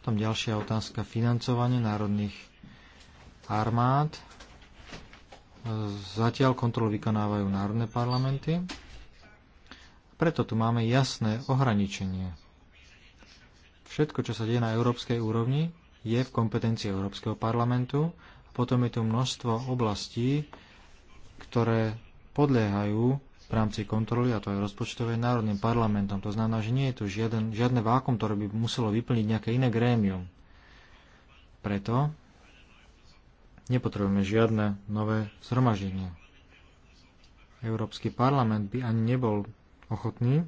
S3: Potom ďalšia otázka financovanie národných armád. Zatiaľ kontrolu vykonávajú národné parlamenty. Preto tu máme jasné ohraničenie. Všetko, čo sa deje na európskej úrovni, je v kompetencii Európskeho parlamentu potom je tu množstvo oblastí, ktoré podliehajú v rámci kontroly, a to je rozpočtové národným parlamentom. To znamená, že nie je tu žiaden, žiadne vákum, ktoré by muselo vyplniť nejaké iné grémium. Preto nepotrebujeme žiadne nové zhromaždenie. Európsky parlament by ani nebol ochotný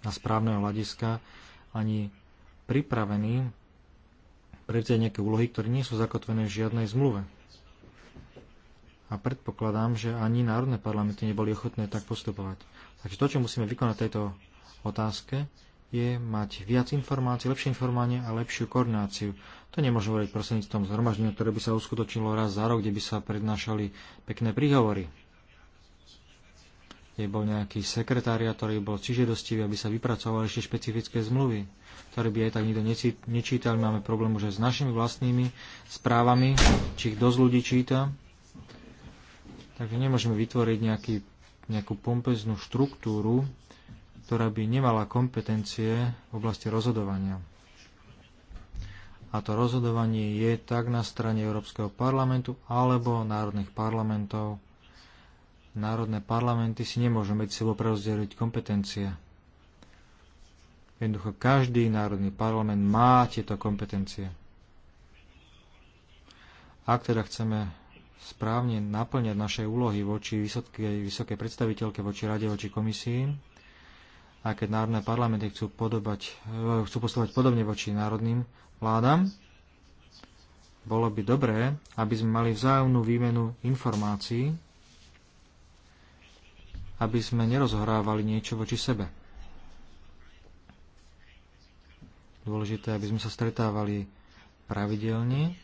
S3: na správneho hľadiska ani pripravený prevziať nejaké úlohy, ktoré nie sú zakotvené v žiadnej zmluve. A predpokladám, že ani národné parlamenty neboli ochotné tak postupovať. Takže to, čo musíme vykonať v tejto otázke, je mať viac informácií, lepšie informácie a lepšiu koordináciu. To nemôžeme hovoriť prostredníctvom zhromaždenia, ktoré by sa uskutočnilo raz za rok, kde by sa prednášali pekné príhovory kde bol nejaký sekretária, ktorý bol čižedostivý, aby sa vypracovali ešte špecifické zmluvy, ktoré by aj tak nikto nečítal. Máme problém už s našimi vlastnými správami, či ich dosť ľudí číta. Takže nemôžeme vytvoriť nejaký, nejakú pompeznú štruktúru, ktorá by nemala kompetencie v oblasti rozhodovania a to rozhodovanie je tak na strane Európskeho parlamentu alebo národných parlamentov národné parlamenty si nemôžu medzi sebou prerozdeliť kompetencie. Jednoducho každý národný parlament má tieto kompetencie. Ak teda chceme správne naplňať naše úlohy voči vysokej, vysokej predstaviteľke, voči rade, voči komisii, a keď národné parlamenty chcú, podobať, eh, chcú postupovať podobne voči národným vládam, bolo by dobré, aby sme mali vzájomnú výmenu informácií aby sme nerozhrávali niečo voči sebe. Dôležité, aby sme sa stretávali pravidelne.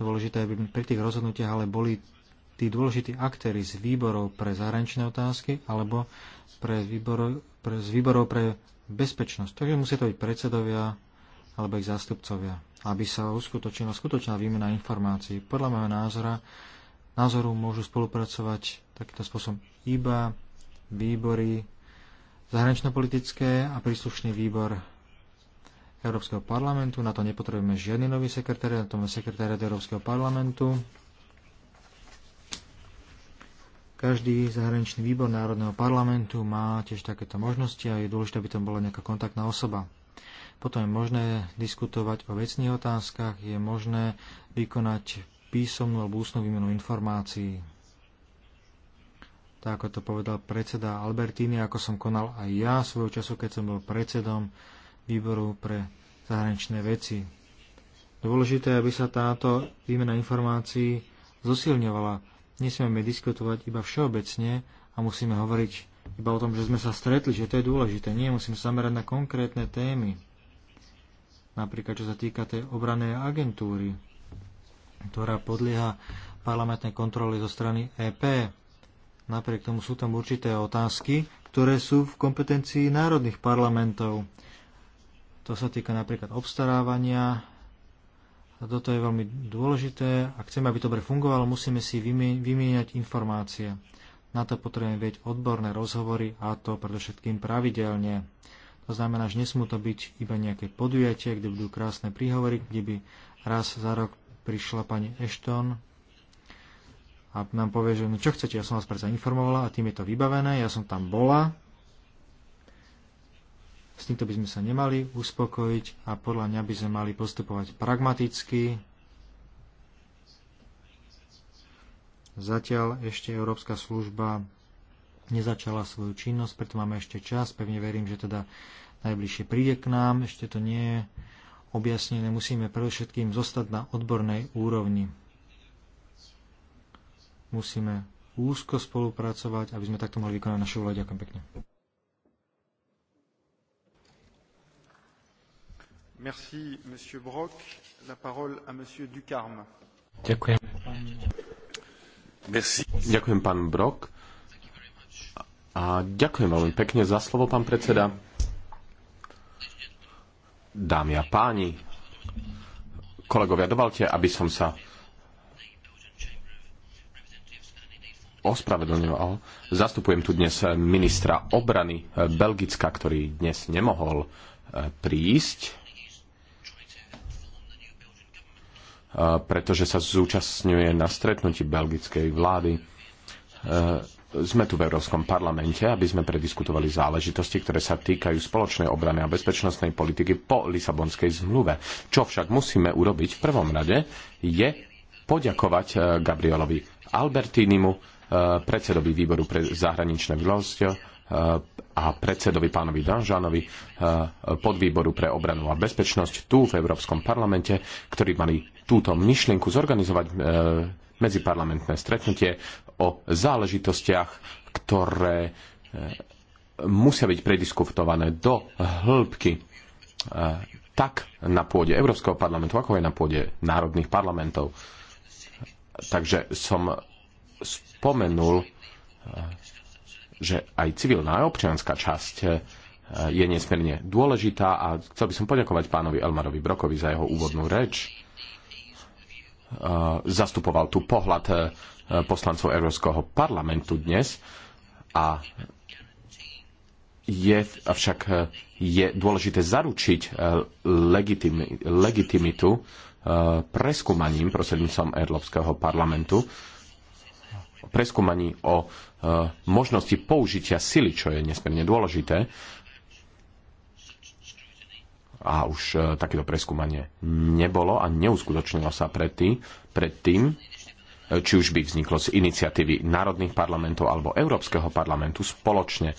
S3: Dôležité, aby pri tých rozhodnutiach ale boli tí dôležití aktéry z výborov pre zahraničné otázky alebo pre výboro, pre, z výborov pre bezpečnosť. Takže musia to byť predsedovia alebo ich zástupcovia, aby sa uskutočnila skutočná výmena informácií. Podľa môjho názora, názoru môžu spolupracovať Takýmto spôsobom iba výbory zahranično-politické a príslušný výbor Európskeho parlamentu. Na to nepotrebujeme žiadny nový sekretariat, na to máme sekretariat Európskeho parlamentu. Každý zahraničný výbor Národného parlamentu má tiež takéto možnosti a je dôležité, aby tam bola nejaká kontaktná osoba. Potom je možné diskutovať o vecných otázkach, je možné vykonať písomnú alebo ústnu výmenu informácií tak ako to povedal predseda Albertini, ako som konal aj ja svojho času, keď som bol predsedom výboru pre zahraničné veci. Dôležité, aby sa táto výmena informácií zosilňovala. Nesmieme diskutovať iba všeobecne a musíme hovoriť iba o tom, že sme sa stretli, že to je dôležité. Nie, musíme sa zamerať na konkrétne témy. Napríklad, čo sa týka tej obranej agentúry, ktorá podlieha parlamentnej kontroly zo strany EP. Napriek tomu sú tam určité otázky, ktoré sú v kompetencii národných parlamentov. To sa týka napríklad obstarávania. A toto je veľmi dôležité. Ak chceme, aby dobre fungovalo, musíme si vymieňať informácie. Na to potrebujeme vieť odborné rozhovory a to predovšetkým pravidelne. To znamená, že nesmú to byť iba nejaké podujatie, kde budú krásne príhovory, kde by raz za rok prišla pani Ashton a nám povie, že no čo chcete, ja som vás predsa informovala a tým je to vybavené, ja som tam bola. S týmto by sme sa nemali uspokojiť a podľa mňa by sme mali postupovať pragmaticky. Zatiaľ ešte Európska služba nezačala svoju činnosť, preto máme ešte čas. Pevne verím, že teda najbližšie príde k nám. Ešte to nie je objasnené. Musíme predovšetkým zostať na odbornej úrovni. Musíme úzko spolupracovať, aby sme takto mohli vykonať našu úlohu. Ďakujem pekne.
S1: Merci, monsieur Brock. La parole à monsieur Ducarme. Ďakujem.
S2: Merci. Ďakujem, pán Brock. A ďakujem veľmi pekne za slovo, pán predseda. Dámy a páni, kolegovia, dovolte, aby som sa ospravedlňoval. Zastupujem tu dnes ministra obrany eh, Belgická, ktorý dnes nemohol eh, prísť, eh, pretože sa zúčastňuje na stretnutí belgickej vlády. Sme tu v Európskom parlamente, aby sme prediskutovali záležitosti, ktoré sa týkajú spoločnej obrany a bezpečnostnej politiky po Lisabonskej zmluve. Čo však musíme urobiť v prvom rade, je poďakovať Gabrielovi Albertinimu. Eh, predsedovi výboru pre zahraničné vlosti eh, a predsedovi pánovi Danžanovi eh, podvýboru pre obranu a bezpečnosť tu v Európskom parlamente, ktorí mali túto myšlienku zorganizovať medziparlamentné stretnutie o záležitostiach, ktoré musia byť prediskutované do hĺbky tak na pôde Európskeho parlamentu, ako aj na pôde národných parlamentov. Takže som spomenul, že aj civilná a občianská časť eh, je nesmierne dôležitá a chcel by som poďakovať pánovi Elmarovi Brokovi za jeho úvodnú reč. Eh, zastupoval tu pohľad eh, poslancov Európskeho parlamentu dnes a je, avšak je dôležité zaručiť legitimitu preskúmaním prostredníctvom Európskeho parlamentu preskúmaní o e, možnosti použitia sily, čo je nesmierne dôležité. A už e, takéto preskúmanie nebolo a neuskutočnilo sa predtým, predtým e, či už by vzniklo z iniciatívy národných parlamentov alebo Európskeho parlamentu spoločne.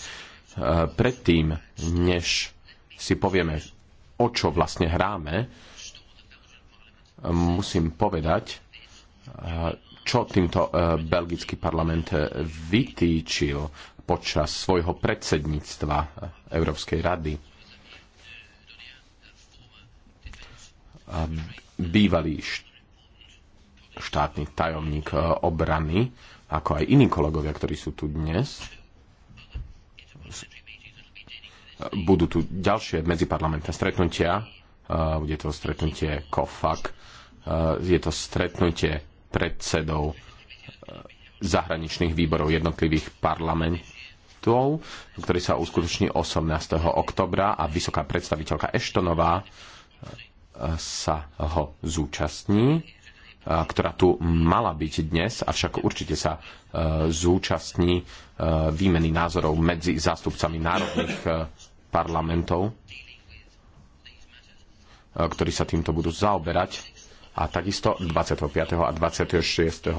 S2: Predtým, než si povieme, o čo vlastne hráme, musím povedať, čo týmto e, belgický parlament e, vytýčil počas svojho predsedníctva e, Európskej rady. Bývalý štátny tajomník obrany, ako aj iní kolegovia, ktorí sú tu dnes, budú tu ďalšie medziparlamentné stretnutia. Bude to stretnutie COFAC. Je to stretnutie predsedov eh, zahraničných výborov jednotlivých parlamentov, ktorý sa uskutoční 18. oktobra a vysoká predstaviteľka Eštonová eh, sa ho zúčastní eh, ktorá tu mala byť dnes, avšak určite sa zúčastní výmeny názorov medzi zástupcami národných parlamentov, ktorí sa týmto budú zaoberať a takisto 25. a 26.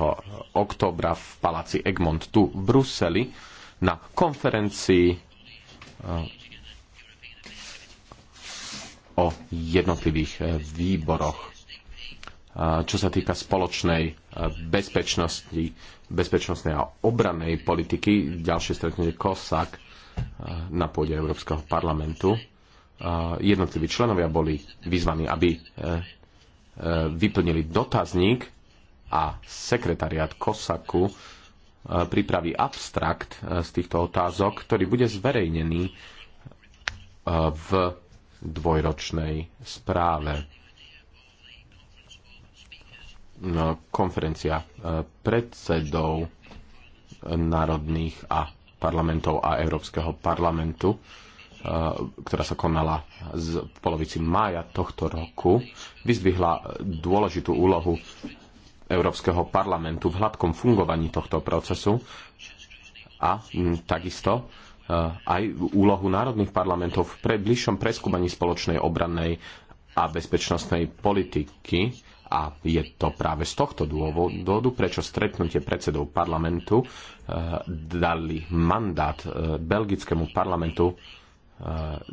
S2: oktobra v paláci Egmont tu v Bruseli na konferencii eh, o jednotlivých eh, výboroch. Eh, čo sa týka spoločnej bezpečnosti, bezpečnostnej a obrannej politiky, ďalšie stretnutie COSAC na pôde Európskeho parlamentu jednotliví členovia boli vyzvaní, aby vyplnili dotazník a sekretariat Kosaku e, pripraví abstrakt e, z týchto otázok, ktorý bude zverejnený e, v dvojročnej správe. No, konferencia predsedov národných a parlamentov a Európskeho parlamentu Eh, ktorá sa konala z polovici mája tohto roku, vyzdvihla dôležitú úlohu Európskeho parlamentu v hladkom fungovaní tohto procesu a mm, takisto eh, aj úlohu národných parlamentov v bližšom preskúmaní spoločnej obrannej a bezpečnostnej politiky. A je to práve z tohto dôvodu, prečo stretnutie predsedov parlamentu eh, dali mandát belgickému parlamentu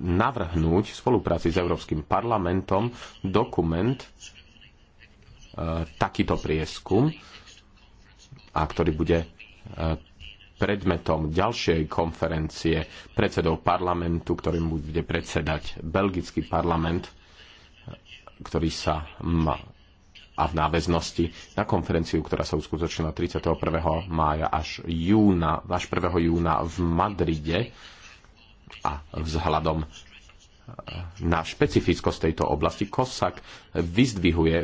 S2: navrhnúť v spolupráci s Európskym parlamentom dokument, e, takýto prieskum, a ktorý bude e, predmetom ďalšej konferencie predsedov parlamentu, ktorým bude predsedať belgický parlament, ktorý sa má a v náväznosti na konferenciu, ktorá sa uskutočnila 31. mája až, júna, až 1. júna v Madride, a vzhľadom e, na špecifickosť tejto oblasti COSAC vyzdvihuje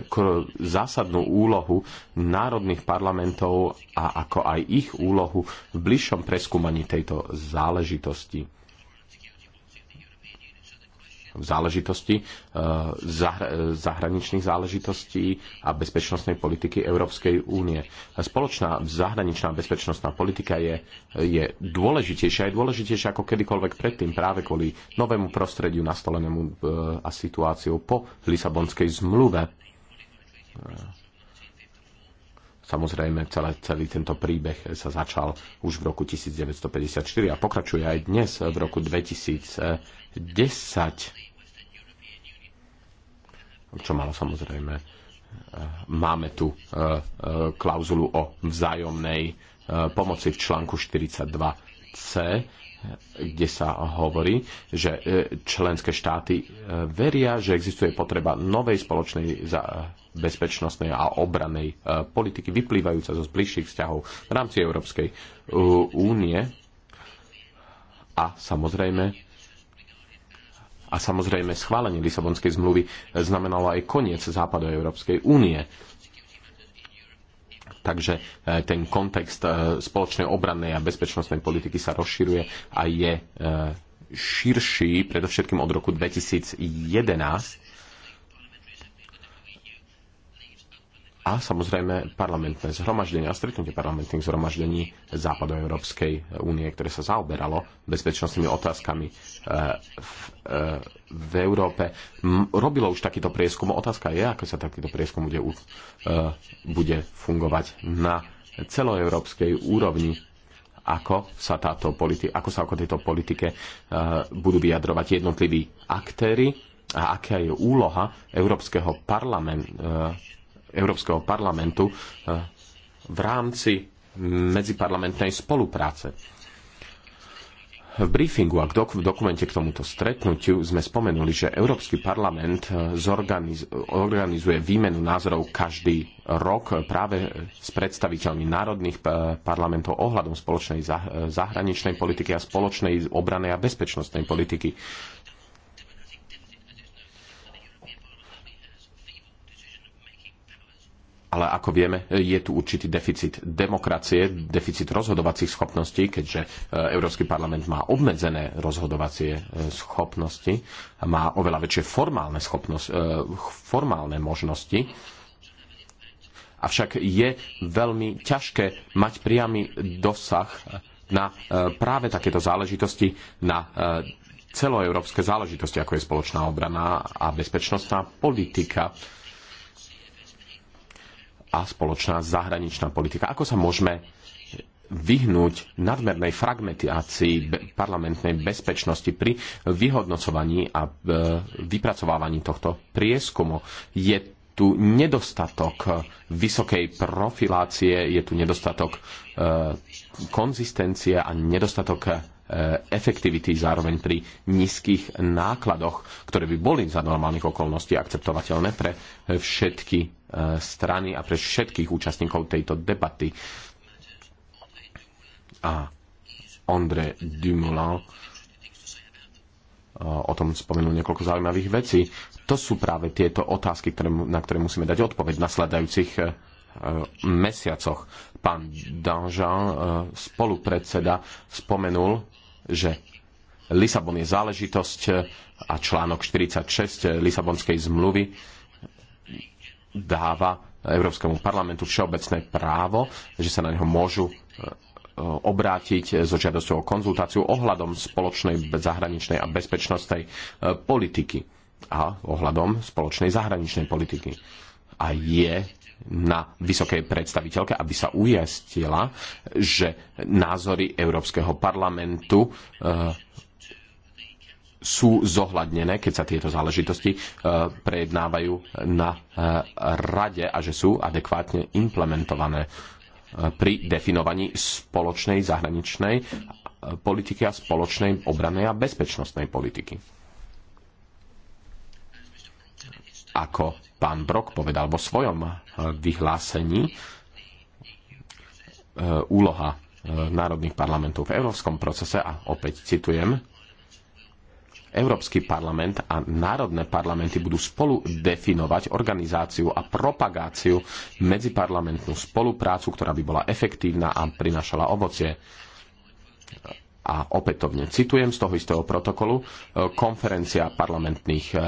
S2: zásadnú úlohu národných parlamentov a ako aj ich úlohu v bližšom preskúmaní tejto záležitosti záležitosti, eh, zahraničných záležitostí a bezpečnostnej politiky Európskej únie. Spoločná zahraničná bezpečnostná politika je, je dôležitejšia, je dôležitejšia ako kedykoľvek predtým práve kvôli novému prostrediu nastolenému eh, a situáciou po Lisabonskej zmluve. Eh, samozrejme, celé, celý tento príbeh sa začal už v roku 1954 a pokračuje aj dnes v roku 2000 čo malo samozrejme, eh, máme tu eh, eh, klauzulu o vzájomnej pomoci v článku 42c, kde sa hovorí, že členské štáty veria, že existuje potreba novej spoločnej bezpečnostnej a obranej politiky vyplývajúca zo bližších vzťahov v rámci Európskej únie a samozrejme a samozrejme schválenie Lisabonskej zmluvy znamenalo aj koniec západu Európskej únie. Takže e, ten kontext e, spoločnej obrannej a bezpečnostnej politiky sa rozširuje a je e, širší, predovšetkým od roku 2011 a samozrejme parlamentné zhromaždenia a stretnutie parlamentných zhromaždení Západoeurópskej únie, ktoré sa zaoberalo bezpečnostnými otázkami e, v, e, v Európe. Robilo už takýto prieskum. Otázka je, ako sa takýto prieskum bude, e, bude fungovať na celoeurópskej úrovni ako sa, táto politi- ako sa ako tejto politike budú vyjadrovať jednotliví aktéry a aká je úloha Európskeho parlamentu Európskeho parlamentu eh, v rámci medziparlamentnej spolupráce. V briefingu a v dokumente k tomuto stretnutiu sme spomenuli, že Európsky parlament eh, organizuje výmenu názorov každý rok práve s predstaviteľmi národných eh, parlamentov ohľadom spoločnej zahraničnej politiky a spoločnej obranej a bezpečnostnej politiky. ale ako vieme, je tu určitý deficit demokracie, deficit rozhodovacích schopností, keďže e, Európsky parlament má obmedzené rozhodovacie e, schopnosti, má oveľa väčšie formálne, schopnosť, e, formálne možnosti. Avšak je veľmi ťažké mať priamy dosah na práve takéto záležitosti, na celoeurópske záležitosti, ako je spoločná obrana a bezpečnostná politika a spoločná zahraničná politika. Ako sa môžeme vyhnúť nadmernej fragmentácii parlamentnej bezpečnosti pri vyhodnocovaní a e, vypracovávaní tohto prieskumu. Je tu nedostatok vysokej profilácie, je tu nedostatok e, konzistencie a nedostatok e, efektivity zároveň pri nízkych nákladoch, ktoré by boli za normálnych okolností akceptovateľné pre všetky Eh, strany a pre všetkých účastníkov tejto debaty. A André Dumoulin eh, o tom spomenul niekoľko zaujímavých vecí. To sú práve tieto otázky, ktoré, na ktoré musíme dať odpoveď v nasledajúcich eh, mesiacoch. Pán Danjean, spolupredseda, spomenul, že Lisabon je záležitosť a článok 46 Lisabonskej zmluvy dáva Európskemu parlamentu všeobecné právo, že sa na neho môžu e, obrátiť so žiadosťou o konzultáciu ohľadom spoločnej zahraničnej a bezpečnostnej e, politiky a ohľadom spoločnej zahraničnej politiky. A je na vysokej predstaviteľke, aby sa ujastila, že názory Európskeho parlamentu e, sú zohľadnené, keď sa tieto záležitosti e, prejednávajú na e, rade a že sú adekvátne implementované e, pri definovaní spoločnej zahraničnej politiky a spoločnej obranej a bezpečnostnej politiky. Ako pán Brok povedal vo svojom vyhlásení, úloha národných parlamentov v európskom procese, a opäť citujem, Európsky parlament a národné parlamenty budú spolu definovať organizáciu a propagáciu medziparlamentnú spoluprácu, ktorá by bola efektívna a prinášala ovocie. A opätovne citujem z toho istého protokolu e, konferencia parlamentných e, e,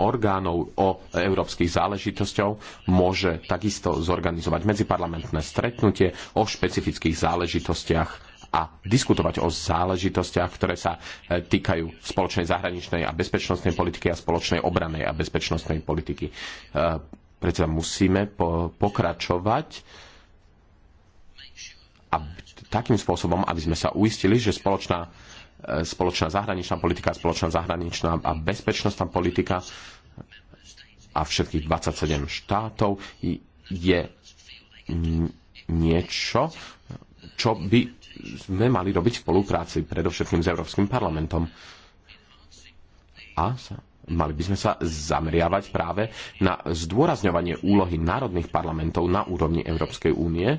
S2: orgánov o európskych záležitosťov môže takisto zorganizovať medziparlamentné stretnutie o špecifických záležitostiach a diskutovať o záležitostiach, ktoré sa e, týkajú spoločnej zahraničnej a bezpečnostnej politiky a spoločnej obranej a bezpečnostnej politiky. E, Preto musíme po- pokračovať a takým spôsobom, aby sme sa uistili, že spoločná, e, spoločná zahraničná politika, spoločná zahraničná a bezpečnostná politika a všetkých 27 štátov je niečo, čo by sme mali robiť v spolupráci predovšetkým s Európskym parlamentom. A sa mali by sme sa zameriavať práve na zdôrazňovanie úlohy národných parlamentov na úrovni Európskej únie, e,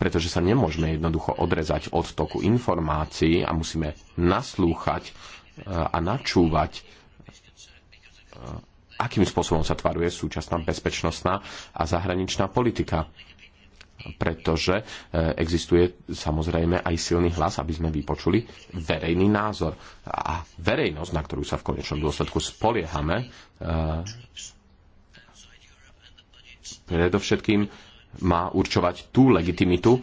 S2: pretože sa nemôžeme jednoducho odrezať od toku informácií a musíme naslúchať e, a načúvať, e, akým spôsobom sa tvaruje súčasná bezpečnostná a zahraničná politika pretože e, existuje samozrejme aj silný hlas, aby sme vypočuli verejný názor. A verejnosť, na ktorú sa v konečnom dôsledku spoliehame, e, predovšetkým má určovať tú legitimitu, e,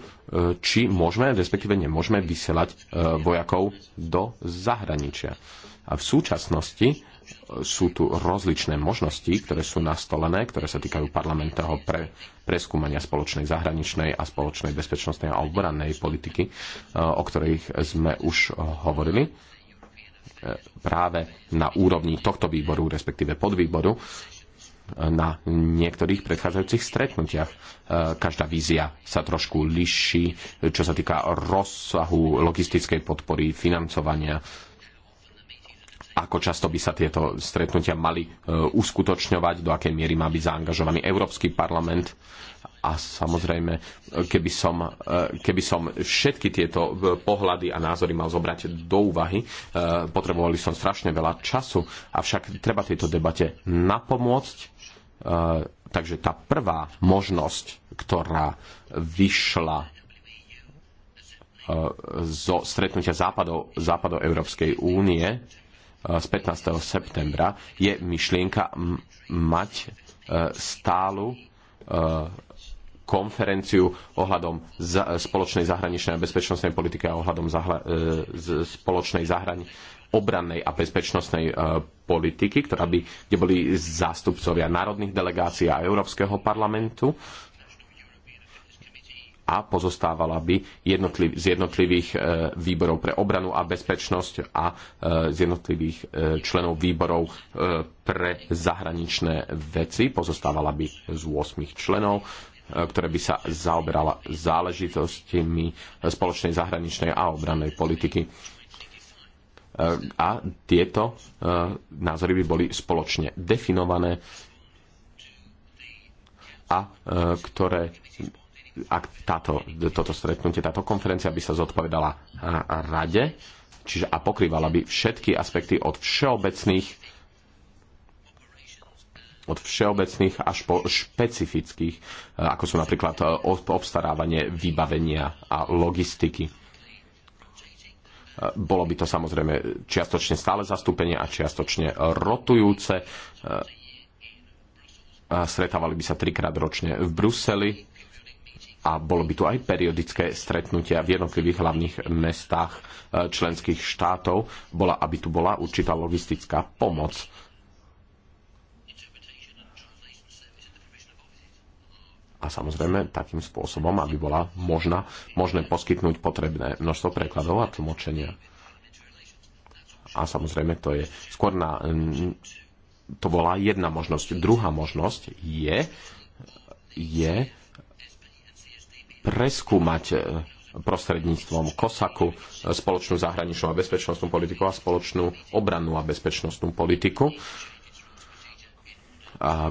S2: či môžeme, respektíve nemôžeme vysielať vojakov do zahraničia. A v súčasnosti sú tu rozličné možnosti, ktoré sú nastolené, ktoré sa týkajú parlamentného pre, preskúmania spoločnej zahraničnej a spoločnej bezpečnostnej a obrannej politiky, e, o ktorých sme už hovorili e, práve na úrovni tohto výboru, respektíve podvýboru, e, na niektorých predchádzajúcich stretnutiach. Každá vízia sa trošku liší, čo sa týka rozsahu logistickej podpory, financovania, ako často by sa tieto stretnutia mali e, uskutočňovať, do akej miery má byť zaangažovaný Európsky parlament. A samozrejme, keby som, e, keby som všetky tieto e, pohľady a názory mal zobrať do úvahy, potrebovali som strašne veľa času, avšak treba tejto debate napomôcť. Takže tá prvá možnosť, ktorá vyšla zo stretnutia západov, západov Európskej únie, z 15. septembra je myšlienka mať e, stálu e, konferenciu ohľadom za, spoločnej zahraničnej a bezpečnostnej politiky a ohľadom e, spoločnej zahrani, obrannej a bezpečnostnej e, politiky, ktorá by, kde boli zástupcovia národných delegácií a Európskeho parlamentu a pozostávala by jednotliv, z jednotlivých e, výborov pre obranu a bezpečnosť a e, z jednotlivých e, členov výborov pre zahraničné veci. Pozostávala by z 8 členov ktoré by sa zaoberala záležitostiami spoločnej zahraničnej a obrannej politiky. A tieto názory by boli spoločne definované a ktoré ak táto, toto stretnutie, táto konferencia by sa zodpovedala rade, čiže a pokrývala by všetky aspekty od všeobecných od všeobecných až po špecifických, ako sú napríklad e, obstarávanie vybavenia a logistiky. E, bolo by to samozrejme čiastočne stále zastúpenie a čiastočne rotujúce. E, stretávali by sa trikrát ročne v Bruseli a bolo by tu aj periodické stretnutia v jednotlivých hlavných mestách e, členských štátov, bola, aby tu bola určitá logistická pomoc. A samozrejme takým spôsobom, aby bola možná, možné poskytnúť potrebné množstvo prekladov a tlmočenia. A samozrejme to je skôr na... To bola jedna možnosť. Druhá možnosť je, je preskúmať e, prostredníctvom COSACu e, spoločnú zahraničnú a bezpečnostnú politiku a spoločnú obrannú a bezpečnostnú politiku.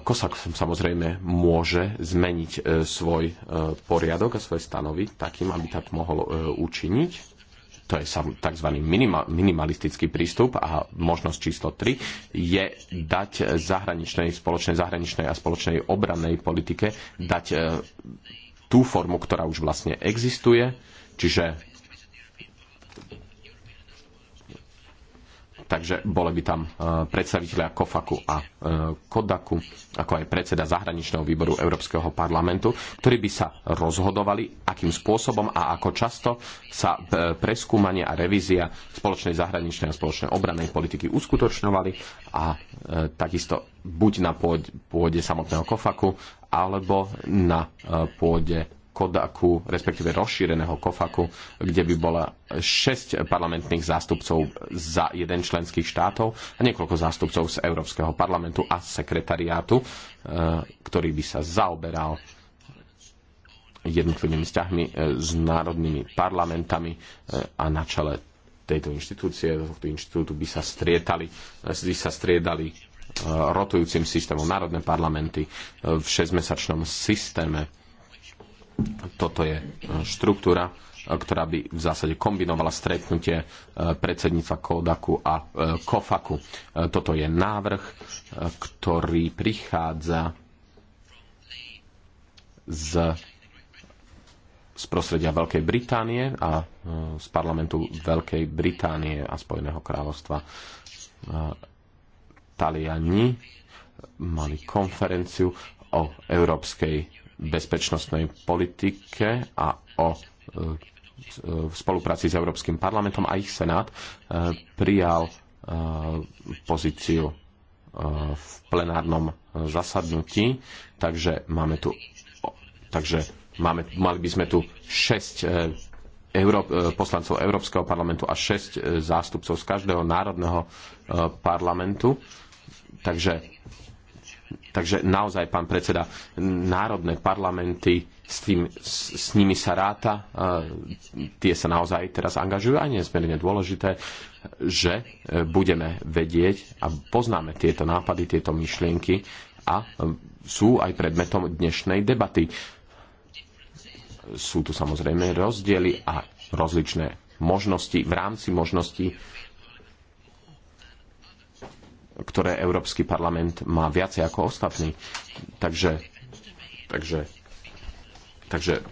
S2: COSAC samozrejme môže zmeniť e, svoj poriadok a svoje stanovy takým, aby tak mohol učiniť. To je tzv. minimalistický prístup a možnosť číslo 3 je dať zahraničnej, spoločnej zahraničnej a spoločnej obrannej politike dať tú formu, ktorá už vlastne existuje, čiže takže boli by tam e, predstaviteľia Kofaku a e, Kodaku, ako aj predseda zahraničného výboru Európskeho parlamentu, ktorí by sa rozhodovali, akým spôsobom a ako často sa e, preskúmanie a revízia spoločnej zahraničnej a spoločnej obranej politiky uskutočňovali a takisto buď na pôde, pôde samotného Kofaku alebo na e, pôde Kodaku, respektíve rozšíreného Kofaku, kde by bola 6 parlamentných zástupcov za jeden členských štátov a niekoľko zástupcov z Európskeho parlamentu a sekretariátu, e, ktorý by sa zaoberal jednotlivými vzťahmi e, s národnými parlamentami a na čele tejto inštitúcie, tohto inštitútu by sa strietali, by sa striedali Eh, rotujúcim systémom. Národné parlamenty eh, v šesťmesačnom systéme. Toto je eh, štruktúra, ktorá by v zásade kombinovala stretnutie predsedníctva Kodaku a Kofaku. Toto je návrh, ktorý prichádza z z prostredia Veľkej Británie a z parlamentu Veľkej Británie a Spojeného kráľovstva Taliani mali konferenciu o európskej bezpečnostnej politike a o v e, spolupráci s Európskym parlamentom a ich senát e, prijal e, pozíciu v plenárnom zasadnutí, takže máme tu takže máme, mali by sme tu 6 Euró- poslancov Európskeho parlamentu a 6 zástupcov z každého národného parlamentu Takže, takže naozaj, pán predseda, národné parlamenty, s, tým, s, s nimi sa ráta, tie sa naozaj teraz angažujú a nesmierne dôležité, že e, budeme vedieť a poznáme tieto nápady, tieto myšlienky a e, sú aj predmetom dnešnej debaty. Sú tu samozrejme rozdiely a rozličné možnosti v rámci možností ktoré Európsky parlament má viacej ako ostatní. Takže, takže, takže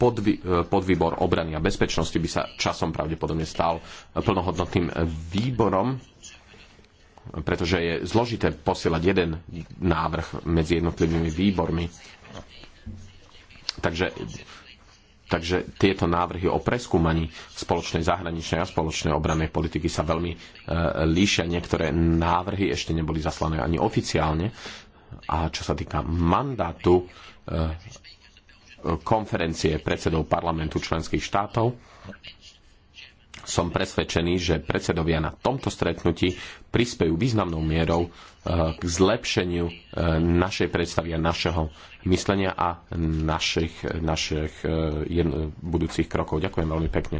S2: podvý, e, podvýbor obrany a bezpečnosti by sa časom pravdepodobne stal plnohodnotným výborom, pretože je zložité posielať jeden návrh medzi jednotlivými výbormi. Takže Takže tieto návrhy o preskúmaní spoločnej zahraničnej a spoločnej obrannej politiky sa veľmi e, líšia. Niektoré návrhy ešte neboli zaslané ani oficiálne. A čo sa týka mandátu e, konferencie predsedov parlamentu členských štátov, som presvedčený, že predsedovia na tomto stretnutí prispejú významnou mierou e, k zlepšeniu e, našej predstavy a našeho myslenia a našich, našich e, jedno, budúcich krokov. Ďakujem veľmi pekne.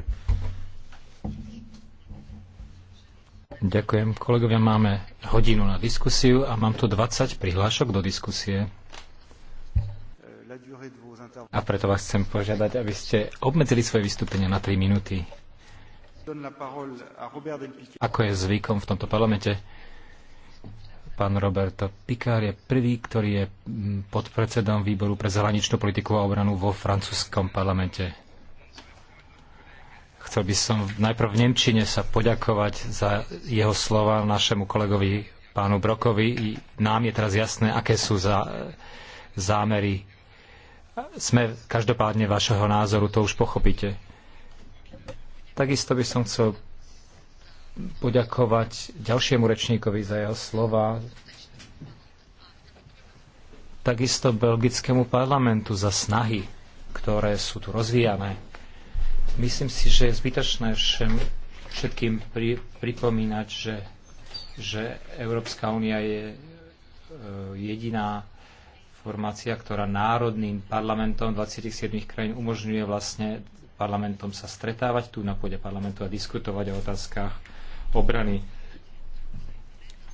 S4: Ďakujem. Kolegovia, máme hodinu na diskusiu a mám tu 20 prihlášok do diskusie. A preto vás chcem požiadať, aby ste obmedzili svoje vystúpenie na 3 minúty. Ako je zvykom v tomto parlamente, Pán Roberto Picard je prvý, ktorý je mm, podpredsedom výboru pre zahraničnú politiku a obranu vo francúzskom parlamente. Chcel by som najprv v Nemčine sa poďakovať za jeho slova našemu kolegovi pánu Brokovi. Nám je teraz jasné, aké sú za, e, zámery. Sme každopádne vašeho názoru, to už pochopíte. Takisto by som chcel poďakovať ďalšiemu rečníkovi za jeho slova, takisto belgickému parlamentu za snahy, ktoré sú tu rozvíjane. Myslím si, že je zbytočné všem, všetkým pri, pripomínať, že, že Európska únia je e, jediná formácia, ktorá národným parlamentom 27 krajín umožňuje vlastne parlamentom sa stretávať tu na pôde parlamentu a diskutovať o otázkach obrany.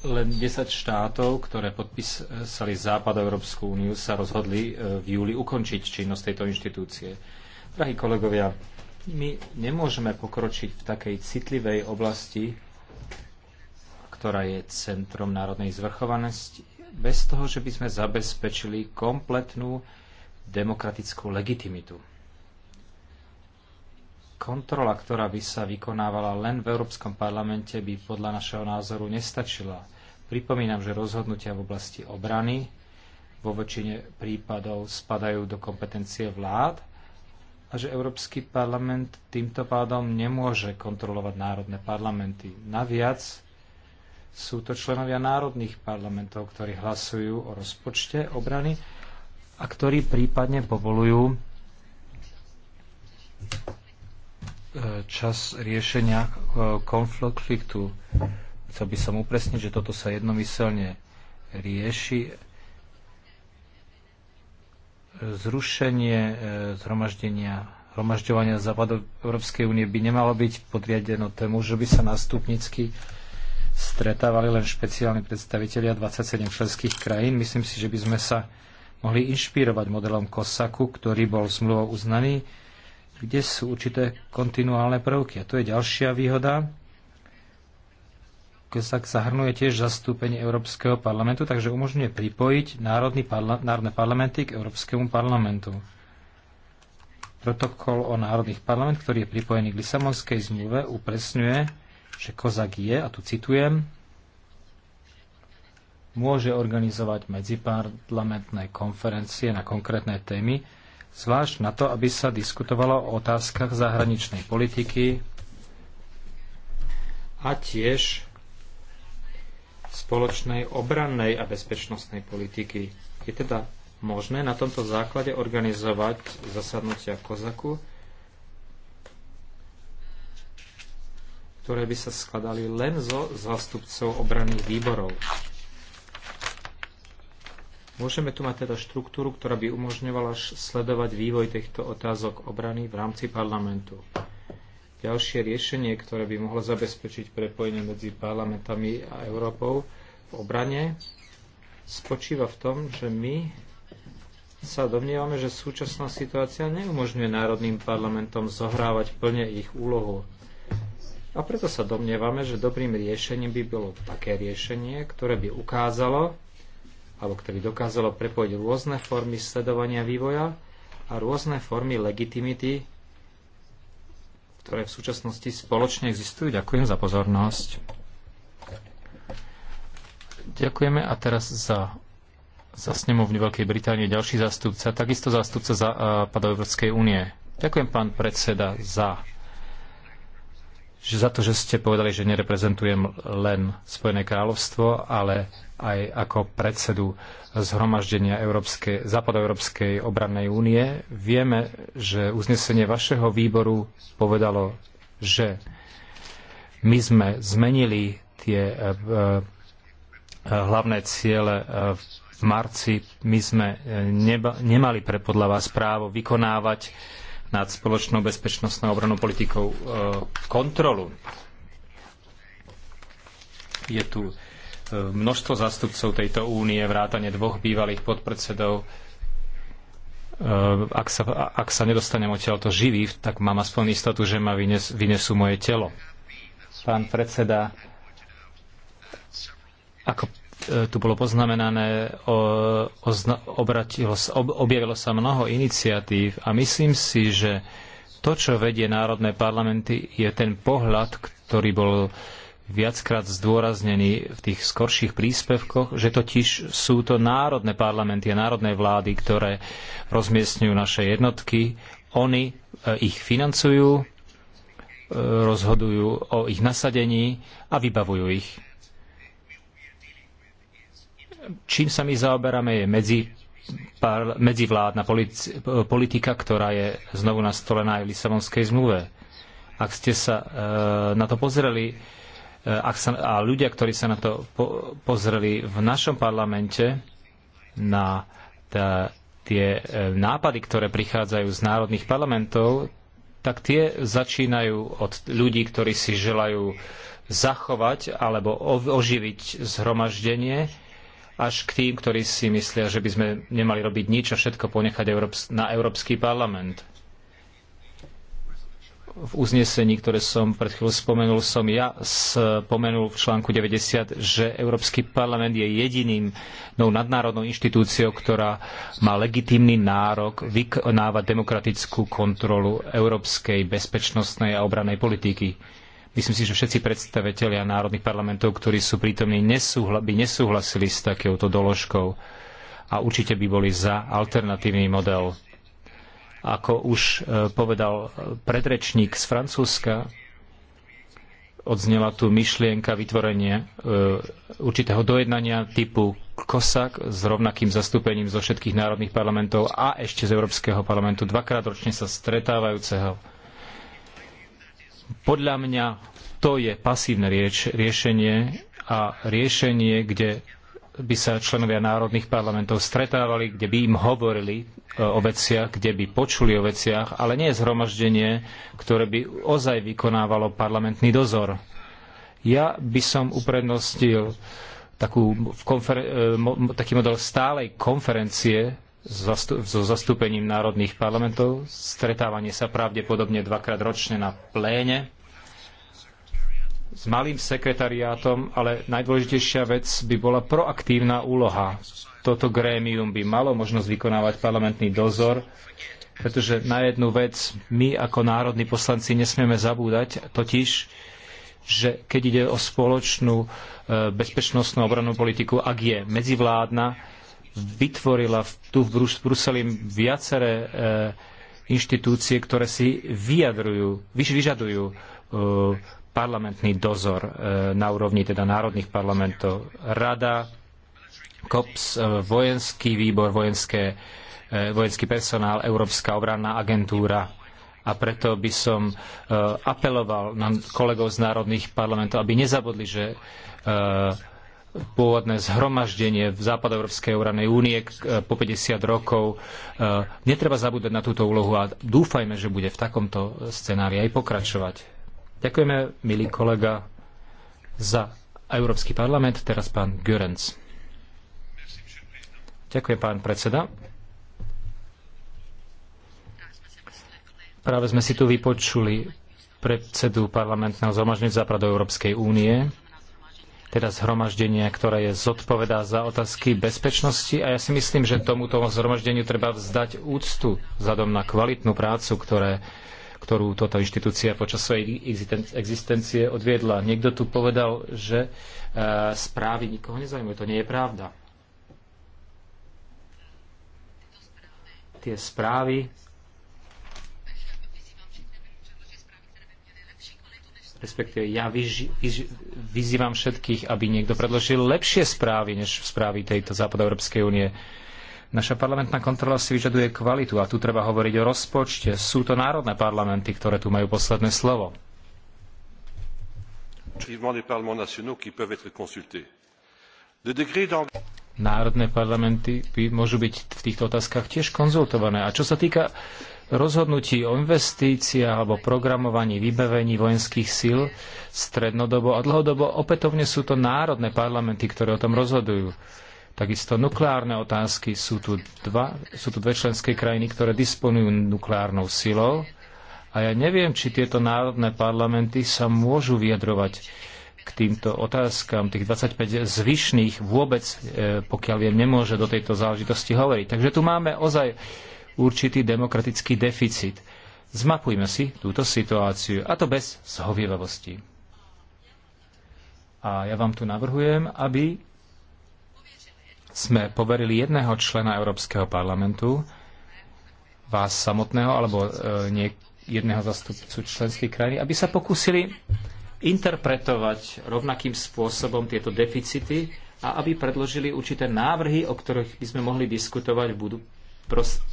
S4: Len 10 štátov, ktoré podpísali Európsku úniu, sa rozhodli e, v júli ukončiť činnosť tejto inštitúcie. Drahí kolegovia, my nemôžeme pokročiť v takej citlivej oblasti, ktorá je centrom národnej zvrchovanosti, bez toho, že by sme zabezpečili kompletnú demokratickú legitimitu kontrola, ktorá by sa vykonávala len v Európskom parlamente, by podľa našeho názoru nestačila. Pripomínam, že rozhodnutia v oblasti obrany vo väčšine prípadov spadajú do kompetencie vlád a že Európsky parlament týmto pádom nemôže kontrolovať národné parlamenty. Naviac sú to členovia národných parlamentov, ktorí hlasujú o rozpočte obrany a ktorí prípadne povolujú E, čas riešenia e, konfliktu. Chcel by som upresniť, že toto sa jednomyselne rieši. Zrušenie e, zhromaždenia hromažďovania západov Európskej únie by nemalo byť podriadeno tému, že by sa nástupnícky stretávali len špeciálni predstavitelia 27 členských krajín. Myslím si, že by sme sa mohli inšpirovať modelom Kosaku, ktorý bol zmluvou uznaný kde sú určité kontinuálne prvky. A to je ďalšia výhoda, keď sa zahrnuje tiež zastúpenie Európskeho parlamentu, takže umožňuje pripojiť národný parla- národné parlamenty k Európskemu parlamentu. Protokol o národných parlament, ktorý je pripojený k Lisabonskej zmluve, upresňuje, že Kozak je, a tu citujem, môže organizovať medziparlamentné konferencie na konkrétne témy, zvlášť na to, aby sa diskutovalo o otázkach zahraničnej politiky a tiež spoločnej obrannej a bezpečnostnej politiky. Je teda možné na tomto základe organizovať zasadnutia Kozaku, ktoré by sa skladali len zo zástupcov obranných výborov. Môžeme tu mať teda štruktúru, ktorá by umožňovala sledovať vývoj týchto otázok obrany v rámci parlamentu. Ďalšie riešenie, ktoré by mohlo zabezpečiť prepojenie medzi parlamentami a Európou v obrane, spočíva v tom, že my sa domnievame, že súčasná situácia neumožňuje národným parlamentom zohrávať plne ich úlohu. A preto sa domnievame, že dobrým riešením by bolo také riešenie, ktoré by ukázalo, alebo ktorý dokázalo prepojiť rôzne formy sledovania vývoja a rôzne formy legitimity, ktoré v súčasnosti spoločne existujú. Ďakujem za pozornosť. Ďakujeme a teraz za, za snemovňu Veľkej Británie ďalší zástupca, takisto zástupca za, uh, Európskej únie. Ďakujem, pán predseda, za že za to, že ste povedali, že nereprezentujem len Spojené kráľovstvo, ale aj ako predsedu zhromaždenia Európskej, Západoeurópskej obrannej únie. Vieme, že uznesenie vašeho výboru povedalo, že my sme zmenili tie e, e, hlavné ciele e, v marci. My sme nemali pre podľa vás právo vykonávať nad spoločnou bezpečnostnou a obranou politikou e, kontrolu. Je tu e, množstvo zástupcov tejto únie, vrátane dvoch bývalých podpredsedov. E, ak sa, ak sa nedostanem odtiaľto živý, tak mám aspoň istotu, že ma vynes, vynesú moje telo. Pán predseda, ako E, tu bolo poznamenané, o, o, obratilo, ob, objavilo sa mnoho iniciatív a myslím si, že to, čo vedie národné parlamenty, je ten pohľad, ktorý bol viackrát zdôraznený v tých skorších príspevkoch, že totiž sú to národné parlamenty a národné vlády, ktoré rozmiestňujú naše jednotky. Oni e, ich financujú, e, rozhodujú o ich nasadení a vybavujú ich čím sa my zaoberáme, je medzi medzivládna politika, ktorá je znovu nastolená aj v Lisabonskej zmluve. Ak ste sa e, na to pozreli e, sa, a ľudia, ktorí sa na to po, pozreli v našom parlamente na tá, tie e, nápady, ktoré prichádzajú z národných parlamentov, tak tie začínajú od ľudí, ktorí si želajú zachovať alebo oživiť zhromaždenie až k tým, ktorí si myslia, že by sme nemali robiť nič a všetko ponechať na Európsky parlament. V uznesení, ktoré som pred chvíľou spomenul, som ja spomenul v článku 90, že Európsky parlament je jediným no, nadnárodnou inštitúciou, ktorá má legitímny nárok vykonávať demokratickú kontrolu európskej bezpečnostnej a obranej politiky Myslím si, že všetci predstavitelia národných parlamentov, ktorí sú prítomní, nesúhla, by nesúhlasili s takouto doložkou a určite by boli za alternatívny model. Ako už e, povedal e, predrečník z Francúzska, odznela tu myšlienka vytvorenie e, určitého dojednania typu COSAC s rovnakým zastúpením zo všetkých národných parlamentov a ešte z Európskeho parlamentu dvakrát ročne sa stretávajúceho podľa mňa to je pasívne rieč, riešenie a riešenie, kde by sa členovia národných parlamentov stretávali, kde by im hovorili e, o veciach, kde by počuli o veciach, ale nie zhromaždenie, ktoré by ozaj vykonávalo parlamentný dozor. Ja by som uprednostil takú, e, taký model stálej konferencie so zastúpením národných parlamentov, stretávanie sa pravdepodobne dvakrát ročne na pléne s malým sekretariátom, ale najdôležitejšia vec by bola proaktívna úloha. Toto grémium by malo možnosť vykonávať parlamentný dozor, pretože na jednu vec my ako národní poslanci nesmieme zabúdať, totiž, že keď ide o spoločnú e, bezpečnostnú obranú politiku, ak je medzivládna, vytvorila tu v Bruseli viaceré eh, inštitúcie, ktoré si vyjadrujú, vyš vyžadujú eh, parlamentný dozor eh, na úrovni teda národných parlamentov. Rada, COPS, vojenský výbor, vojenské, vojenský personál, Európska obranná agentúra. A preto by som apeloval na kolegov z národných parlamentov, aby nezabudli, že pôvodné zhromaždenie v západoeurópskej Európskej únie e, po 50 rokov. E, netreba zabúdať na túto úlohu a dúfajme, že bude v takomto scenári aj pokračovať. Ďakujeme, milý kolega, za Európsky parlament. Teraz pán Görenc. Ďakujem, pán predseda. Práve sme si tu vypočuli predsedu parlamentného zhromaždenia Západoeurópskej únie teda zhromaždenia, ktoré je zodpovedá za otázky bezpečnosti a ja si myslím, že tomuto zhromaždeniu treba vzdať úctu vzhľadom na kvalitnú prácu, ktoré, ktorú toto inštitúcia počas svojej existencie odviedla. Niekto tu povedal, že e, správy nikoho nezaujímajú. To nie je pravda. Tie správy respektíve ja vyži, vyži, vyzývam všetkých, aby niekto predložil lepšie správy, než správy tejto Západoeurópskej únie. Naša parlamentná kontrola si vyžaduje kvalitu a tu treba hovoriť o rozpočte. Sú to národné parlamenty, ktoré tu majú posledné slovo. Národné parlamenty by môžu byť v týchto otázkach tiež konzultované. A čo sa týka rozhodnutí o investíciách alebo programovaní vybavení vojenských síl strednodobo a dlhodobo opätovne sú to národné parlamenty, ktoré o tom rozhodujú. Takisto nukleárne otázky sú tu, dva, sú tu dve členské krajiny, ktoré disponujú nukleárnou silou a ja neviem, či tieto národné parlamenty sa môžu vyjadrovať k týmto otázkam, tých 25 zvyšných vôbec, e, pokiaľ viem, nemôže do tejto záležitosti hovoriť. Takže tu máme ozaj určitý demokratický deficit. Zmapujme si túto situáciu, a to bez zhovievavosti. A ja vám tu navrhujem, aby sme poverili jedného člena Európskeho parlamentu, vás samotného alebo e, nie, jedného zastupcu členskej krajiny, aby sa pokúsili interpretovať rovnakým spôsobom tieto deficity a aby predložili určité návrhy, o ktorých by sme mohli diskutovať v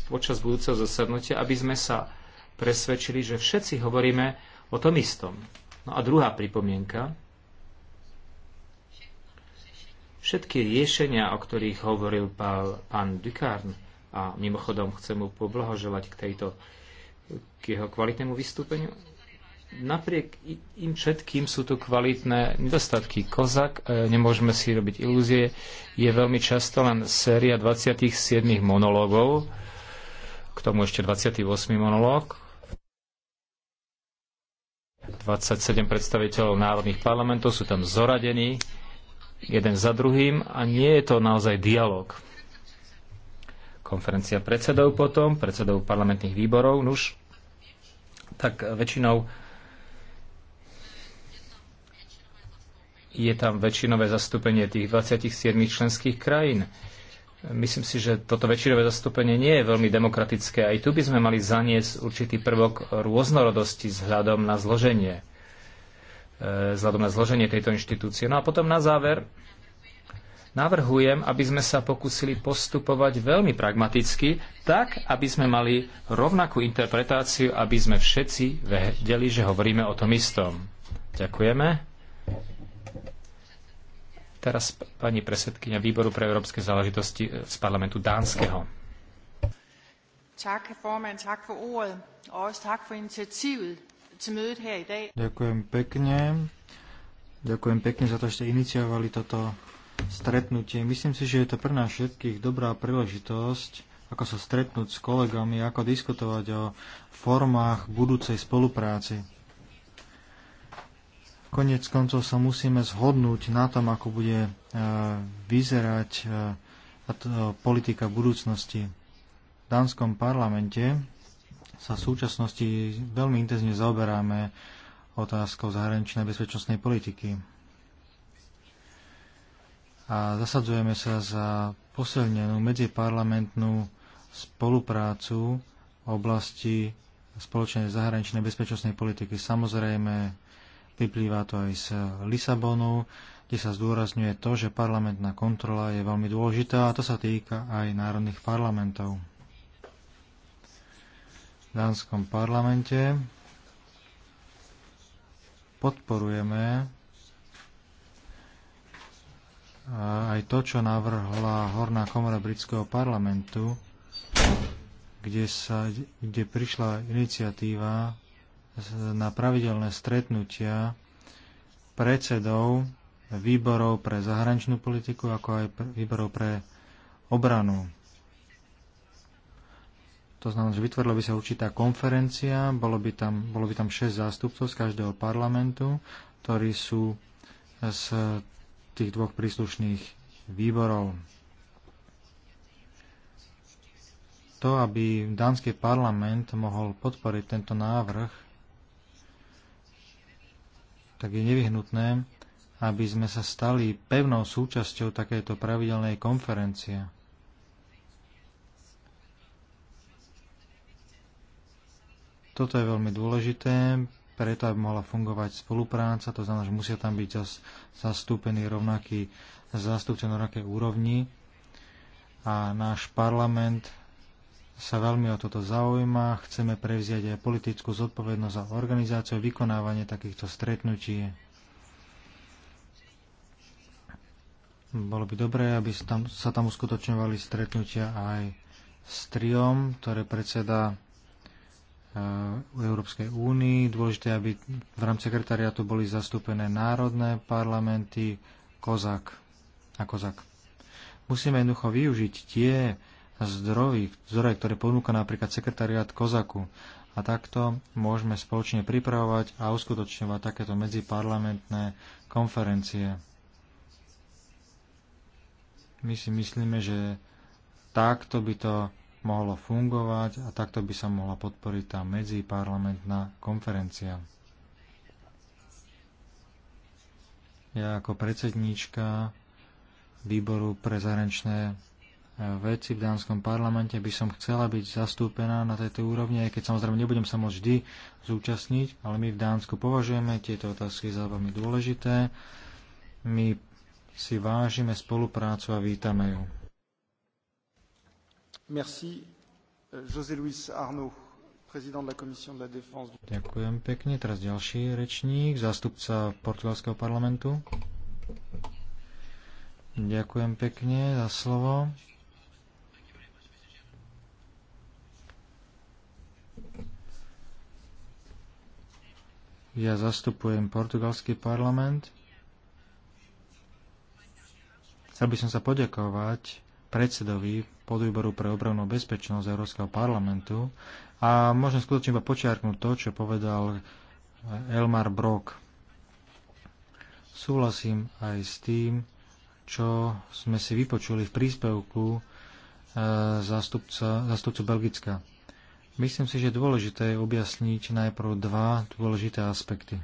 S4: počas budúceho zasadnutia, aby sme sa presvedčili, že všetci hovoríme o tom istom. No a druhá pripomienka. Všetky riešenia, o ktorých hovoril pán, pán Dukarn, a mimochodom chcem mu poblahoželať k tejto k jeho kvalitnému vystúpeniu, napriek im všetkým sú tu kvalitné nedostatky. Kozak, e, nemôžeme si robiť ilúzie, je veľmi často len séria 27 monológov, k tomu ešte 28 monológ, 27 predstaviteľov národných parlamentov sú tam zoradení, jeden za druhým a nie je to naozaj dialog. Konferencia predsedov potom, predsedov parlamentných výborov, nuž, tak väčšinou je tam väčšinové zastúpenie tých 27 členských krajín. Myslím si, že toto väčšinové zastúpenie nie je veľmi demokratické. Aj tu by sme mali zaniesť určitý prvok rôznorodosti vzhľadom na zloženie e, vzhľadom na zloženie tejto inštitúcie. No a potom na záver navrhujem, aby sme sa pokúsili postupovať veľmi pragmaticky, tak, aby sme mali rovnakú interpretáciu, aby sme všetci vedeli, že hovoríme o tom istom. Ďakujeme teraz pani presedkynia Výboru pre európske záležitosti e, z parlamentu Dánskeho. Ďakujem pekne.
S3: Ďakujem pekne za to, že ste iniciovali toto stretnutie. Myslím si, že je to pre nás všetkých dobrá príležitosť, ako sa stretnúť s kolegami, ako diskutovať o formách budúcej spolupráci. Konec koncov sa musíme zhodnúť na tom, ako bude e, vyzerať e, e, politika budúcnosti. V dánskom parlamente sa v súčasnosti veľmi intenzívne zaoberáme otázkou zahraničnej bezpečnostnej politiky. A zasadzujeme sa za posilnenú medziparlamentnú spoluprácu v oblasti spoločnej zahraničnej bezpečnostnej politiky. Samozrejme, vyplýva to aj z Lisabonu, kde sa zdôrazňuje to, že parlamentná kontrola je veľmi dôležitá a to sa týka aj národných parlamentov. V dánskom parlamente podporujeme aj to, čo navrhla Horná komora britského parlamentu, kde, sa, kde prišla iniciatíva na pravidelné stretnutia predsedov výborov pre zahraničnú politiku, ako aj výborov pre obranu. To znamená, že vytvorila by sa určitá konferencia, bolo by tam, bolo by tam 6 zástupcov z každého parlamentu, ktorí sú z tých dvoch príslušných výborov. To, aby dánsky parlament mohol podporiť tento návrh, tak je nevyhnutné, aby sme sa stali pevnou súčasťou takéto pravidelnej konferencie. Toto je veľmi dôležité, preto aby mohla fungovať spolupráca, to znamená, že musia tam byť zas, zastúpení rovnakí zástupci na rovnakej úrovni a náš parlament sa veľmi o toto zaujíma. Chceme prevziať aj politickú zodpovednosť za organizáciu a vykonávanie takýchto stretnutí. Bolo by dobré, aby sa tam, sa tam uskutočňovali stretnutia aj s triom, ktoré predseda e, Európskej únii. Dôležité, aby v rámci sekretariatu boli zastúpené národné parlamenty, kozak a kozak. Musíme jednoducho využiť tie zdroji, zdroje, ktoré ponúka napríklad sekretariát Kozaku. A takto môžeme spoločne pripravovať a uskutočňovať takéto medziparlamentné konferencie. My si myslíme, že takto by to mohlo fungovať a takto by sa mohla podporiť tá medziparlamentná konferencia. Ja ako predsedníčka výboru pre zahraničné veci v Dánskom parlamente by som chcela byť zastúpená na tejto úrovni, aj keď samozrejme nebudem sa môcť vždy zúčastniť, ale my v Dánsku považujeme tieto otázky za veľmi dôležité. My si vážime spoluprácu a vítame ju.
S1: Merci. José Luis Arnaud, prezident de la Commission de la Défense.
S3: Ďakujem pekne. Teraz ďalší rečník, zástupca portugalského parlamentu. Ďakujem pekne za slovo. Ja zastupujem portugalský parlament. Chcel by som sa poďakovať predsedovi podvýboru pre obranú bezpečnosť Európskeho parlamentu a môžem skutočne iba počiarknúť to, čo povedal Elmar Brok. Súhlasím aj s tým, čo sme si vypočuli v príspevku eh, zástupca, zástupcu Belgická. Myslím si, že dôležité je objasniť najprv dva dôležité aspekty.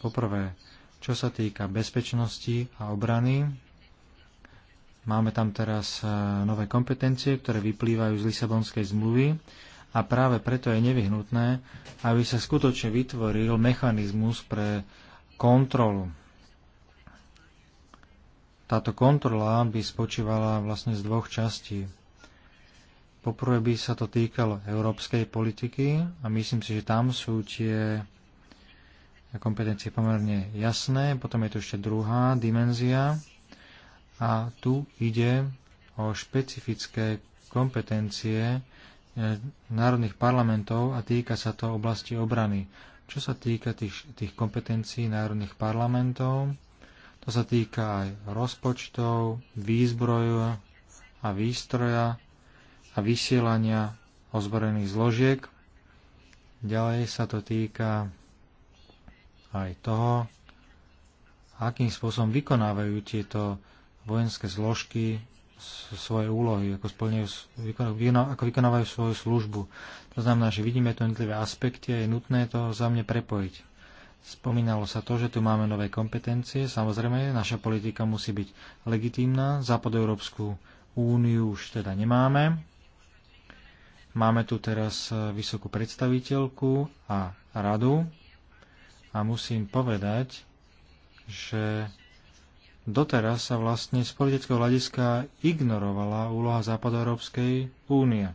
S3: Poprvé, čo sa týka bezpečnosti a obrany, máme tam teraz e, nové kompetencie, ktoré vyplývajú z Lisabonskej zmluvy a práve preto je nevyhnutné, aby sa skutočne vytvoril mechanizmus pre kontrolu táto kontrola by spočívala vlastne z dvoch častí. Poprvé by sa to týkalo európskej politiky a myslím si, že tam sú tie kompetencie pomerne jasné. Potom je tu ešte druhá dimenzia a tu ide o špecifické kompetencie eh, národných parlamentov a týka sa to oblasti obrany. Čo sa týka tých, tých kompetencií národných parlamentov, to sa týka aj rozpočtov, výzbroju a výstroja, a vysielania ozbrojených zložiek. Ďalej sa to týka aj toho, akým spôsobom vykonávajú tieto vojenské zložky svoje úlohy, ako, splňujú, ako vykonávajú svoju službu. To znamená, že vidíme tu jednotlivé aspekty a je nutné to za mne prepojiť. Spomínalo sa to, že tu máme nové kompetencie. Samozrejme, naša politika musí byť legitímna. Západoeurópsku úniu už teda nemáme. Máme tu teraz e, vysokú predstaviteľku a radu a musím povedať, že doteraz sa vlastne z politického hľadiska ignorovala úloha Západoeurópskej únie.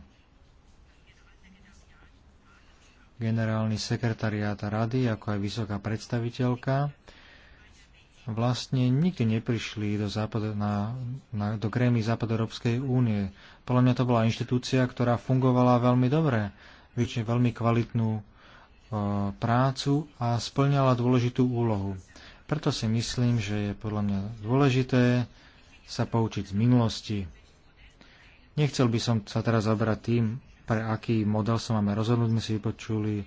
S3: Generálny sekretariát rady, ako aj vysoká predstaviteľka, vlastne nikdy neprišli do, západ, na, na, do grémy Západoeurópskej únie. Podľa mňa to bola inštitúcia, ktorá fungovala veľmi dobre, vyčne veľmi kvalitnú e, prácu a splňala dôležitú úlohu. Preto si myslím, že je podľa mňa dôležité sa poučiť z minulosti. Nechcel by som sa teraz zabrať tým, pre aký model sa máme rozhodnúť, sme si vypočuli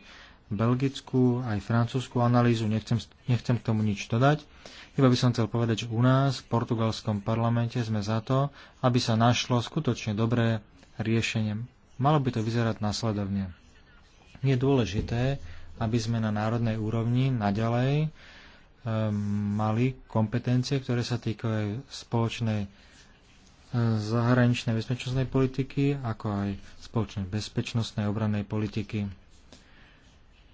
S3: belgickú aj francúzskú analýzu, nechcem, nechcem k tomu nič dodať. Iba by som chcel povedať, že u nás v portugalskom parlamente sme za to, aby sa našlo skutočne dobré riešenie. Malo by to vyzerať následovne. Je dôležité, aby sme na národnej úrovni naďalej e, mali kompetencie, ktoré sa týkajú spoločnej e, zahraničnej bezpečnostnej politiky, ako aj spoločnej bezpečnostnej obrannej politiky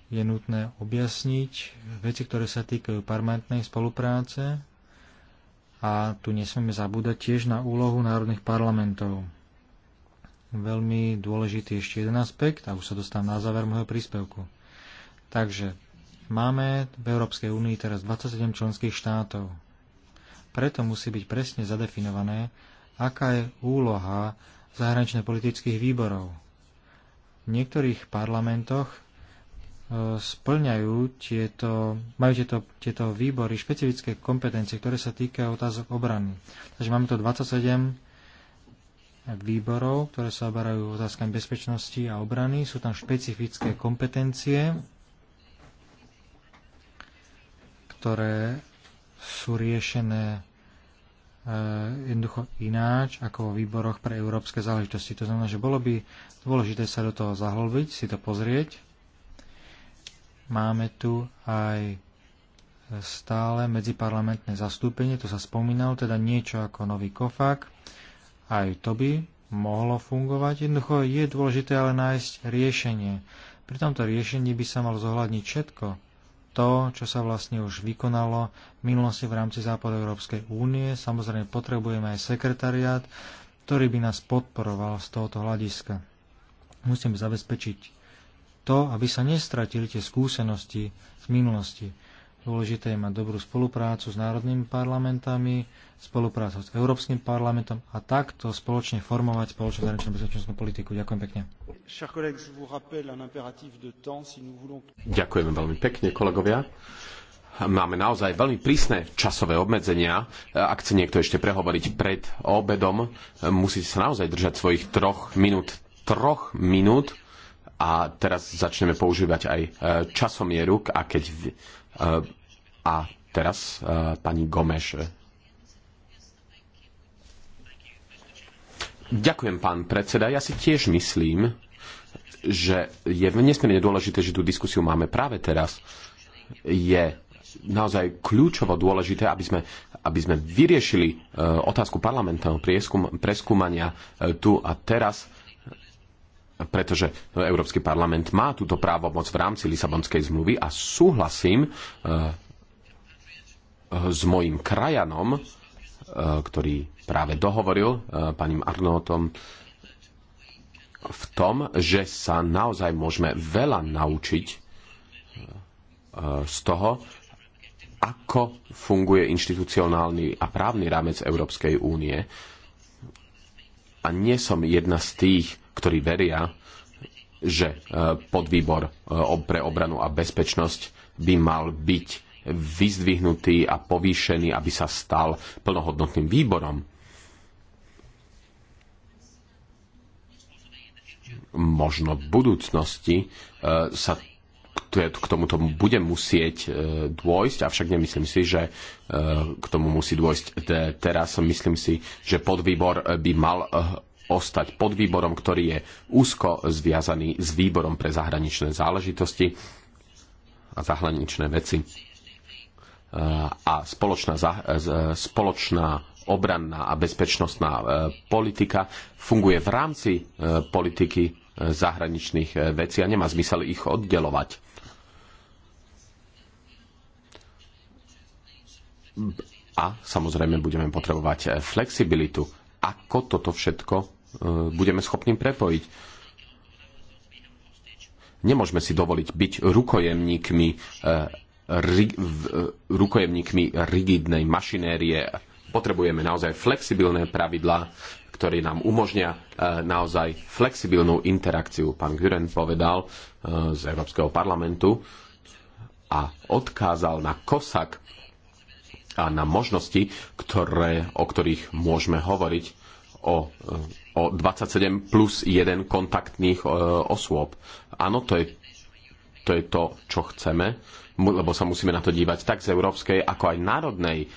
S3: je nutné objasniť veci, ktoré sa týkajú parlamentnej spolupráce a tu nesmieme zabúdať tiež na úlohu národných parlamentov. Veľmi dôležitý ešte jeden aspekt a už sa dostávam na záver môjho príspevku. Takže máme v Európskej únii teraz 27 členských štátov. Preto musí byť presne zadefinované, aká je úloha zahraničných politických výborov. V niektorých parlamentoch splňajú tieto, majú tieto, tieto výbory špecifické kompetencie, ktoré sa týkajú otázok obrany. Takže máme tu 27 výborov, ktoré sa oberajú otázkami bezpečnosti a obrany. Sú tam špecifické kompetencie, ktoré sú riešené e, jednoducho ináč ako vo výboroch pre európske záležitosti. To znamená, že bolo by dôležité sa do toho zahlbiť, si to pozrieť, Máme tu aj stále medziparlamentné zastúpenie, to sa spomínalo, teda niečo ako nový kofak. Aj to by mohlo fungovať. Jednoducho je dôležité ale nájsť riešenie. Pri tomto riešení by sa malo zohľadniť všetko. To, čo sa vlastne už vykonalo v minulosti v rámci Západu Európskej únie, samozrejme potrebujeme aj sekretariát, ktorý by nás podporoval z tohoto hľadiska. Musíme zabezpečiť to, aby sa nestratili tie skúsenosti z minulosti. Dôležité je mať dobrú spoluprácu s národnými parlamentami, spoluprácu s Európskym parlamentom a takto spoločne formovať spoločnú zahraničnú bezpečnostnú politiku. Ďakujem pekne.
S2: Ďakujeme veľmi pekne, kolegovia máme naozaj veľmi prísne časové obmedzenia. Ak chce niekto ešte prehovoriť pred obedom, musíte sa naozaj držať svojich troch minút. Troch minút a teraz začneme používať aj e, časomieru a keď e, a teraz e, pani Gomeš. Ďakujem, pán predseda. Ja si tiež myslím, že je nesmierne dôležité, že tú diskusiu máme práve teraz. Je naozaj kľúčovo dôležité, aby sme, aby sme vyriešili otázku parlamentného prieskum, preskúmania tu a teraz pretože Európsky parlament má túto právomoc v rámci Lisabonskej zmluvy a súhlasím eh, s mojim krajanom, eh, ktorý práve dohovoril eh, paním Arnótom v tom, že sa naozaj môžeme veľa naučiť z toho, ako funguje inštitucionálny a právny rámec Európskej únie. A nie som jedna z tých, ktorí veria, že e, podvýbor e, pre obranu a bezpečnosť by mal byť vyzdvihnutý a povýšený, aby sa stal plnohodnotným výborom. Možno v budúcnosti e, sa k tomuto bude musieť dôjsť, avšak nemyslím si, že k tomu musí dôjsť teraz. Myslím si, že podvýbor by mal ostať pod výborom, ktorý je úzko zviazaný s výborom pre zahraničné záležitosti a zahraničné veci. E, a spoločná, e, e, spoločná obranná a bezpečnostná politika funguje v rámci politiky zahraničných vecí a nemá zmysel ich oddelovať. A samozrejme budeme potrebovať flexibilitu, ako toto všetko E, budeme schopní prepojiť. Nemôžeme si dovoliť byť rukojemníkmi, e, ri, e, rukojemníkmi rigidnej mašinérie. Potrebujeme naozaj flexibilné pravidlá, ktoré nám umožnia naozaj flexibilnú interakciu. Pán Güren povedal z Európskeho parlamentu a odkázal na kosak a na možnosti, ktoré, o ktorých môžeme hovoriť o, o 27 plus 1 kontaktných e, osôb. Áno, to je, to je to, čo chceme, lebo sa musíme na to dívať tak z európskej, ako aj národnej e,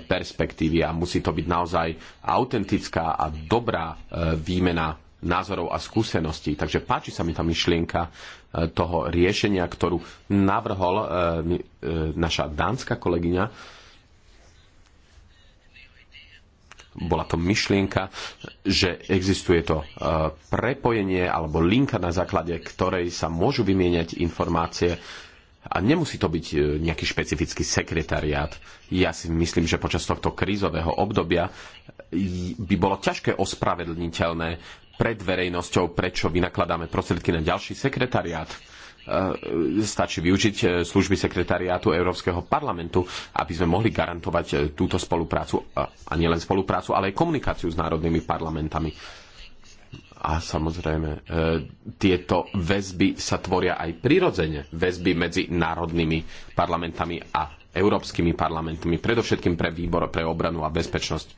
S2: perspektívy a musí to byť naozaj autentická a dobrá e, výmena názorov a skúseností. Takže páči sa mi tá myšlienka toho riešenia, ktorú navrhol naša dánska kolegyňa, bola to myšlienka, že existuje to e, prepojenie alebo linka, na základe ktorej sa môžu vymieňať informácie a nemusí to byť e, nejaký špecifický sekretariát. Ja si myslím, že počas tohto krízového obdobia e, by bolo ťažké ospravedlniteľné pred verejnosťou, prečo vynakladáme prostriedky na ďalší sekretariát E, stačí využiť e, služby sekretariátu Európskeho parlamentu, aby sme mohli garantovať e, túto spoluprácu, a nielen spoluprácu, ale aj komunikáciu s národnými parlamentami. A samozrejme, tieto väzby sa tvoria aj prirodzene. Väzby medzi národnými parlamentami a európskymi parlamentmi, predovšetkým pre výbor pre obranu a bezpečnosť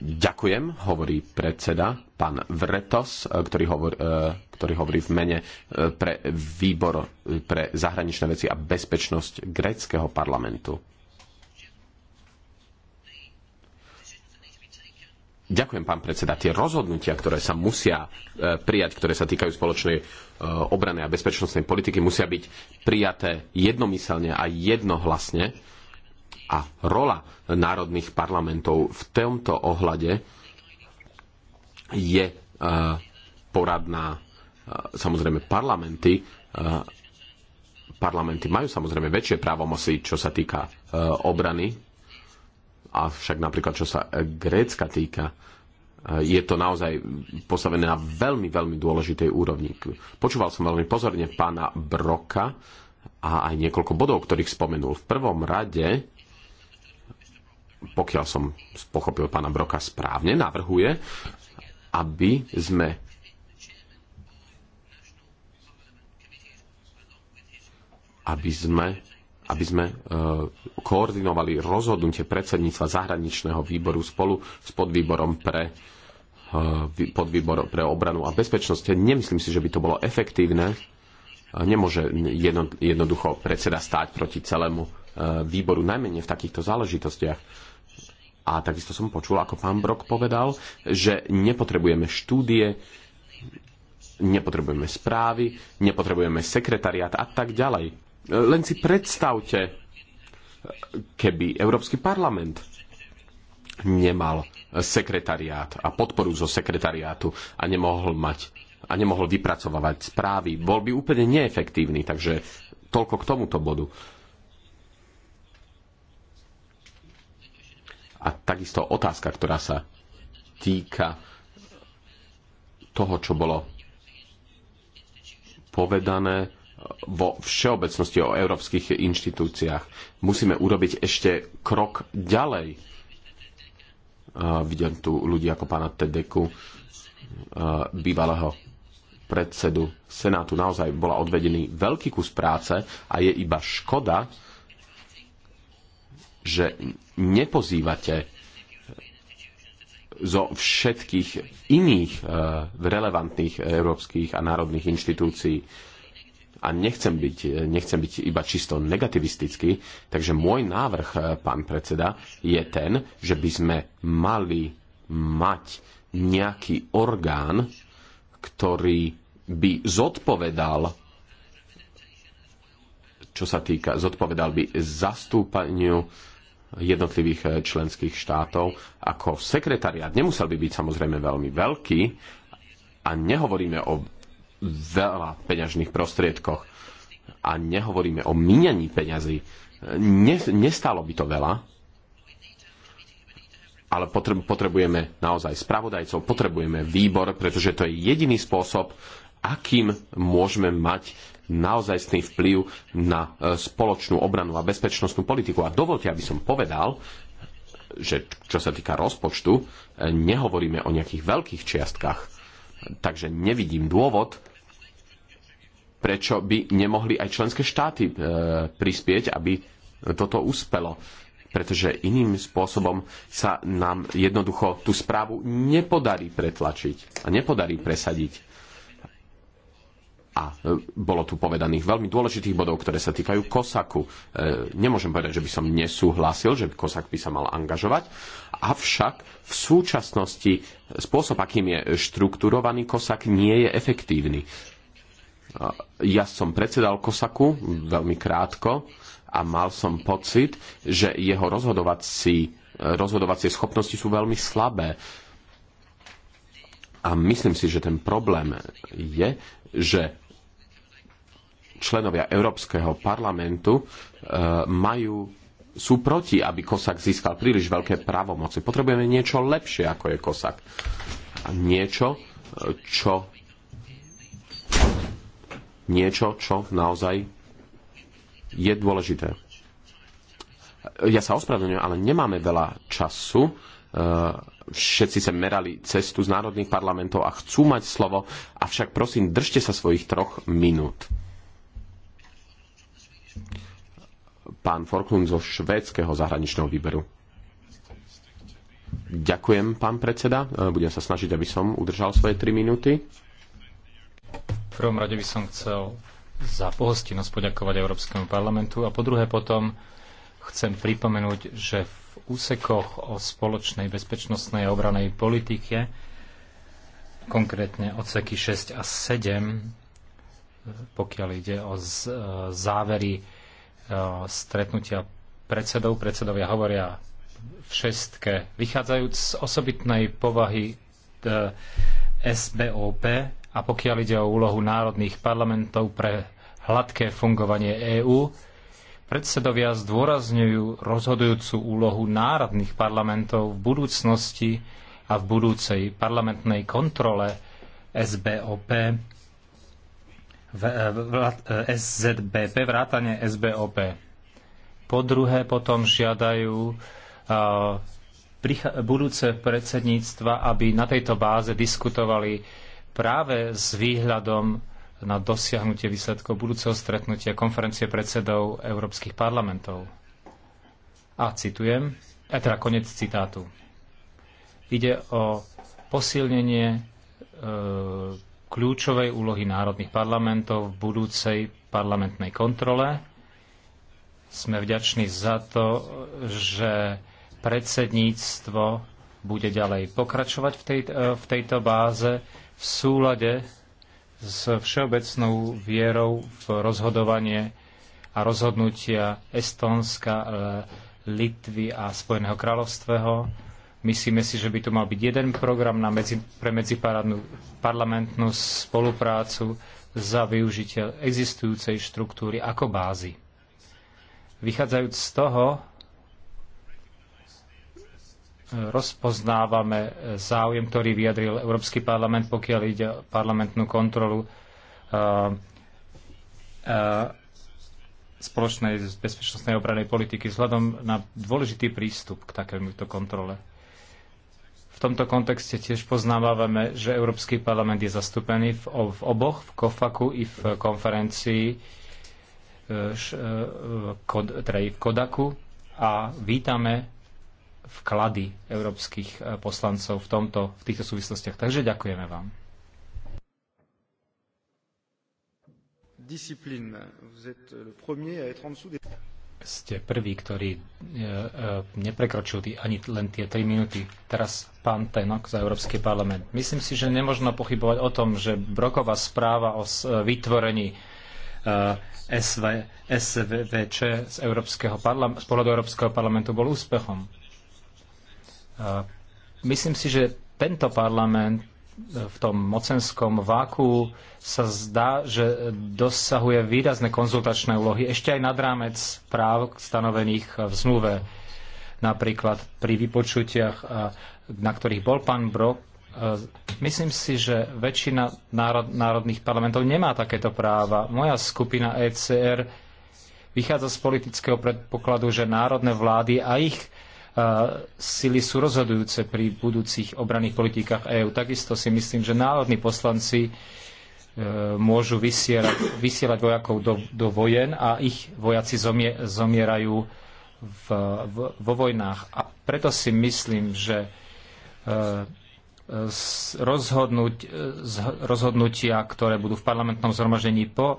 S2: Ďakujem, hovorí predseda, pán Vretos, e, ktorý, hovor, e, ktorý hovorí v mene e, pre výbor pre zahraničné veci a bezpečnosť gréckého parlamentu. Ďakujem, pán predseda. Tie rozhodnutia, ktoré sa musia prijať, ktoré sa týkajú spoločnej obrany a bezpečnostnej politiky, musia byť prijaté jednomyselne a jednohlasne a rola národných parlamentov v tomto ohľade je eh, poradná. Eh, samozrejme, parlamenty, eh, parlamenty majú samozrejme väčšie právomoci, čo sa týka obrany, avšak napríklad, čo sa Grécka týka, je to naozaj postavené na veľmi, veľmi dôležitej úrovni. Počúval som veľmi pozorne pána Broka a aj niekoľko bodov, ktorých spomenul. V prvom rade pokiaľ som pochopil pána Broka správne, navrhuje, aby sme aby sme aby sme e, koordinovali rozhodnutie predsedníctva zahraničného výboru spolu s podvýborom pre e, podvýbor pre obranu a bezpečnosť. Nemyslím si, že by to bolo efektívne. Nemôže jednoducho predseda stáť proti celému e, výboru, najmenej v takýchto záležitostiach a takisto som počul, ako pán Brok povedal, že nepotrebujeme štúdie, nepotrebujeme správy, nepotrebujeme sekretariat a tak ďalej. Len si predstavte, keby Európsky parlament nemal sekretariát a podporu zo sekretariátu a nemohol mať a nemohol vypracovávať správy, bol by úplne neefektívny. Takže toľko k tomuto bodu. A takisto otázka, ktorá sa týka toho, čo bolo povedané vo všeobecnosti o európskych inštitúciách. Musíme urobiť ešte krok ďalej. Uh, vidím tu ľudí ako pána Tedeku, uh, bývalého predsedu Senátu. Naozaj bola odvedený veľký kus práce a je iba škoda, že nepozývate zo všetkých iných e, relevantných európskych a národných inštitúcií. A nechcem byť, nechcem byť iba čisto negativistický, takže môj návrh, e, pán predseda, je ten, že by sme mali mať nejaký orgán, ktorý by zodpovedal čo sa týka, zodpovedal by zastúpaniu jednotlivých eh, členských štátov ako sekretariat nemusel by byť samozrejme veľmi veľký a nehovoríme o veľa peňažných prostriedkoch a nehovoríme o míňaní peňazí. Ne, nestalo by to veľa, ale potrebujeme naozaj spravodajcov, potrebujeme výbor, pretože to je jediný spôsob, akým môžeme mať naozajstný vplyv na e, spoločnú obranu a bezpečnostnú politiku. A dovolte, aby som povedal, že čo sa týka rozpočtu, e, nehovoríme o nejakých veľkých čiastkách. Takže nevidím dôvod, prečo by nemohli aj členské štáty e, prispieť, aby toto uspelo. Pretože iným spôsobom sa nám jednoducho tú správu nepodarí pretlačiť a nepodarí presadiť a e, bolo tu povedaných veľmi dôležitých bodov, ktoré sa týkajú Kosaku. E, nemôžem povedať, že by som nesúhlasil, že Kosak by sa mal angažovať, avšak v súčasnosti spôsob, akým je štrukturovaný Kosak, nie je efektívny. E, ja som predsedal Kosaku veľmi krátko a mal som pocit, že jeho rozhodovací, rozhodovacie schopnosti sú veľmi slabé. A myslím si, že ten problém je, že členovia Európskeho parlamentu e, majú sú proti, aby Kosak získal príliš veľké právomoci. Potrebujeme niečo lepšie, ako je Kosak. A niečo, e, čo niečo, čo naozaj je dôležité. Ja sa ospravedlňujem, ale nemáme veľa času. E, všetci sa merali cestu z národných parlamentov a chcú mať slovo, avšak prosím, držte sa svojich troch minút. Pán Forklund zo švédskeho zahraničného výberu. Ďakujem, pán predseda. E, budem sa snažiť, aby som udržal svoje tri minúty.
S4: V prvom rade by som chcel za pohostinnosť poďakovať Európskemu parlamentu a po druhé potom chcem pripomenúť, že v úsekoch o spoločnej bezpečnostnej a obranej politike, konkrétne odseky 6 a 7, pokiaľ ide o e, závery e, stretnutia predsedov. Predsedovia hovoria v šestke, vychádzajúc z osobitnej povahy e, SBOP a pokiaľ ide o úlohu národných parlamentov pre hladké fungovanie EÚ, Predsedovia zdôrazňujú rozhodujúcu úlohu národných parlamentov v budúcnosti a v budúcej parlamentnej kontrole SBOP v, e, e, SZBP, vrátane SBOP. Po druhé potom žiadajú e, budúce predsedníctva, aby na tejto báze diskutovali práve s výhľadom na dosiahnutie výsledkov budúceho stretnutia konferencie predsedov európskych parlamentov. A citujem, a e, teda konec citátu. Ide o posilnenie e, kľúčovej úlohy národných parlamentov v budúcej parlamentnej kontrole. Sme vďační za to, že predsedníctvo bude ďalej pokračovať v, tej, e, v tejto báze v súlade s všeobecnou vierou v rozhodovanie a rozhodnutia Estónska, e, Litvy a Spojeného kráľovstvého. Myslíme si, že by tu mal byť jeden program na medzi, pre medziparadnú parlamentnú spoluprácu za využitia existujúcej štruktúry ako bázy. Vychádzajúc z toho, rozpoznávame záujem, ktorý vyjadril Európsky parlament, pokiaľ ide o parlamentnú kontrolu eh, eh, spoločnej bezpečnostnej obranej politiky vzhľadom na dôležitý prístup k takémuto kontrole. V tomto kontexte tiež poznávame, že Európsky parlament je zastúpený v, oboch, v COFAKu i v konferencii eh, teda i v Kodaku a vítame vklady európskych eh, poslancov v, tomto, v týchto súvislostiach. Takže ďakujeme vám. Ste prvý, ktorý eh, eh, neprekročil ani len tie 3 minúty. Teraz pán Tenok za Európsky parlament. Myslím si, že nemožno pochybovať o tom, že Broková správa o vytvorení SV, SVČ z, Európskeho z pohľadu Európskeho parlamentu bol úspechom Myslím si, že tento parlament e, v tom mocenskom váku sa zdá, že dosahuje výrazné konzultačné úlohy ešte aj nad rámec práv stanovených v zmluve. Napríklad pri vypočutiach, na ktorých bol pán Brok, e, myslím si, že väčšina národ, národných parlamentov nemá takéto práva. Moja skupina ECR vychádza z politického predpokladu, že národné vlády a ich sily sú rozhodujúce pri budúcich obranných politikách EÚ. Takisto si myslím, že národní poslanci e, môžu vysielať, vysielať vojakov do, do vojen a ich vojaci zomie, zomierajú v, v, vo vojnách. A preto si myslím, že e, rozhodnúť, e, rozhodnutia, ktoré budú v parlamentnom zhromaždení po e,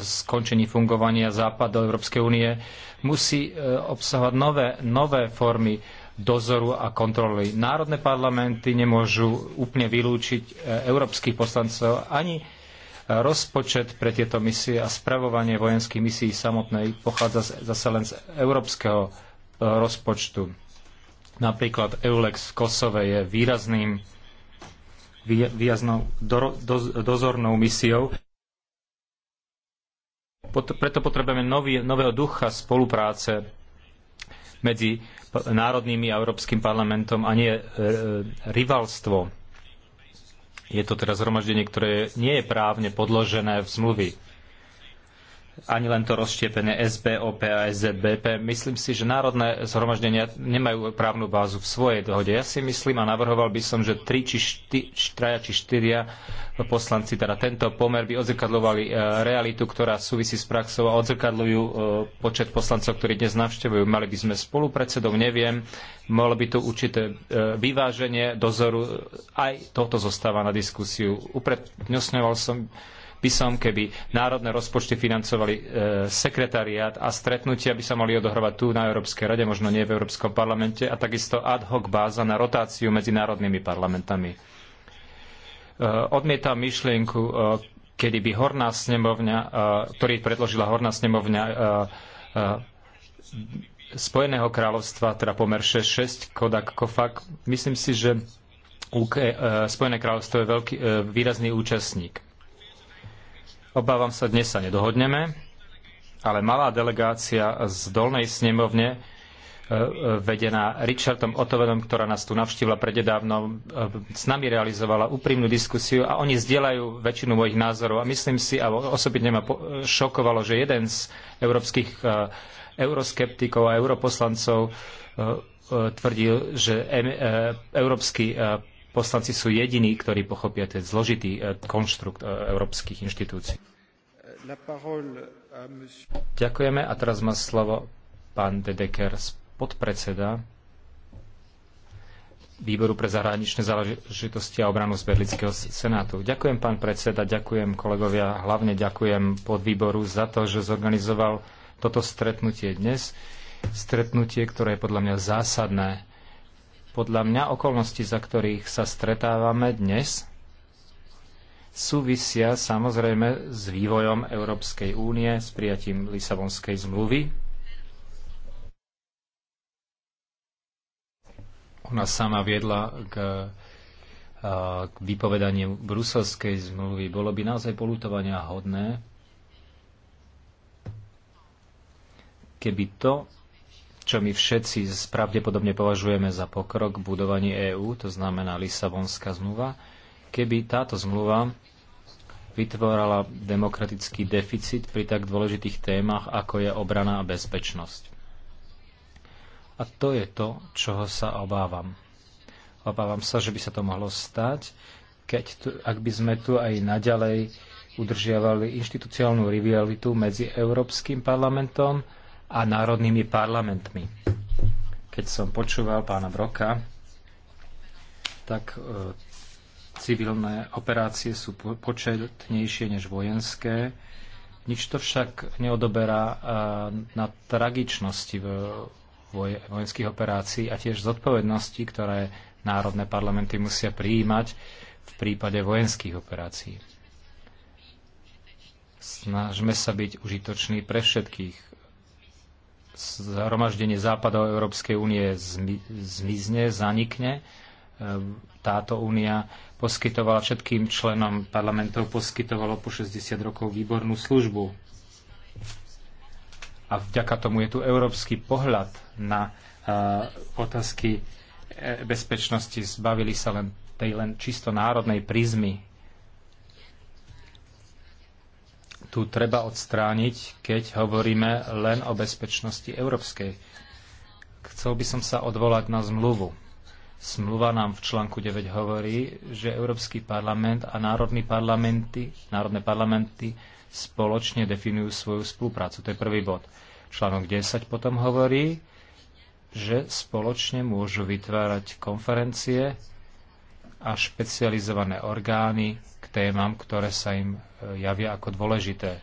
S4: skončení fungovania Západu Európskej únie, musí e, obsahovať nové, nové formy dozoru a kontroly. Národné parlamenty nemôžu úplne vylúčiť európskych poslancov ani rozpočet pre tieto misie a spravovanie vojenských misií samotnej pochádza zase len z európskeho rozpočtu. Napríklad Eulex v Kosove je výrazným výraznou do, do, dozornou misiou. Pot, preto potrebujeme nový, nového ducha spolupráce medzi národnými a Európskym parlamentom a nie e, rivalstvo. Je to teraz zhromaždenie, ktoré nie je právne podložené v zmluvy ani len to rozštiepené SBOP a SZBP. Myslím si, že národné zhromaždenia nemajú právnu bázu v svojej dohode. Ja si myslím a navrhoval by som, že 3 či 4, či 4 poslanci, teda tento pomer by odzrkadlovali e, realitu, ktorá súvisí s praxou a odzrkadľujú e, počet poslancov, ktorí dnes navštevujú. Mali by sme spolupredsedov, neviem, mohlo by to určité e, vyváženie dozoru. Aj toto zostáva na diskusiu. Upredňosňoval som by som, keby národné rozpočty financovali e, sekretariát a stretnutia by sa mali odohrovať tu na Európskej rade, možno nie v Európskom parlamente a takisto ad hoc báza na rotáciu medzi národnými parlamentami. E, odmietam myšlienku, e, kedy by Horná snemovňa, e, ktorý predložila Horná snemovňa e, e, Spojeného kráľovstva, teda pomer 6-6, Kodak Kofak, myslím si, že UK, e, Spojené kráľovstvo je veľký, e, výrazný účastník. Obávam sa, dnes sa nedohodneme, ale malá delegácia z Dolnej snemovne e, e, vedená Richardom Otovenom, ktorá nás tu navštívila prededávno, e, s nami realizovala úprimnú diskusiu a oni zdieľajú väčšinu mojich názorov. A myslím si, a osobitne ma šokovalo, že jeden z európskych euroskeptikov a europoslancov tvrdil, že európsky poslanci sú jediní, ktorí pochopia ten zložitý e, konštrukt e, európskych inštitúcií. Ďakujeme a teraz má slovo pán Dedeker, podpredseda Výboru pre zahraničné záležitosti a obranu z Berlického senátu. Ďakujem, pán predseda, ďakujem kolegovia, hlavne ďakujem podvýboru za to, že zorganizoval toto stretnutie dnes. Stretnutie, ktoré je podľa mňa zásadné podľa mňa okolnosti, za ktorých sa stretávame dnes, súvisia samozrejme s vývojom Európskej únie, s prijatím Lisabonskej zmluvy. Ona sama viedla k, k vypovedaniu Bruselskej zmluvy. Bolo by naozaj polutovania hodné, keby to čo my všetci pravdepodobne považujeme za pokrok v budovaní EÚ, to znamená Lisabonská zmluva, keby táto zmluva vytvorala demokratický deficit pri tak dôležitých témach, ako je obrana a bezpečnosť. A to je to, čoho sa obávam. Obávam sa, že by sa to mohlo stať, keď tu, ak by sme tu aj naďalej udržiavali inštitucionálnu rivalitu medzi Európskym parlamentom a národnými parlamentmi. Keď som počúval pána Broka, tak e, civilné operácie sú početnejšie než vojenské. Nič to však neodoberá e, na tragičnosti vojenských operácií a tiež zodpovednosti, ktoré národné parlamenty musia prijímať v prípade vojenských operácií. Snažme sa byť užitoční pre všetkých zhromaždenie západov Európskej únie zmizne, zanikne. E, táto únia poskytovala všetkým členom parlamentov, poskytovalo po 60 rokov výbornú službu. A vďaka tomu je tu európsky pohľad na e, otázky e, bezpečnosti. Zbavili sa len tej len čisto národnej prízmy tu treba odstrániť, keď hovoríme len o bezpečnosti európskej. Chcel by som sa odvolať na zmluvu. Smluva nám v článku 9 hovorí, že Európsky parlament a národní parlamenty, národné parlamenty spoločne definujú svoju spoluprácu. To je prvý bod. Článok 10 potom hovorí, že spoločne môžu vytvárať konferencie a špecializované orgány témam, ktoré sa im e, javia ako dôležité.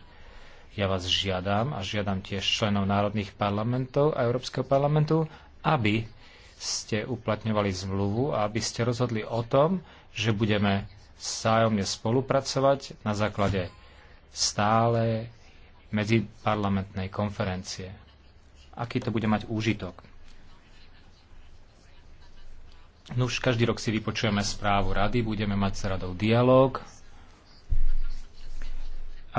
S4: Ja vás žiadam a žiadam tiež členov národných parlamentov a Európskeho parlamentu, aby ste uplatňovali zmluvu a aby ste rozhodli o tom, že budeme sájomne spolupracovať na základe stále medziparlamentnej konferencie. Aký to bude mať úžitok? No už každý rok si vypočujeme správu rady, budeme mať s radou dialog,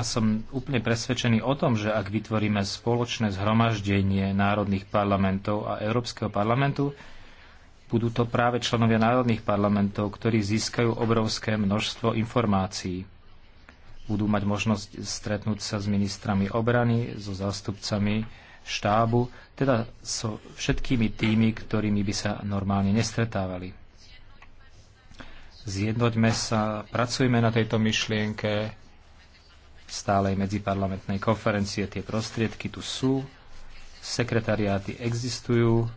S4: a som úplne presvedčený o tom, že ak vytvoríme spoločné zhromaždenie národných parlamentov a Európskeho parlamentu, budú to práve členovia národných parlamentov, ktorí získajú obrovské množstvo informácií. Budú mať možnosť stretnúť sa s ministrami obrany, so zástupcami štábu, teda so všetkými tými, ktorými by sa normálne nestretávali. Zjednoďme sa, pracujme na tejto myšlienke, stálej medziparlamentnej konferencie. Tie prostriedky tu sú, sekretariáty existujú,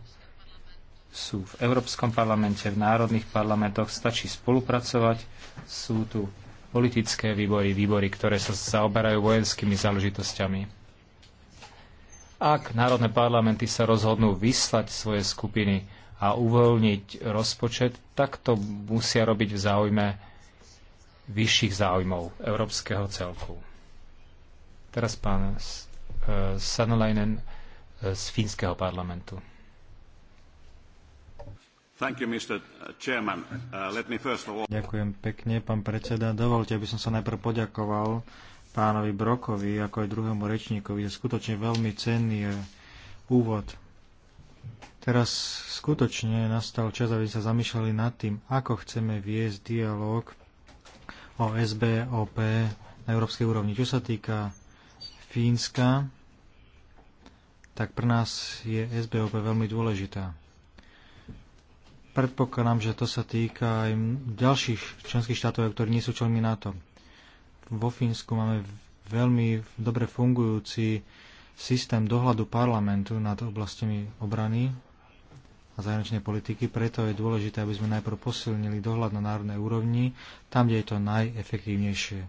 S4: sú v Európskom parlamente, v národných parlamentoch, stačí spolupracovať, sú tu politické výbory, výbory, ktoré sa zaoberajú vojenskými záležitosťami. Ak národné parlamenty sa rozhodnú vyslať svoje skupiny a uvoľniť rozpočet, tak to musia robiť v záujme vyšších záujmov európskeho celku. Teraz pán eh, Sanolainen eh, z fínskeho parlamentu.
S2: Uh, uh,
S4: Ďakujem
S3: pekne, pán predseda. Dovolte, aby som sa najprv poďakoval pánovi Brokovi, ako aj druhému rečníkovi. Je skutočne veľmi cenný úvod. Teraz skutočne nastal čas, aby sa zamýšľali nad tým, ako chceme viesť dialog o SBOP na európskej úrovni. Čo sa týka Fínska, tak pre nás je SBOP veľmi dôležitá. Predpokladám, že to sa týka aj ďalších členských štátov, ktorí nie sú členmi NATO. Vo Fínsku máme veľmi dobre fungujúci systém dohľadu parlamentu nad oblastiami obrany a zahraničnej politiky, preto je dôležité, aby sme najprv posilnili dohľad na národnej úrovni, tam, kde je to najefektívnejšie.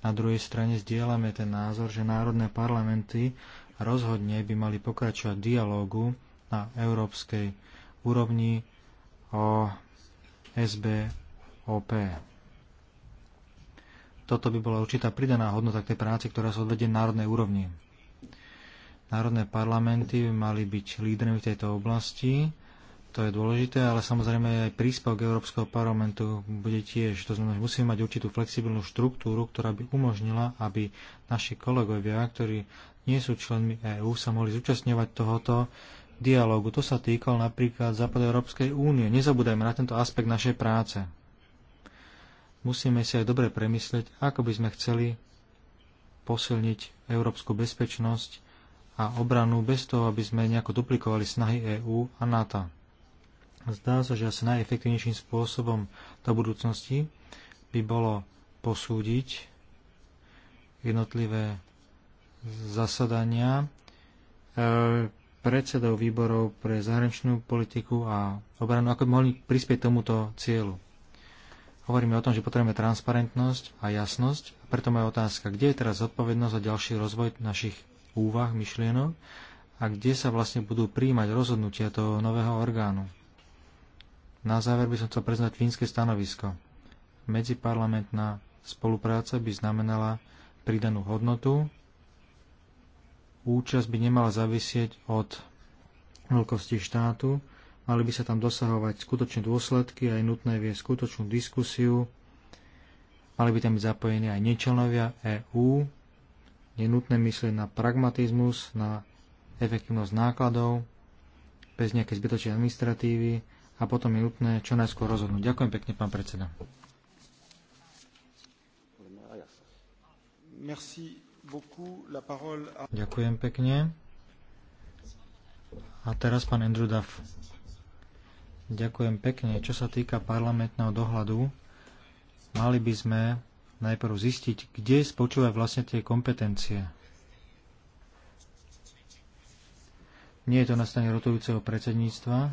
S3: Na druhej strane zdieľame ten názor, že národné parlamenty rozhodne by mali pokračovať dialógu na európskej úrovni o SBOP. Toto by bola určitá pridaná hodnota k tej práci, ktorá sa odvedie na národnej úrovni. Národné parlamenty by mali byť lídrami v tejto oblasti to je dôležité, ale samozrejme aj príspevok Európskeho parlamentu bude tiež. To znamená, že musíme mať určitú flexibilnú štruktúru, ktorá by umožnila, aby naši kolegovia, ktorí nie sú členmi EÚ, sa mohli zúčastňovať tohoto dialógu. To sa týkal napríklad Západu Európskej únie. Nezabúdajme na tento aspekt našej práce. Musíme si aj dobre premyslieť, ako by sme chceli posilniť európsku bezpečnosť a obranu bez toho, aby sme nejako duplikovali snahy EÚ a NATO. Zdá sa, že asi najefektívnejším spôsobom do budúcnosti by bolo posúdiť jednotlivé zasadania e, predsedov výborov pre zahraničnú politiku a obranu, ako by mohli prispieť tomuto cieľu. Hovoríme o tom, že potrebujeme transparentnosť a jasnosť, a preto moja otázka, kde je teraz zodpovednosť za ďalší rozvoj našich úvah, myšlienok a kde sa vlastne budú príjmať rozhodnutia toho nového orgánu. Na záver by som chcel preznať fínske stanovisko. Medziparlamentná spolupráca by znamenala pridanú hodnotu. Účasť by nemala zavisieť od veľkosti štátu, mali by sa tam dosahovať skutočné dôsledky, a je nutné viesť skutočnú diskusiu, mali by tam byť zapojení aj nečelnovia EÚ, je nutné myslieť na pragmatizmus, na efektívnosť nákladov, bez nejakej zbytočnej administratívy, a potom je nutné čo najskôr rozhodnúť. Ďakujem pekne, pán predseda. Ďakujem pekne. A teraz pán Andrew Duff. Ďakujem pekne. Čo sa týka parlamentného dohľadu, mali by sme najprv zistiť, kde spočúvajú vlastne tie kompetencie. Nie je to na stane rotujúceho predsedníctva,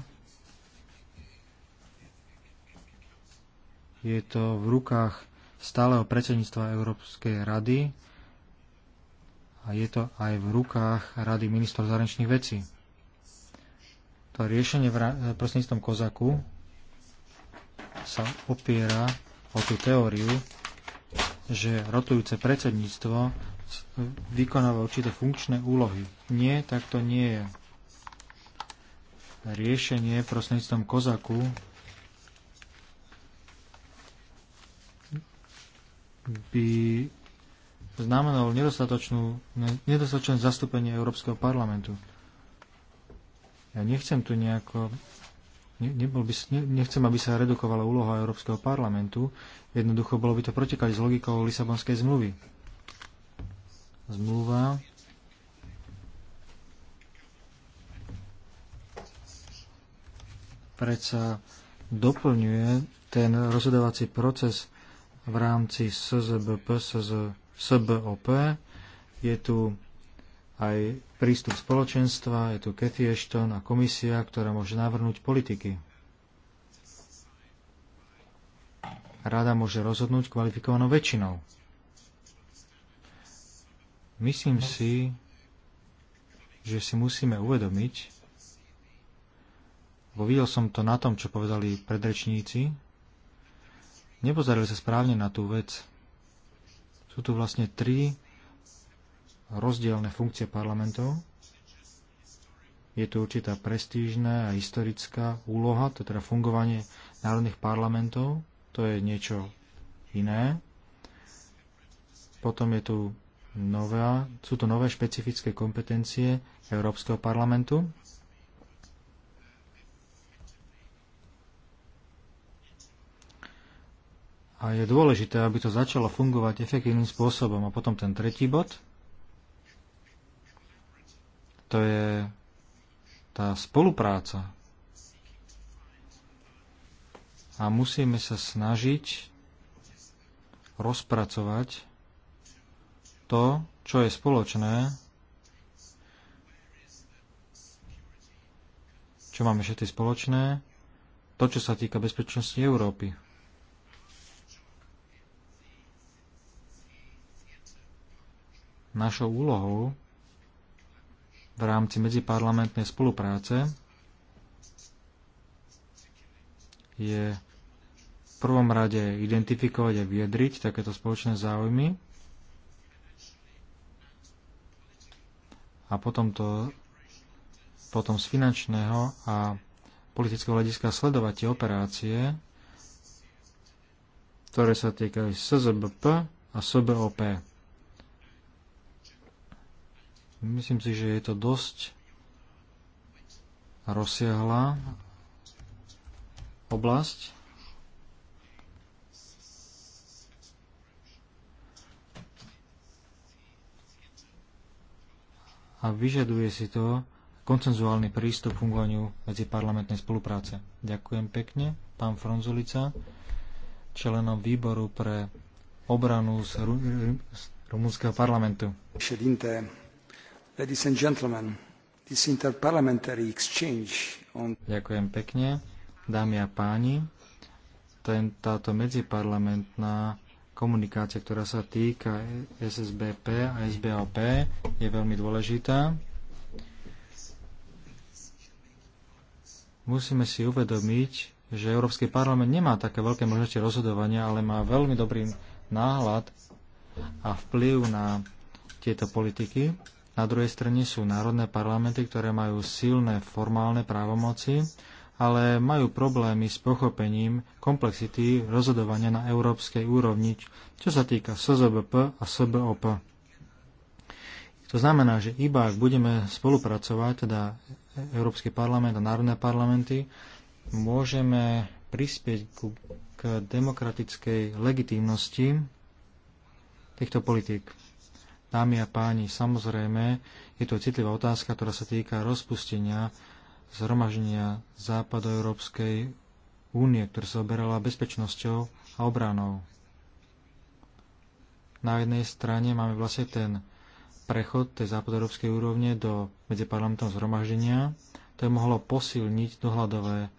S3: Je to v rukách stáleho predsedníctva Európskej rady a je to aj v rukách Rady ministrov zahraničných vecí. To riešenie prostredníctvom Kozaku sa opiera o tú teóriu, že rotujúce predsedníctvo vykonáva určité funkčné úlohy. Nie, tak to nie je. Riešenie prostredníctvom Kozaku by znamenalo nedostatočné zastúpenie Európskeho parlamentu. Ja nechcem tu nejako... Ne, by, ne, nechcem, aby sa redukovala úloha Európskeho parlamentu. Jednoducho bolo by to protikať s logikou Lisabonskej zmluvy. Zmluva predsa doplňuje ten rozhodovací proces v rámci SZBP, SZ, SBOP. Je tu aj prístup spoločenstva, je tu Cathy Ashton a komisia, ktorá môže navrhnúť politiky. Rada môže rozhodnúť kvalifikovanou väčšinou. Myslím si, že si musíme uvedomiť, bo videl som to na tom, čo povedali predrečníci, nepozerali sa správne na tú vec. Sú tu vlastne tri rozdielne funkcie parlamentov. Je tu určitá prestížna a historická úloha, to je teda fungovanie národných parlamentov, to je niečo iné. Potom je tu nová, sú tu nové špecifické kompetencie Európskeho parlamentu, a je dôležité, aby to začalo fungovať efektívnym spôsobom. A potom ten tretí bod, to je tá spolupráca. A musíme sa snažiť rozpracovať to, čo je spoločné, čo máme všetci spoločné, to, čo sa týka bezpečnosti Európy. našou úlohou v rámci medziparlamentnej spolupráce je v prvom rade identifikovať a vyjadriť takéto spoločné záujmy a potom to potom z finančného a politického hľadiska sledovať tie operácie, ktoré sa týkajú SZBP a SBOP. Myslím si, že je to dosť rozsiahla oblasť. A vyžaduje si to koncenzuálny prístup k fungovaniu medzi parlamentnej spolupráce. Ďakujem pekne, pán Fronzulica, členom výboru pre obranu z, Ru- rumunského parlamentu.
S1: Ladies and gentlemen, this exchange on... Ďakujem
S3: pekne. Dámy a páni, ten, táto medziparlamentná komunikácia, ktorá sa týka SSBP a SBOP, je veľmi dôležitá. Musíme si uvedomiť, že Európsky parlament nemá také veľké možnosti rozhodovania, ale má veľmi dobrý náhľad a vplyv na tieto politiky. Na druhej strane sú národné parlamenty, ktoré majú silné formálne právomoci, ale majú problémy s pochopením komplexity rozhodovania na európskej úrovni, čo sa týka SZBP a SBOP. To znamená, že iba ak budeme spolupracovať, teda Európsky parlament a národné parlamenty, môžeme prispieť k, k demokratickej legitímnosti týchto politík. Dámy a páni, samozrejme, je to citlivá otázka, ktorá sa týka rozpustenia zhromaženia Západoeurópskej únie, ktorá sa oberala bezpečnosťou a obranou. Na jednej strane máme vlastne ten prechod tej západoeurópskej úrovne do medziparlamentného zhromaždenia. To je mohlo posilniť dohľadové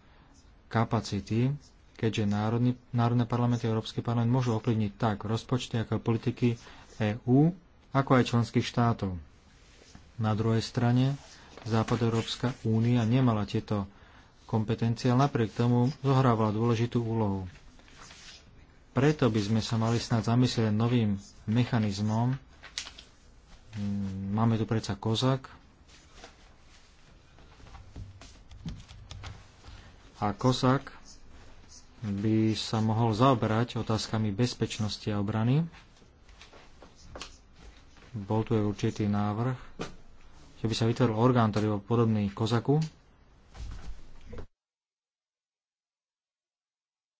S3: kapacity, keďže národný, národné parlamenty a Európsky parlament môžu ovplyvniť tak rozpočty ako politiky EÚ ako aj členských štátov. Na druhej strane Západoeurópska únia nemala tieto kompetencie, ale napriek tomu zohrávala dôležitú úlohu. Preto by sme sa mali snáď zamyslieť novým mechanizmom. Máme tu predsa kozak. A kozak by sa mohol zaoberať otázkami bezpečnosti a obrany bol tu aj určitý návrh, že by sa vytvoril orgán, ktorý bol podobný Kozaku.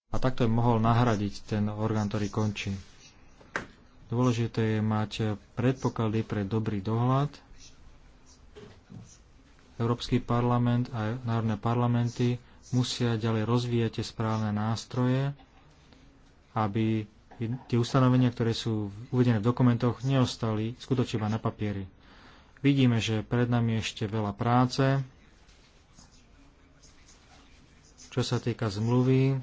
S3: A takto je mohol nahradiť ten orgán, ktorý končí. Dôležité je mať predpoklady pre dobrý dohľad. Európsky parlament a národné parlamenty musia ďalej rozvíjať tie správne nástroje, aby tie ustanovenia, ktoré sú uvedené v dokumentoch, neostali skutočne iba na papieri. Vidíme, že pred nami ešte veľa práce, čo sa týka zmluvy.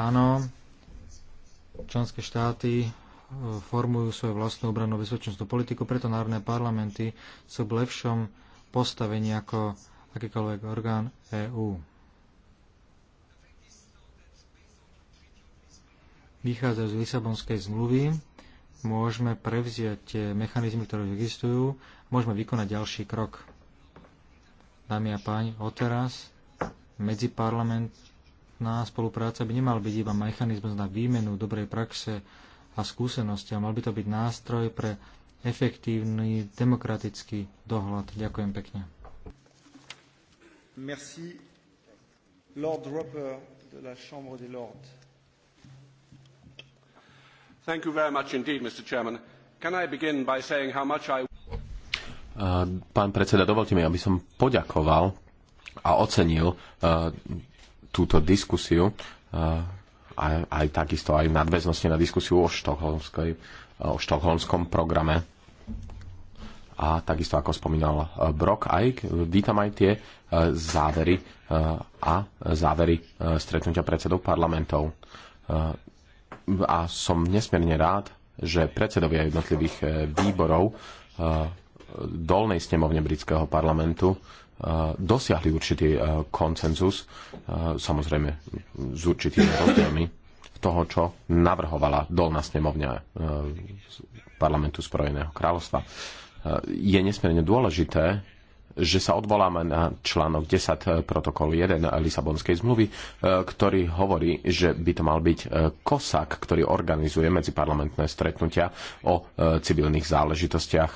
S3: Áno, členské štáty e, formujú svoju vlastnú obrannú bezpečnostnú politiku, preto národné parlamenty sú v lepšom postavení ako akýkoľvek orgán EÚ. vychádzajú z Lisabonskej zmluvy, môžeme prevziať tie mechanizmy, ktoré existujú, môžeme vykonať ďalší krok. Dámy a páni, odteraz medziparlamentná spolupráca by nemal byť iba mechanizmus na výmenu dobrej praxe a skúsenosti, a mal by to byť nástroj pre efektívny demokratický dohľad. Ďakujem pekne.
S1: Merci. Lord Roper de la Chambre des Lords.
S2: Thank you very much indeed, Mr. Chairman. Can I begin by saying how much I... Pán predseda, dovolte mi, aby som poďakoval a ocenil túto diskusiu a aj takisto aj v nadväznosti na diskusiu o, o štokholmskom programe. A takisto, ako spomínal Brok, aj, vítam aj tie závery a závery stretnutia predsedov parlamentov a som nesmierne rád, že predsedovia jednotlivých eh, výborov eh, dolnej snemovne britského parlamentu eh, dosiahli určitý koncenzus, samozrejme s určitými rozdielmi toho, čo navrhovala dolná snemovňa parlamentu Spojeného kráľovstva. Je nesmierne dôležité, že sa odvoláme na článok 10 e, protokol 1 Lisabonskej zmluvy, e, ktorý hovorí, že by to mal byť e, kosak, ktorý organizuje medziparlamentné stretnutia o civilných záležitostiach,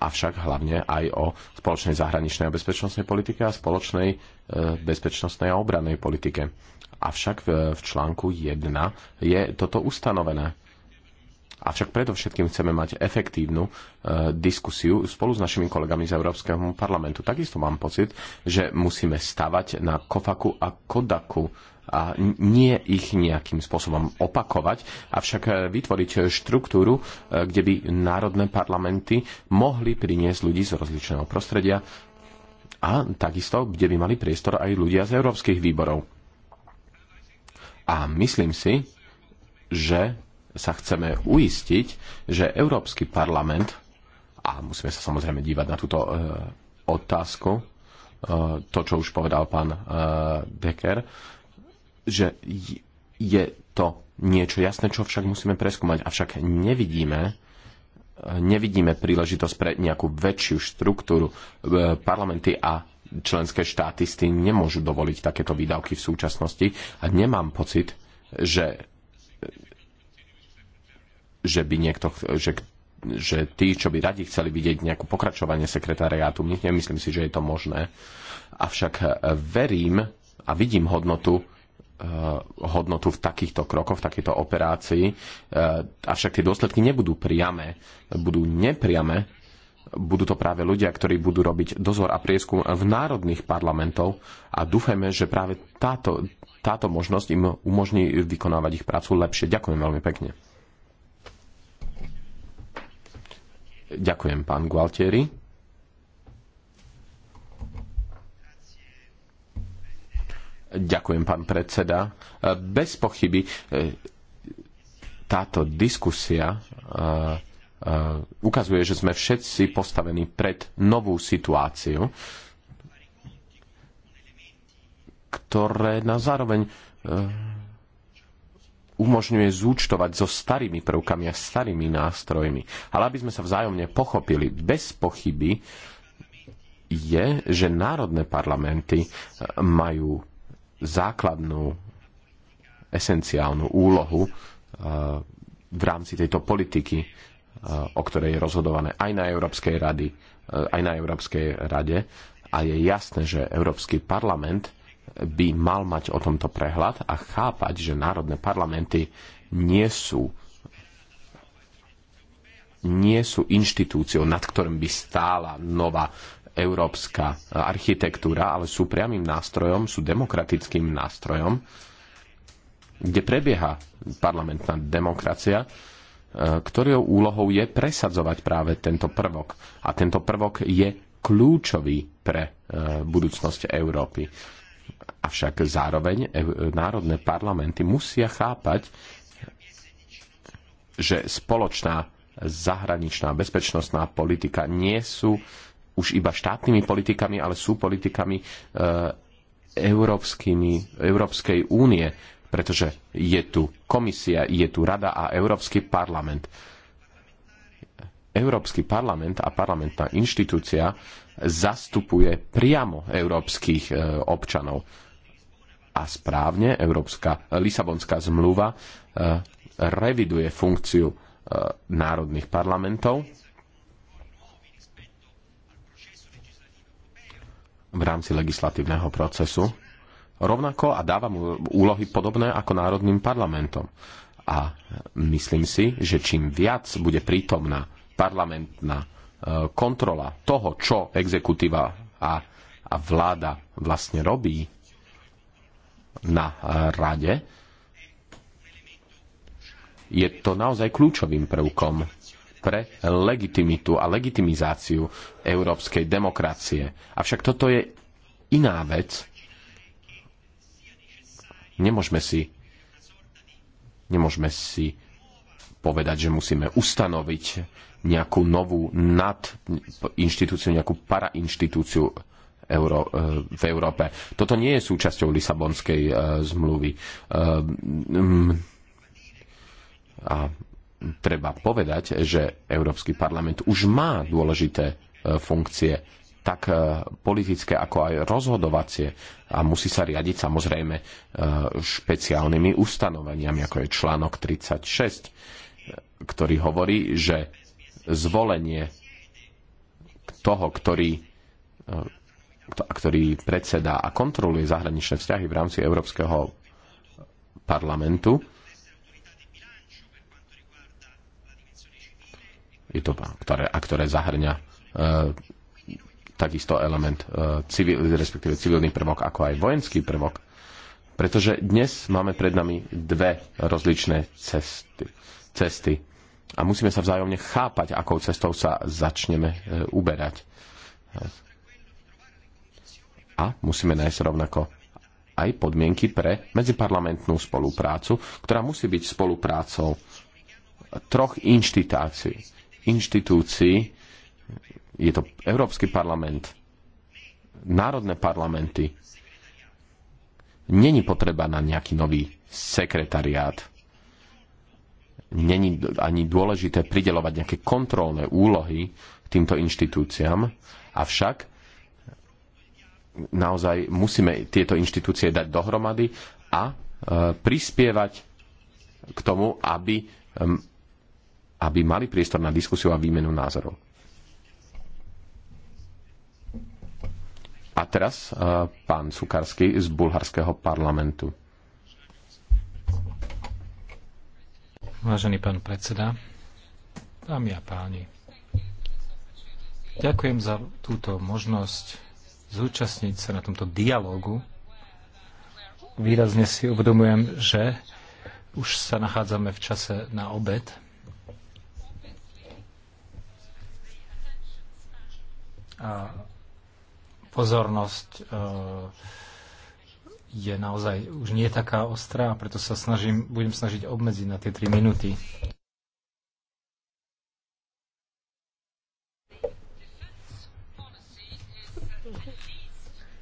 S2: avšak hlavne aj o spoločnej zahraničnej a bezpečnostnej politike a spoločnej bezpečnostnej a obrannej politike. Avšak v článku 1 je toto ustanovené Avšak predovšetkým chceme mať efektívnu e, diskusiu spolu s našimi kolegami z Európskeho parlamentu. Takisto mám pocit, že musíme stavať na Kofaku a Kodaku a nie ich nejakým spôsobom opakovať, avšak e, vytvoriť štruktúru, e, kde by národné parlamenty mohli priniesť ľudí z rozličného prostredia a takisto, kde by mali priestor aj ľudia z európskych výborov. A myslím si, že sa chceme uistiť, že Európsky parlament, a musíme sa samozrejme dívať na túto e, otázku, e, to, čo už povedal pán e, Becker, že je to niečo jasné, čo však musíme preskúmať. Avšak nevidíme, e, nevidíme príležitosť pre nejakú väčšiu štruktúru. E, parlamenty a členské štáty s tým nemôžu dovoliť takéto výdavky v súčasnosti a nemám pocit, že že by niekto, že, že tí, čo by radi chceli vidieť nejakú pokračovanie sekretariátu, nemyslím si, že je to možné. Avšak e, verím a vidím hodnotu e, hodnotu v takýchto krokoch, v takejto operácii. E, avšak tie dôsledky nebudú priame, budú nepriame. Budú to práve ľudia, ktorí budú robiť dozor a prieskum v národných parlamentov a dúfajme, že práve táto, táto možnosť im umožní vykonávať ich prácu lepšie. Ďakujem veľmi pekne. Ďakujem, pán Gualtieri. Ďakujem, pán predseda. Bez pochyby e, táto diskusia e, e, ukazuje, že sme všetci postavení pred novú situáciu, ktoré na zároveň umožňuje zúčtovať so starými prvkami a starými nástrojmi. Ale aby sme sa vzájomne pochopili, bez pochyby je, že národné parlamenty e, majú základnú esenciálnu úlohu e, v rámci tejto politiky, e, o ktorej je rozhodované aj na Európskej, rady, aj na Európskej rade. A je jasné, že Európsky parlament by mal mať o tomto prehľad a chápať, že národné parlamenty nie sú nie sú inštitúciou, nad ktorým by stála nová európska architektúra, ale sú priamým nástrojom, sú demokratickým nástrojom, kde prebieha parlamentná demokracia, e, ktorou úlohou je presadzovať práve tento prvok. A tento prvok je kľúčový pre e, budúcnosť Európy Avšak zároveň e, národné parlamenty musia chápať, že spoločná zahraničná bezpečnostná politika nie sú už iba štátnymi politikami, ale sú politikami e, európskymi, Európskej únie, pretože je tu komisia, je tu rada a Európsky parlament. Európsky parlament a parlamentná inštitúcia zastupuje priamo európskych e, občanov. A správne Európska Lisabonská zmluva e, reviduje funkciu e, národných parlamentov v rámci legislatívneho procesu rovnako a dáva mu úlohy podobné ako národným parlamentom. A myslím si, že čím viac bude prítomná parlamentná kontrola toho, čo exekutíva a, a vláda vlastne robí na eh, rade, je to naozaj kľúčovým prvkom pre legitimitu a legitimizáciu európskej demokracie. Avšak toto je iná vec. Nemôžeme si, nemôžeme si povedať, že musíme ustanoviť nejakú novú nad inštitúciu, nejakú parainštitúciu Euró- e, v Európe. Toto nie je súčasťou Lisabonskej e, zmluvy. E, a treba povedať, že Európsky parlament už má dôležité funkcie tak politické, ako aj rozhodovacie a musí sa riadiť samozrejme špeciálnymi ustanoveniami, ako je článok 36, ktorý hovorí, že zvolenie toho, ktorý, e, ktorý predsedá a kontroluje zahraničné vzťahy v rámci Európskeho parlamentu. Je to, ktoré, a ktoré zahrňa e, takisto element, e, civil, respektíve civilný prvok, ako aj vojenský prvok. Pretože dnes máme pred nami dve rozličné cesty. cesty a musíme sa vzájomne chápať, akou cestou sa začneme e, uberať. A musíme nájsť rovnako aj podmienky pre medziparlamentnú spoluprácu, ktorá musí byť spoluprácou troch inštitácií. Inštitúcií je to Európsky parlament, národné parlamenty. Není potreba na nejaký nový sekretariát není ani dôležité pridelovať nejaké kontrolné úlohy týmto inštitúciám, avšak naozaj musíme tieto inštitúcie dať dohromady a e, prispievať k tomu, aby, aby mali priestor na diskusiu a výmenu názorov. A teraz e, pán Sukarský z bulharského parlamentu.
S4: Vážený pán predseda, dámy a páni, ďakujem za túto možnosť zúčastniť sa na tomto dialogu. Výrazne si uvedomujem, že už sa nachádzame v čase na obed. A pozornosť uh, je naozaj už nie taká ostrá, preto sa snažím, budem snažiť obmedziť na tie 3 minúty.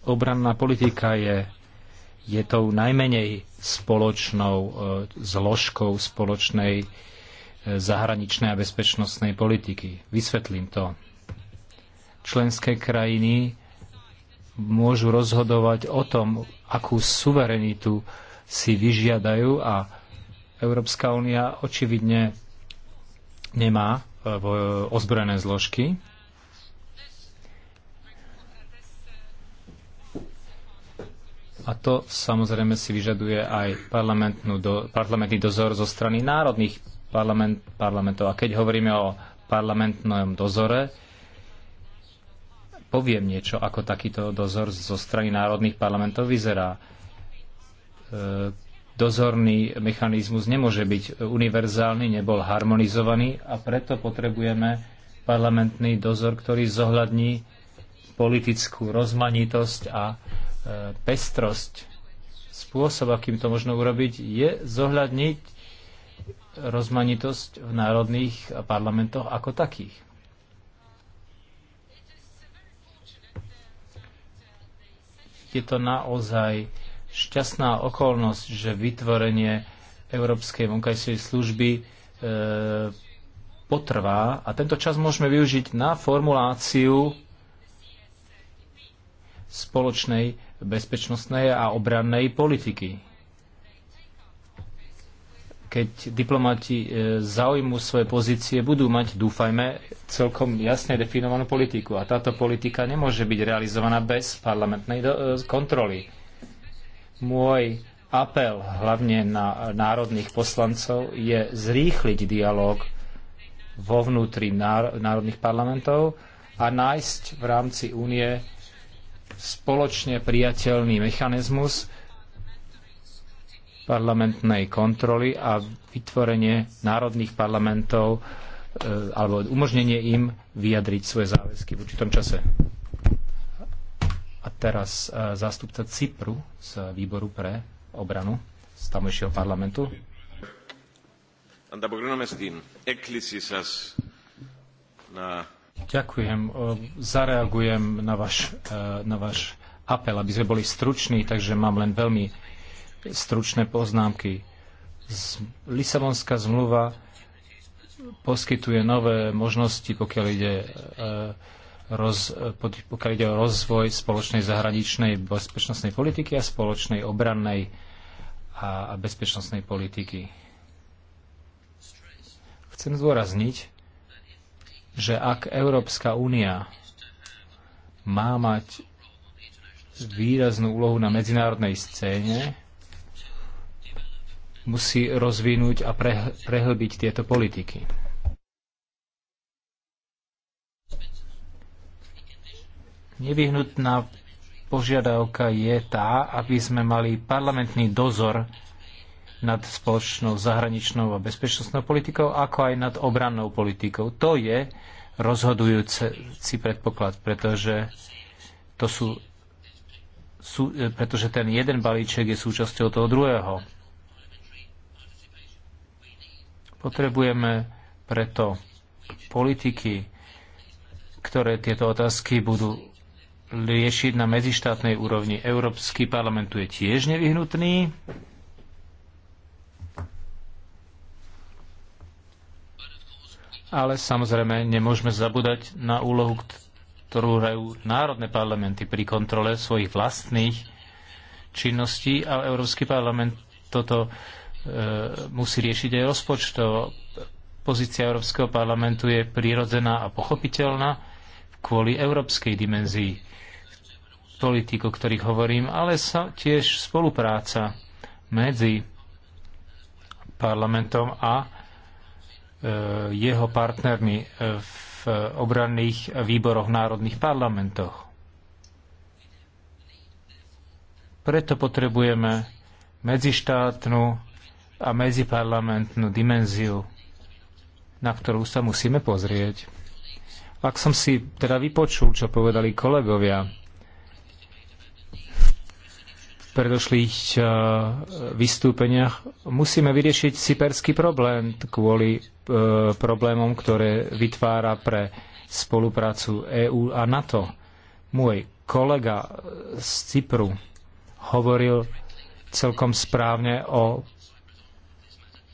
S4: Obranná politika je, je tou najmenej spoločnou e, zložkou spoločnej e, zahraničnej a bezpečnostnej politiky. Vysvetlím to. Členské krajiny môžu rozhodovať o tom, akú suverenitu si vyžiadajú a Európska únia očividne nemá e, ozbrojené zložky. A to samozrejme si vyžaduje aj do, parlamentný dozor zo strany národných parlament, parlamentov. A keď hovoríme o parlamentnom dozore, poviem niečo, ako takýto dozor zo strany národných parlamentov vyzerá. E, dozorný mechanizmus nemôže byť univerzálny, nebol harmonizovaný a preto potrebujeme parlamentný dozor, ktorý zohľadní politickú rozmanitosť a e, pestrosť. Spôsob, akým to možno urobiť, je zohľadniť rozmanitosť v národných parlamentoch ako takých. je to naozaj šťastná okolnosť, že vytvorenie Európskej vonkajšej služby e, potrvá a tento čas môžeme využiť na formuláciu spoločnej bezpečnostnej a obrannej politiky keď diplomati e, zaujmú svoje pozície, budú mať, dúfajme, celkom jasne definovanú politiku. A táto politika nemôže byť realizovaná bez parlamentnej e, kontroly. Môj apel hlavne na národných poslancov je zrýchliť dialog vo vnútri národných parlamentov a nájsť v rámci únie spoločne priateľný mechanizmus, parlamentnej kontroly a vytvorenie národných parlamentov e, alebo umožnenie im vyjadriť svoje záväzky v určitom čase. A teraz e, zástupca Cypru z výboru pre obranu z tamojšieho parlamentu. Ďakujem. E, zareagujem na váš, na váš apel, aby sme boli struční, takže mám len veľmi stručné poznámky. Z Lisabonská zmluva poskytuje nové možnosti, pokiaľ ide, e, roz, pokiaľ ide o rozvoj spoločnej zahraničnej bezpečnostnej politiky a spoločnej obrannej a bezpečnostnej politiky. Chcem zdôrazniť, že ak Európska únia má mať výraznú úlohu na medzinárodnej scéne, musí rozvinúť a prehlbiť tieto politiky. Nevyhnutná požiadavka je tá, aby sme mali parlamentný dozor nad spoločnou zahraničnou a bezpečnostnou politikou, ako aj nad obrannou politikou. To je rozhodujúci predpoklad, pretože, to sú, sú, pretože ten jeden balíček je súčasťou toho druhého Potrebujeme preto politiky, ktoré tieto otázky budú riešiť na medzištátnej úrovni. Európsky parlament tu je tiež nevyhnutný. Ale samozrejme nemôžeme zabúdať na úlohu, ktorú hrajú národné parlamenty pri kontrole svojich vlastných činností a Európsky parlament toto E, musí riešiť aj rozpočto. Pozícia Európskeho parlamentu je prirodzená a pochopiteľná kvôli európskej dimenzii politik, o ktorých hovorím, ale sa tiež spolupráca medzi parlamentom a e, jeho partnermi e, v obranných výboroch národných parlamentoch. Preto potrebujeme medzištátnu a medziparlamentnú dimenziu, na ktorú sa musíme pozrieť. Ak som si teda vypočul, čo povedali kolegovia v predošlých eh, vystúpeniach, musíme vyriešiť cyperský problém kvôli eh, problémom, ktoré vytvára pre spoluprácu EÚ a NATO. Môj kolega eh, z Cypru hovoril celkom správne o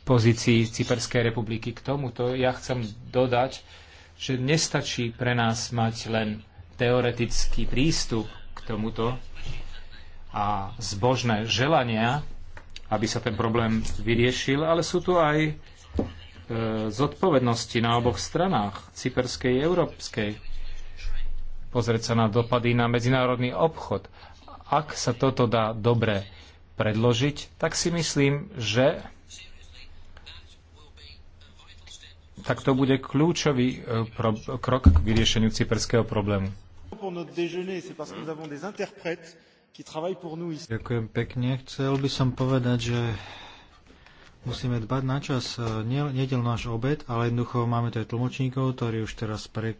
S4: pozícii Cyperskej republiky k tomuto, ja chcem dodať, že nestačí pre nás mať len teoretický prístup k tomuto a zbožné želania, aby sa ten problém vyriešil, ale sú tu aj e, zodpovednosti na oboch stranách, cyperskej a európskej. Pozrieť sa na dopady na medzinárodný obchod. Ak sa toto dá dobre predložiť, tak si myslím, že tak to bude kľúčový e, krok k vyriešeniu cyperského problému.
S3: Ďakujem pekne. Chcel by som povedať, že musíme dbať na čas. E, nedel náš obed, ale jednoducho máme tu aj tlmočníkov, ktorí už teraz pre,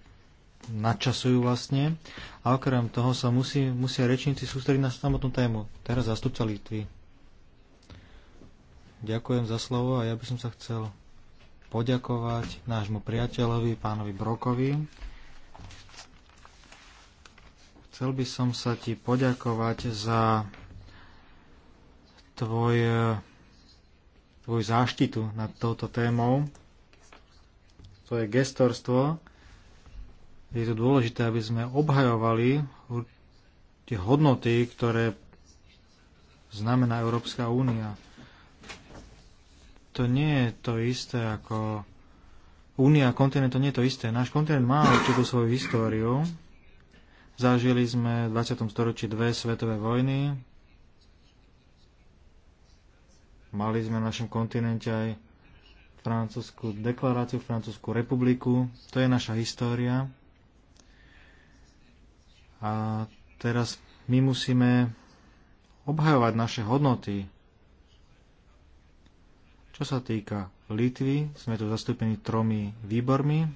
S3: nadčasujú vlastne. A okrem toho sa musí, musia rečníci sústrediť na samotnú tému. Teraz zastupca Litvy. Ďakujem za slovo a ja by som sa chcel poďakovať nášmu priateľovi, pánovi Brokovi. Chcel by som sa ti poďakovať za tvoj, tvoj záštitu nad touto témou. To je gestorstvo. Je to dôležité, aby sme obhajovali tie hodnoty, ktoré znamená Európska únia to nie je to isté ako Únia a kontinent to nie je to isté. Náš kontinent má určitú svoju históriu. Zažili sme v 20. storočí dve svetové vojny. Mali sme na našom kontinente aj francúzsku deklaráciu, francúzsku republiku. To je naša história. A teraz my musíme obhajovať naše hodnoty, čo sa týka Litvy, sme tu zastúpení tromi výbormi.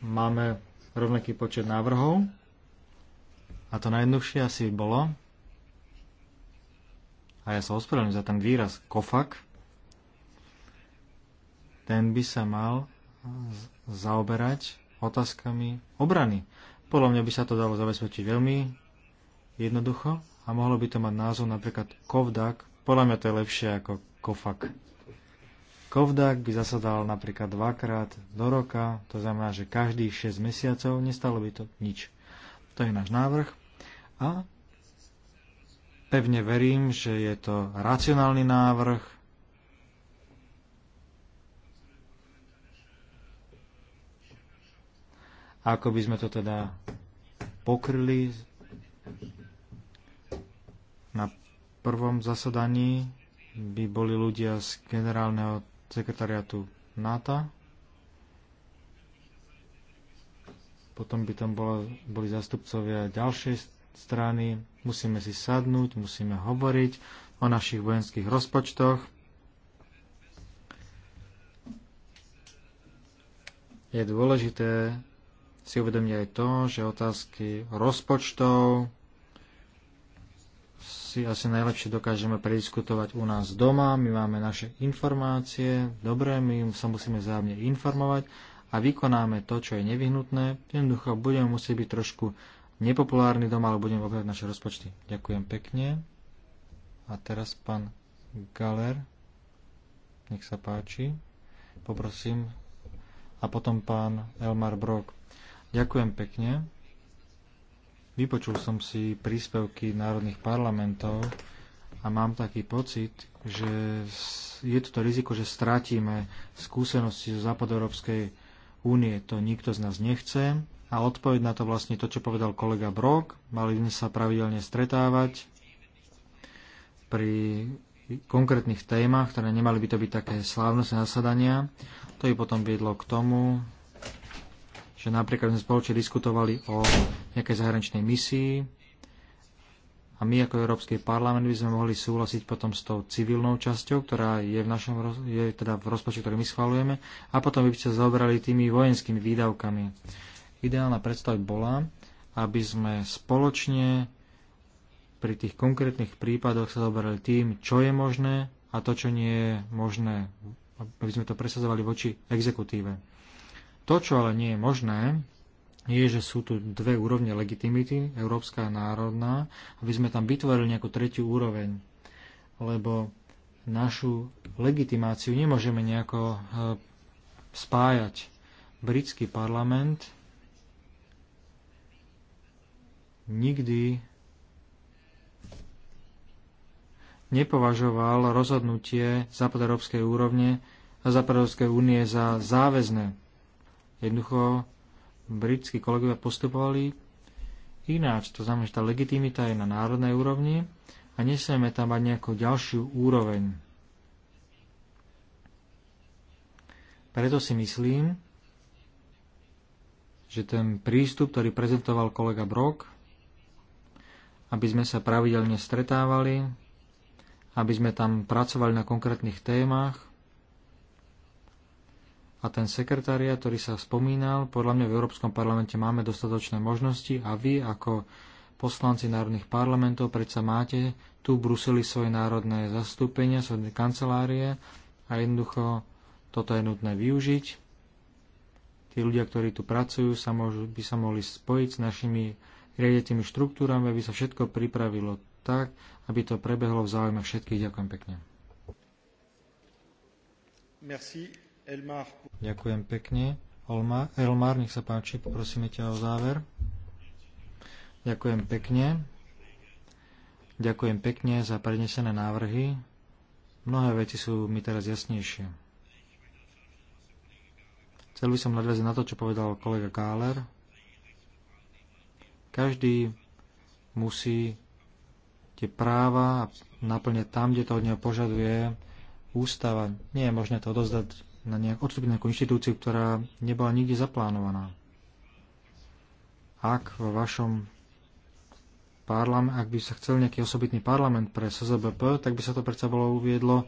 S3: Máme rovnaký počet návrhov. A to najjednoduchšie asi bolo, a ja sa ospravedlňujem za ten výraz kofak, ten by sa mal zaoberať otázkami obrany. Podľa mňa by sa to dalo zabezpečiť veľmi jednoducho a mohlo by to mať názov napríklad Kovdak podľa mňa to je lepšie ako kofak. Kovdak by zasadal napríklad dvakrát do roka, to znamená, že každých 6 mesiacov nestalo by to nič. To je náš návrh a pevne verím, že je to racionálny návrh, ako by sme to teda pokryli na prvom zasadaní by boli ľudia z generálneho sekretariatu NATO. Potom by tam bolo, boli zastupcovia ďalšej strany. Musíme si sadnúť, musíme hovoriť o našich vojenských rozpočtoch. Je dôležité si uvedomiť aj to, že otázky rozpočtov, si asi najlepšie dokážeme prediskutovať u nás doma. My máme naše informácie, dobre, my sa musíme zájemne informovať a vykonáme to, čo je nevyhnutné. Jednoducho budeme musieť byť trošku nepopulárny doma, ale budeme obhľadať naše rozpočty. Ďakujem pekne. A teraz pán Galer, nech sa páči, poprosím. A potom pán Elmar Brok. Ďakujem pekne. Vypočul som si príspevky národných parlamentov a mám taký pocit, že je toto riziko, že stratíme skúsenosti zo západoeurópskej únie. To nikto z nás nechce. A odpoveď na to vlastne to, čo povedal kolega Brok. Mali sme sa pravidelne stretávať pri konkrétnych témach, ktoré nemali by to byť také slávnostné zasadania. To by potom viedlo k tomu, že napríklad sme spoločne diskutovali o nejakej zahraničnej misii a my ako Európsky parlament by sme mohli súhlasiť potom s tou civilnou časťou, ktorá je v, našom, je teda v rozpočte, ktorý my schvalujeme a potom by ste zaoberali tými vojenskými výdavkami. Ideálna predstava bola, aby sme spoločne pri tých konkrétnych prípadoch sa zaoberali tým, čo je možné a to, čo nie je možné, aby sme to presadzovali voči exekutíve. To, čo ale nie je možné, je, že sú tu dve úrovne legitimity, európska a národná, aby sme tam vytvorili nejakú tretiu úroveň. Lebo našu legitimáciu nemôžeme nejako e, spájať. Britský parlament nikdy nepovažoval rozhodnutie západoeurópskej úrovne a západoeurópskej únie za záväzné. Jednoducho britskí kolegovia postupovali ináč. To znamená, že tá legitimita je na národnej úrovni a nesmieme tam mať nejakú ďalšiu úroveň. Preto si myslím, že ten prístup, ktorý prezentoval kolega Brok, aby sme sa pravidelne stretávali, aby sme tam pracovali na konkrétnych témach, a ten sekretariat, ktorý sa spomínal, podľa mňa v Európskom parlamente máme dostatočné možnosti a vy ako poslanci národných parlamentov predsa máte tu v Bruseli svoje národné zastúpenia, svoje kancelárie a jednoducho toto je nutné využiť. Tí ľudia, ktorí tu pracujú, sa môžu, by sa mohli spojiť s našimi riadiacimi štruktúrami, aby sa všetko pripravilo tak, aby to prebehlo v záujme všetkých. Ďakujem pekne.
S1: Merci.
S3: Ďakujem pekne. Olma, Elmar, nech sa páči, poprosíme ťa o záver. Ďakujem pekne. Ďakujem pekne za prednesené návrhy. Mnohé veci sú mi teraz jasnejšie. Chcel by som nadviazať na to, čo povedal kolega Káler. Každý musí tie práva naplňať tam, kde to od neho požaduje ústava. Nie je možné to odozdať na nejak, odstúpiť na nejakú inštitúciu, ktorá nebola nikde zaplánovaná. Ak v vašom parlament, ak by sa chcel nejaký osobitný parlament pre SZBP, tak by sa to predsa bolo uviedlo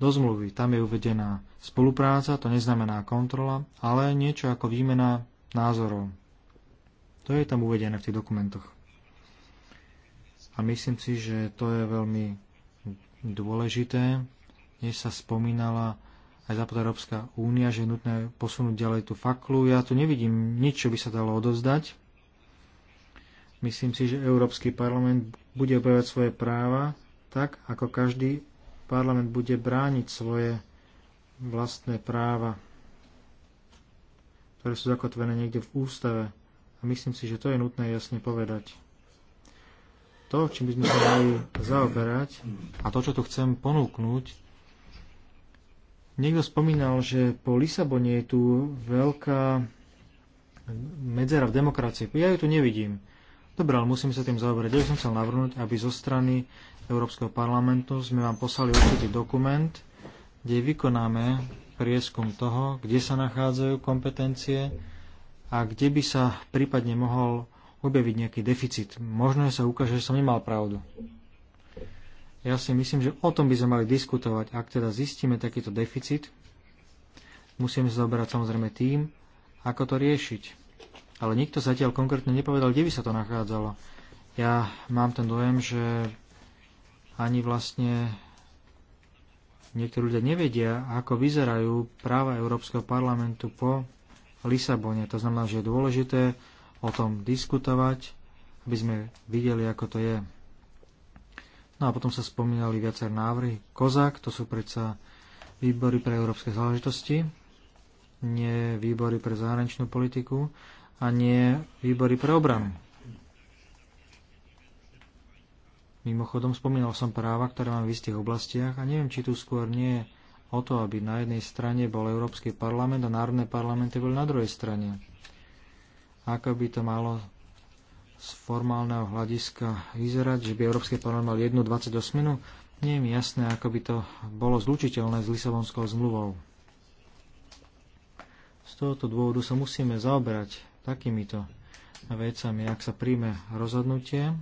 S3: do zmluvy. Tam je uvedená spolupráca, to neznamená kontrola, ale niečo ako výmena názorov. To je tam uvedené v tých dokumentoch. A myslím si, že to je veľmi dôležité. Dnes sa spomínala aj západ Európska únia, že je nutné posunúť ďalej tú faklu. Ja tu nevidím nič, čo by sa dalo odovzdať. Myslím si, že Európsky parlament bude obhajovať svoje práva tak, ako každý parlament bude brániť svoje vlastné práva, ktoré sú zakotvené niekde v ústave. A myslím si, že to je nutné jasne povedať. To, čím by sme sa mali zaoberať a to, čo tu chcem ponúknuť, Niekto spomínal, že po Lisabone je tu veľká medzera v demokracii. Ja ju tu nevidím. Dobre, ale musím sa tým zaoberať. Ja by som chcel navrhnúť, aby zo strany Európskeho parlamentu sme vám poslali určitý dokument, kde vykonáme prieskum toho, kde sa nachádzajú kompetencie a kde by sa prípadne mohol objaviť nejaký deficit. Možno sa ukáže, že som nemal pravdu. Ja si myslím, že o tom by sme mali diskutovať. Ak teda zistíme takýto deficit, musíme sa zaoberať samozrejme tým, ako to riešiť. Ale nikto zatiaľ konkrétne nepovedal, kde by sa to nachádzalo. Ja mám ten dojem, že ani vlastne niektorí ľudia nevedia, ako vyzerajú práva Európskeho parlamentu po Lisabone. To znamená, že je dôležité o tom diskutovať, aby sme videli, ako to je. No a potom sa spomínali viacer návrhy. Kozak, to sú predsa výbory pre európske záležitosti, nie výbory pre zahraničnú politiku a nie výbory pre obranu. Mimochodom, spomínal som práva, ktoré mám v istých oblastiach a neviem, či tu skôr nie je o to, aby na jednej strane bol Európsky parlament a národné parlamenty boli na druhej strane. Ako by to malo z formálneho hľadiska vyzerať, že by Európsky parlament mal 1,28 Nie je mi jasné, ako by to bolo zlučiteľné s Lisabonskou zmluvou. Z tohoto dôvodu sa musíme zaoberať takýmito vecami. Ak sa príjme rozhodnutie,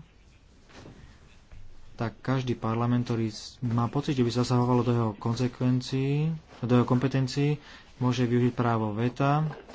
S3: tak každý parlament, ktorý má pocit, že by zasahovalo do jeho konsekvencií, do jeho kompetencií, môže využiť právo veta